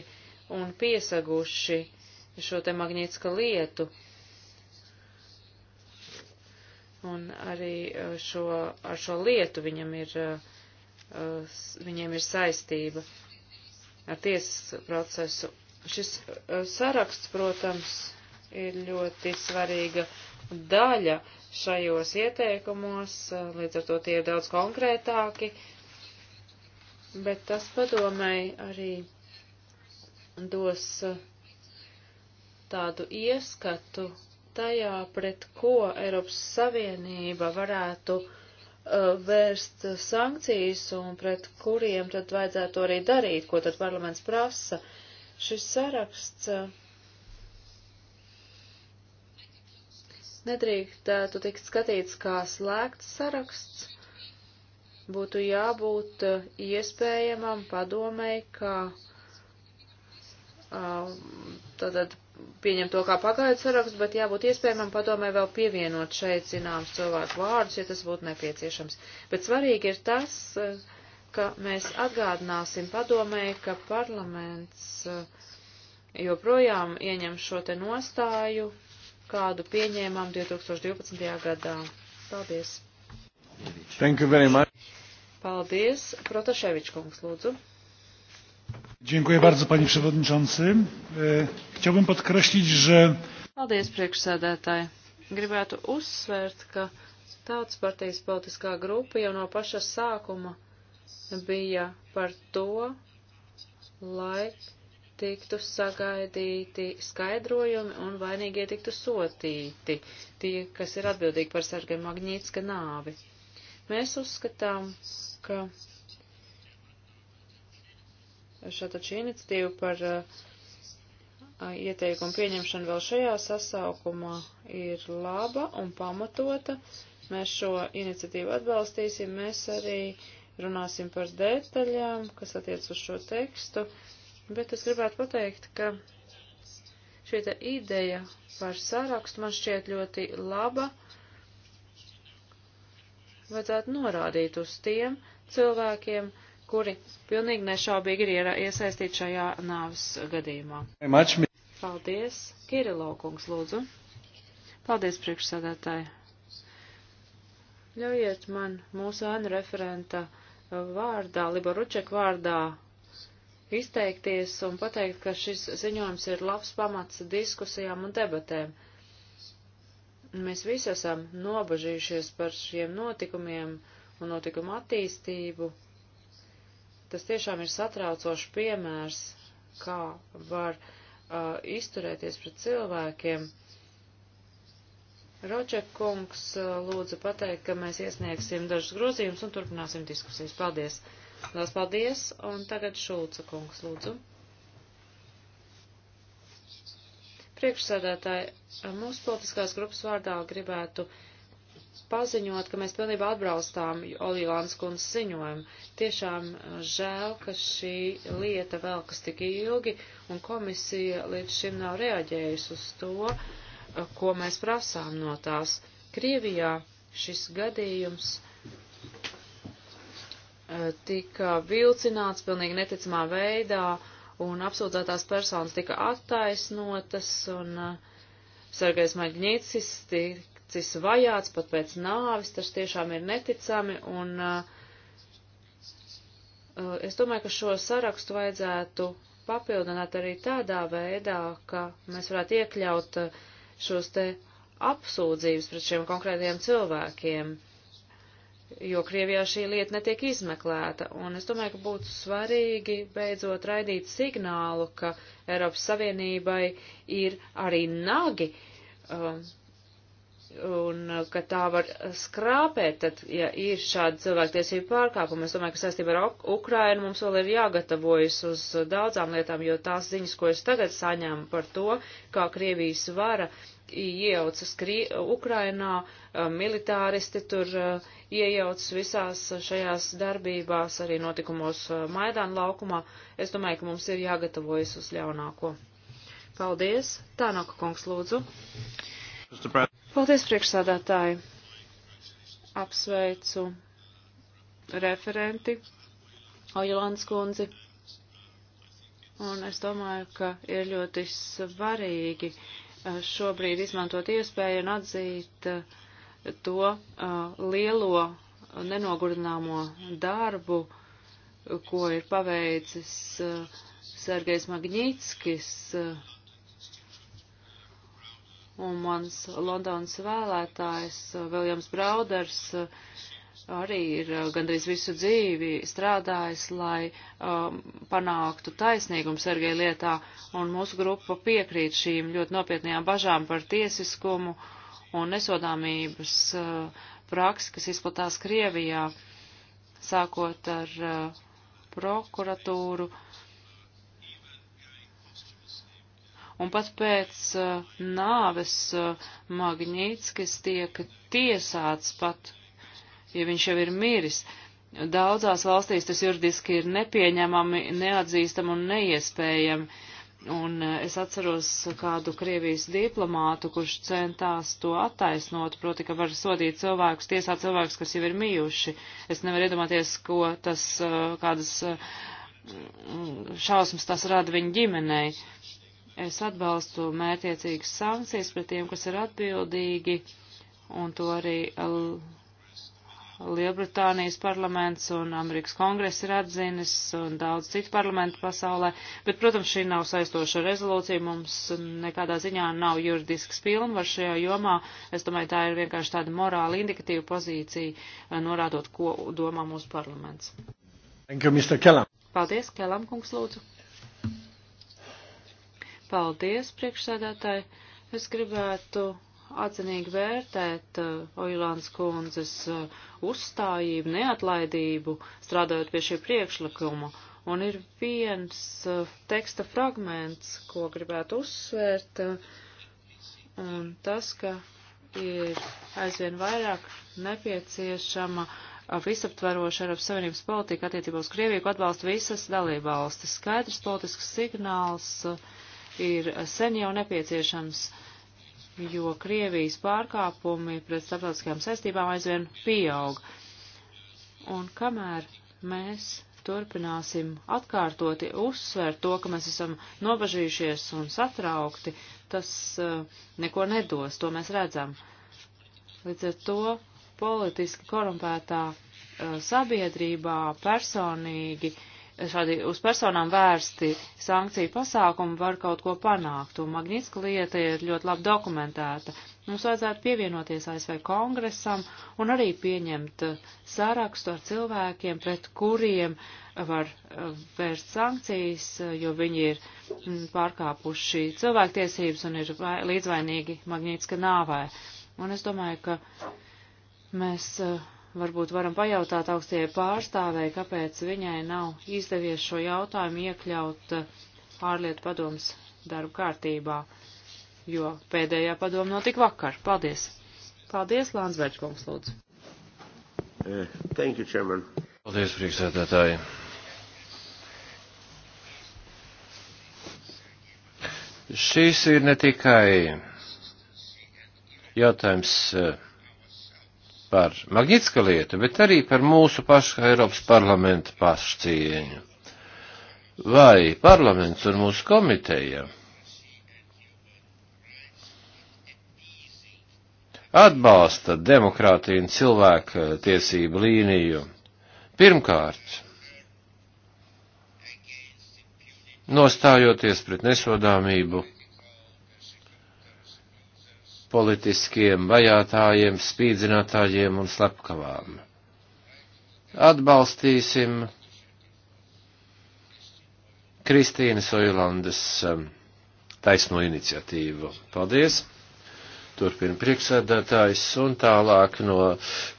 un piesaguši šo te magnītiska lietu. Un arī šo, ar šo lietu viņam ir, uh, viņiem ir saistība ar tiesas procesu. Šis uh, saraksts, protams, ir ļoti svarīga daļa šajos ieteikumos, līdz ar to tie ir daudz konkrētāki, bet tas padomēji arī dos uh, tādu ieskatu tajā, pret ko Eiropas Savienība varētu uh, vērst sankcijas un pret kuriem tad vajadzētu arī darīt, ko tad parlaments prasa. Šis saraksts uh, nedrīkstētu tikt skatīts kā slēgts saraksts. Būtu jābūt uh, iespējamam padomēji, kā um, tātad pieņem to kā pagaidu sarakstu, bet jābūt iespējamam padomē vēl pievienot šeit zināms cilvēku vārdus, ja tas būtu nepieciešams. Bet svarīgi ir tas, uh, ka mēs atgādināsim padomē, ka parlaments uh, joprojām ieņem šo te nostāju kādu pieņēmām 2012. gadā. Paldies! Thank you very much. Paldies. Protaševičs kungs, lūdzu. Dziękuję bardzo, panie przewodniczący. E, chciałbym podkreślić, że... Paldies, priekšsēdētāji. Gribētu uzsvērt, ka Tautas partijas politiskā grupa jau no paša sākuma bija par to, lai tiktu sagaidīti skaidrojumi un vainīgie tiktu sotīti, tie, kas ir atbildīgi par Sergeja Magnītska nāvi. Mēs uzskatām, ka šāda šī iniciatīva par uh, ieteikumu pieņemšanu vēl šajā sasaukumā ir laba un pamatota. Mēs šo iniciatīvu atbalstīsim, mēs arī runāsim par detaļām, kas attiec uz šo tekstu. Uh, Bet es gribētu pateikt, ka šī ideja par sārakstu man šķiet ļoti laba. Vajadzētu norādīt uz tiem cilvēkiem, kuri pilnīgi nešaubīgi ir iesaistīti šajā nāves gadījumā. Paldies, Kirilokungs, lūdzu. Paldies, priekšsādātāji. Ļaujiet man mūsu ēnu referenta vārdā, Liboruček vārdā izteikties un pateikt, ka šis ziņojums ir labs pamats diskusijām un debatēm. Mēs visi esam nobažījušies par šiem notikumiem un notikumu attīstību. Tas tiešām ir satraucošs piemērs, kā var uh, izturēties pret cilvēkiem. Roček kungs uh, lūdzu pateikt, ka mēs iesniegsim dažus grozījumus un turpināsim diskusijas. Paldies! Lielas paldies, un tagad Šulca kungs, lūdzu. Priekšsēdētāji, mūsu politiskās grupas vārdā gribētu paziņot, ka mēs pilnībā atbraustām Olijāns kundzes ziņojumu. Tiešām uh, žēl, ka šī lieta velkas tik ilgi, un komisija līdz šim nav reaģējusi uz to, uh, ko mēs prasām no tās. Krievijā šis gadījums Eh, tika vilcināts pilnīgi neticamā veidā, un apsūdzētās personas tika attaisnotas, un eh, Sergejs Maģņīcis ticis vajāts pat pēc nāvis, tas tiešām ir neticami, un eh, es domāju, ka šo sarakstu vajadzētu papildināt arī tādā veidā, ka mēs varētu iekļaut šos te apsūdzības pret šiem konkrētiem cilvēkiem jo Krievijā šī lieta netiek izmeklēta. Un es domāju, ka būtu svarīgi beidzot raidīt signālu, ka Eiropas Savienībai ir arī nagi. Um, un uh, ka tā var skrāpēt, tad, ja ir šādi cilvēktiesību pārkāpumi, es domāju, ka saistībā ar Ukrainu mums vēl ir jāgatavojas uz daudzām lietām, jo tās ziņas, ko es tagad saņēmu par to, kā Krievijas vara iejaucas Krī Ukrainā, um, militāristi tur uh, iejaucas visās šajās darbībās, arī notikumos uh, Maidāna laukumā. Es domāju, ka mums ir jāgatavojas uz ļaunāko. Paldies. Tānoka kungs, lūdzu. Paldies, priekšsādātāji. Apsveicu referenti Ojulandes kundzi. Un es domāju, ka ir ļoti svarīgi uh, šobrīd izmantot iespēju un atzīt uh, to uh, lielo nenogurdināmo darbu, ko ir paveicis uh, Sergejs Magnitskis uh, un mans Londonas vēlētājs uh, Viljams Brauders. Uh, arī ir uh, gandrīz visu dzīvi strādājis, lai um, panāktu taisnīgumu Sergeja lietā, un mūsu grupa piekrīt šīm ļoti nopietnījām bažām par tiesiskumu un nesodāmības uh, praksi, kas izplatās Krievijā, sākot ar uh, prokuratūru. Un pat pēc uh, nāves Magnītskis tiek tiesāts pat, ja viņš jau ir miris. Daudzās valstīs tas juridiski ir nepieņemami, neatzīstami un neiespējami. Un e, es atceros kādu Krievijas diplomātu, kurš centās to attaisnot, proti, ka var sodīt cilvēkus, tiesāt cilvēkus, kas jau ir mijuši. Es nevaru iedomāties, ko tas, e, kādas e, šausmas tas rada viņa ģimenei. Es atbalstu mērķiecīgas sankcijas pret tiem, kas ir atbildīgi, un to arī Lielbritānijas parlaments un Amerikas kongress ir atzinis un daudz citu parlamentu pasaulē, bet, protams, šī nav saistoša rezolūcija, mums nekādā ziņā nav juridisks pilnvar šajā jomā, es domāju, tā ir vienkārši tāda morāli indikatīva pozīcija, norādot, ko domā mūsu parlaments. Thank you, Mr. Kellam. Paldies, Kellam, kungs, lūdzu. Paldies, priekšsēdētāji. Es gribētu atzinīgi vērtēt uh, Oilāns kundzes uh, uzstājību, neatlaidību, strādājot pie šī priekšlikuma. Un ir viens uh, teksta fragments, ko gribētu uzsvērt, uh, un tas, ka ir aizvien vairāk nepieciešama eh, visaptveroša Eiropas Savienības politika attiecībā uz Krieviju, ko atbalsta visas dalībvalstis. Skaidrs politisks signāls ir sen jau nepieciešams. Uh, jo Krievijas pārkāpumi pret starptautiskajām saistībām aizvien pieaug. Un kamēr mēs turpināsim atkārtoti uzsvērt to, ka mēs esam nobažījušies un satraukti, tas uh, neko nedos, to mēs redzam. Līdz ar to politiski korumpētā uh, sabiedrībā personīgi uh, šādi uz personām vērsti sankciju pasākumi var kaut ko panākt, un Magnitska lieta ir ļoti labi dokumentēta. Mums vajadzētu pievienoties ASV kongresam un arī pieņemt sarakstu ar cilvēkiem, pret kuriem var eh, vērst sankcijas, jo viņi ir mm, pārkāpuši cilvēktiesības un ir līdzvainīgi Magnitska nāvē. Un es domāju, ka mēs uh, varbūt varam pajautāt augstajai pārstāvēji, kāpēc viņai nav izdevies šo jautājumu iekļaut eh, ārlietu padomas darbu kārtībā, jo pēdējā padoma notika vakar. Paldies! Paldies, Lānsberģ kungs, lūdzu! Eh, thank you, Chairman. Paldies, priekšsēdētāji! Šis ir ne tikai jautājums uh, par Magnitska lietu, bet arī par mūsu pašu Eiropas parlamenta pašcieņu. Vai parlaments un mūsu komiteja atbalsta demokrātiju un cilvēku tiesību līniju? Pirmkārt, nostājoties pret nesodāmību politiskiem vajātājiem, spīdzinātājiem un slepkavām. Atbalstīsim Kristīnas Oilandes um, taisno iniciatīvu. Paldies! Turpina priekšsēdētājs un tālāk no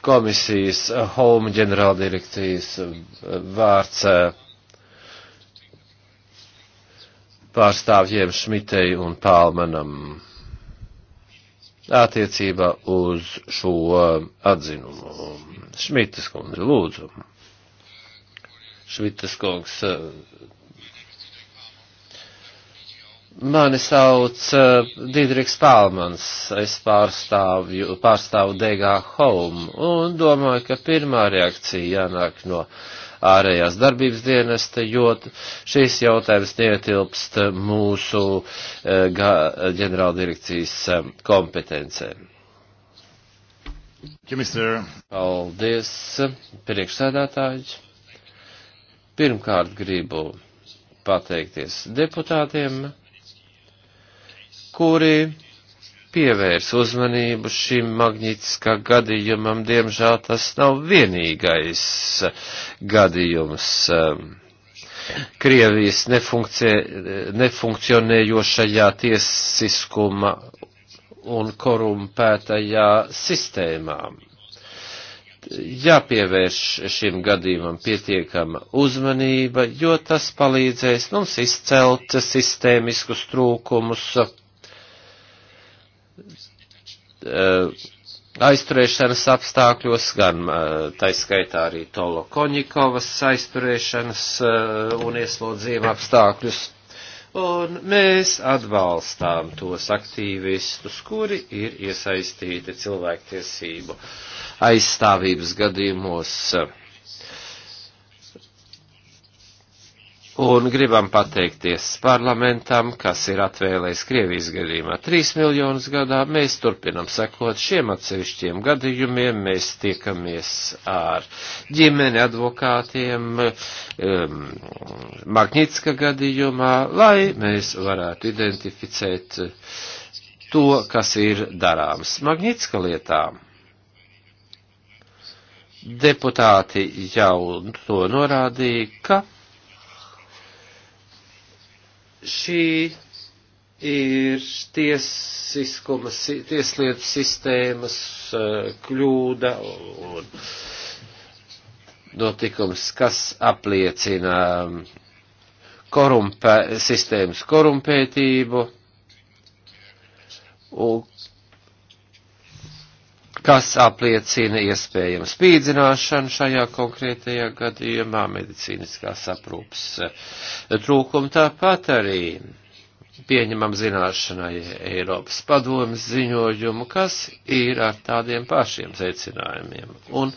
komisijas Home ģenerāldirekcijas vārds uh, pārstāvjiem Šmitei un Pālmanam attiecībā uz šo atzinumu. Šmitas kundze, lūdzu. Šmitas kungs, eh, Mani sauc uh, Didriks Palmans, es pārstāvu, pārstāvu Degā Home un domāju, ka pirmā reakcija jānāk no ārējās darbības dienesta, jo šīs jautājums neietilpst mūsu eh, ģenerāldirekcijas eh, kompetencē. Paldies, priekšsēdētāji. Pirmkārt gribu pateikties deputātiem, kuri pievērs uzmanību šim magnītiskā gadījumam. Diemžēl tas nav vienīgais gadījums. Krievijas nefunkcionējošajā tiesiskuma un korumpētajā sistēmā. Jāpievērš šim gadījumam pietiekama uzmanība, jo tas palīdzēs mums izcelt sistēmiskus trūkumus, Eh, aizturēšanas apstākļos, gan eh, taiskaitā arī Tolo Koņikovas aizturēšanas eh, un ieslodzījuma apstākļus. Un mēs atbalstām tos aktīvistus, kuri ir iesaistīti cilvēktiesību aizstāvības gadījumos un gribam pateikties parlamentam, kas ir atvēlējis Krievijas gadījumā 3 miljonus gadā. Mēs turpinam sekot šiem atsevišķiem gadījumiem, mēs tiekamies ar ģimeni advokātiem um, Magnitska gadījumā, lai mēs varētu identificēt to, kas ir darāms Magnitska lietām. Deputāti jau to norādīja, ka Šī ir tiesiskuma, tieslietu sistēmas eh, kļūda un notikums, kas apliecina mm, korumpē, sistēmas korumpētību un kas apliecina iespējamu spīdzināšanu šajā konkrētajā gadījumā, medicīniskās aprūpas eh, trūkumu tāpat arī pieņemam zināšanai Eiropas padomas ziņojumu, kas ir ar tādiem pašiem secinājumiem. Un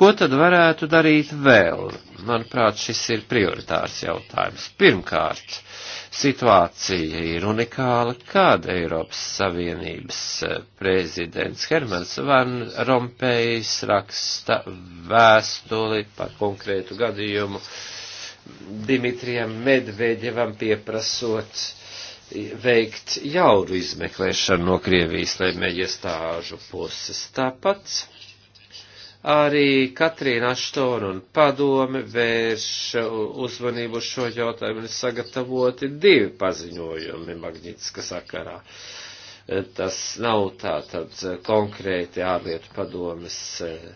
ko tad varētu darīt vēl? Manuprāt, šis ir prioritārs jautājums. Pirmkārt, Situācija ir unikāla, kad Eiropas Savienības eh, prezidents Hermans Van Rompējs raksta vēstuli par konkrētu gadījumu Dimitrijam Medvedevam pieprasot eh, veikt jauru izmeklēšanu no Krievijas laimējiestāžu puses. Tāpat Arī Katrīna Aštona un padome vērš uzmanību šo jautājumu ir sagatavoti divi paziņojumi Magnitska sakarā. Tas nav tā tad konkrēti ārlietu padomes eh,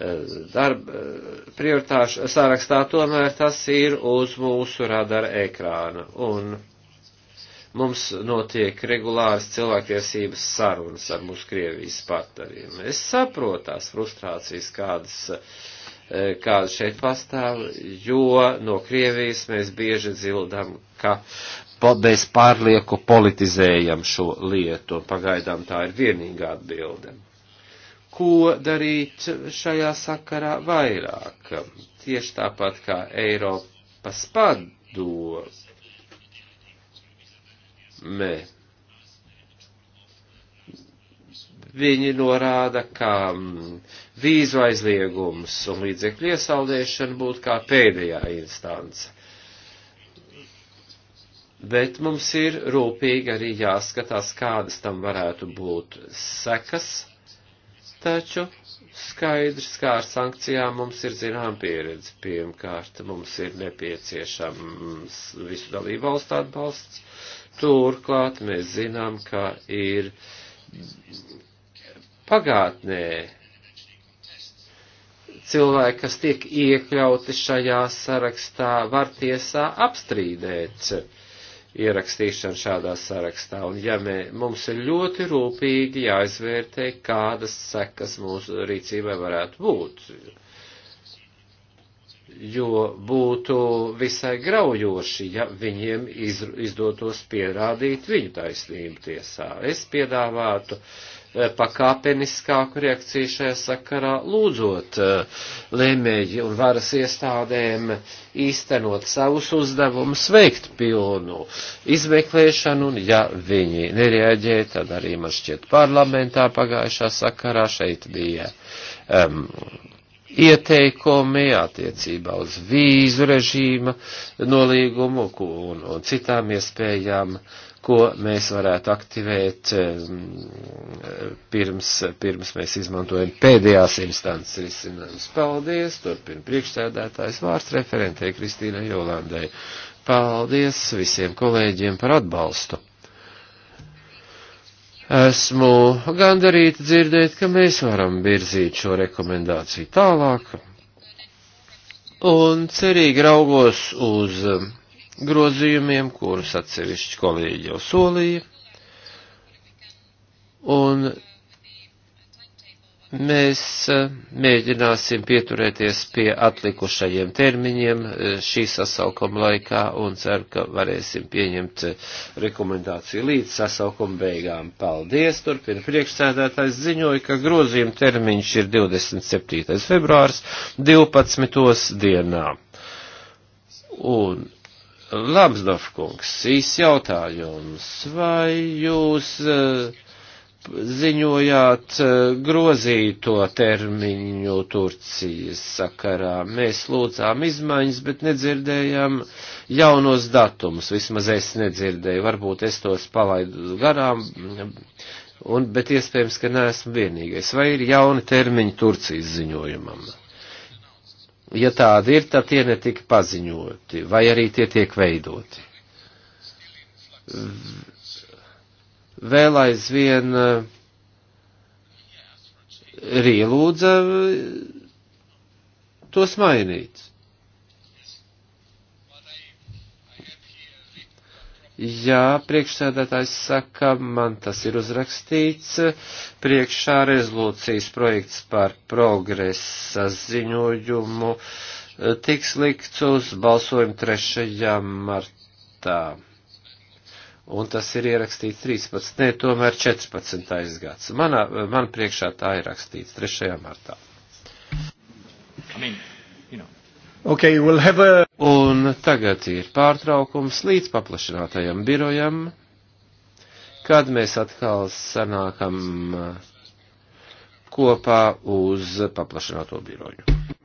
eh, darba eh, prioritāšu sarakstā, tomēr tas ir uz mūsu radara ekrāna. Un Mums notiek regulāras cilvēktiesības sarunas ar mūsu Krievijas partneriem. Es saprotu tās frustrācijas, kādas, e, kādas šeit pastāv, jo no Krievijas mēs bieži dzirdam, ka bez pārlieku politizējam šo lietu, un pagaidām tā ir vienīgā atbilde ko darīt šajā sakarā vairāk. Tieši tāpat kā Eiropas padomu mē. Viņi norāda, ka mm, vīzu aizliegums un līdzekļu iesaldēšana būtu kā pēdējā instance. Bet mums ir rūpīgi arī jāskatās, kādas tam varētu būt sekas, taču skaidrs, kā ar sankcijām mums ir zinām pieredze. Pirmkārt, mums ir nepieciešams visu dalību valstu atbalsts, Turklāt mēs zinām, ka ir pagātnē cilvēki, kas tiek iekļauti šajā sarakstā, var tiesā apstrīdēt ierakstīšanu šādā sarakstā. Un ja mē, mums ir ļoti rūpīgi jāizvērtē, kādas sekas mūsu rīcībai varētu būt jo būtu visai graujoši, ja viņiem iz, izdotos pierādīt viņu taisnību tiesā. Es piedāvātu eh, pakāpeniskāku reakciju šajā sakarā, lūdzot eh, lēmēji un varas iestādēm īstenot savus uzdevumus, veikt pilnu izmeklēšanu, un ja viņi nereaģē, tad arī man šķiet parlamentā pagājušā sakarā šeit bija. Um, ieteikumi attiecībā uz vīzu režīma nolīgumu un, un citām iespējām, ko mēs varētu aktivēt pirms, pirms mēs izmantojam pēdējās instances risinājumus. Paldies, turpina priekšsēdētājs vārds referentei Kristīnai Jolandai. Paldies visiem kolēģiem par atbalstu. Esmu gandarīti dzirdēt, ka mēs varam virzīt šo rekomendāciju tālāk. Un cerīgi raugos uz um, grozījumiem, kurus atsevišķi kolēģi jau solīja. Un Mēs eh, mēģināsim pieturēties pie atlikušajiem termiņiem eh, šī sasaukuma laikā un ceru, ka varēsim pieņemt eh, rekomendāciju līdz sasaukuma beigām. Paldies! Turpina priekšsēdētājs ziņoja, ka grozījuma termiņš ir 27. februārs 12. dienā. Un Lamsdorf kungs, īs jautājums, vai jūs uh, ziņojāt eh, grozīto termiņu Turcijas sakarā. Mēs lūdzām izmaiņas, bet nedzirdējām jaunos datumus. Vismaz es nedzirdēju, varbūt es tos palaidu garām, un, bet iespējams, ka neesmu vienīgais. Vai ir jauni termiņi Turcijas ziņojumam? Ja tādi ir, tad tie netika paziņoti, vai arī tie tiek veidoti vēl aizvien eh, rielūdza eh, tos mainīt. Jā, priekšsēdētājs saka, man tas ir uzrakstīts priekšā rezolūcijas projekts par progresa ziņojumu eh, tiks likts uz balsojumu 3. martā un tas ir ierakstīts 13, ne, tomēr 14. gads. Manā, man priekšā tā ir rakstīts 3. martā. I mean, you know. okay, we'll have a... Un tagad ir pārtraukums līdz paplašinātajam birojam, kad mēs atkal sanākam uh, kopā uz paplašināto biroju.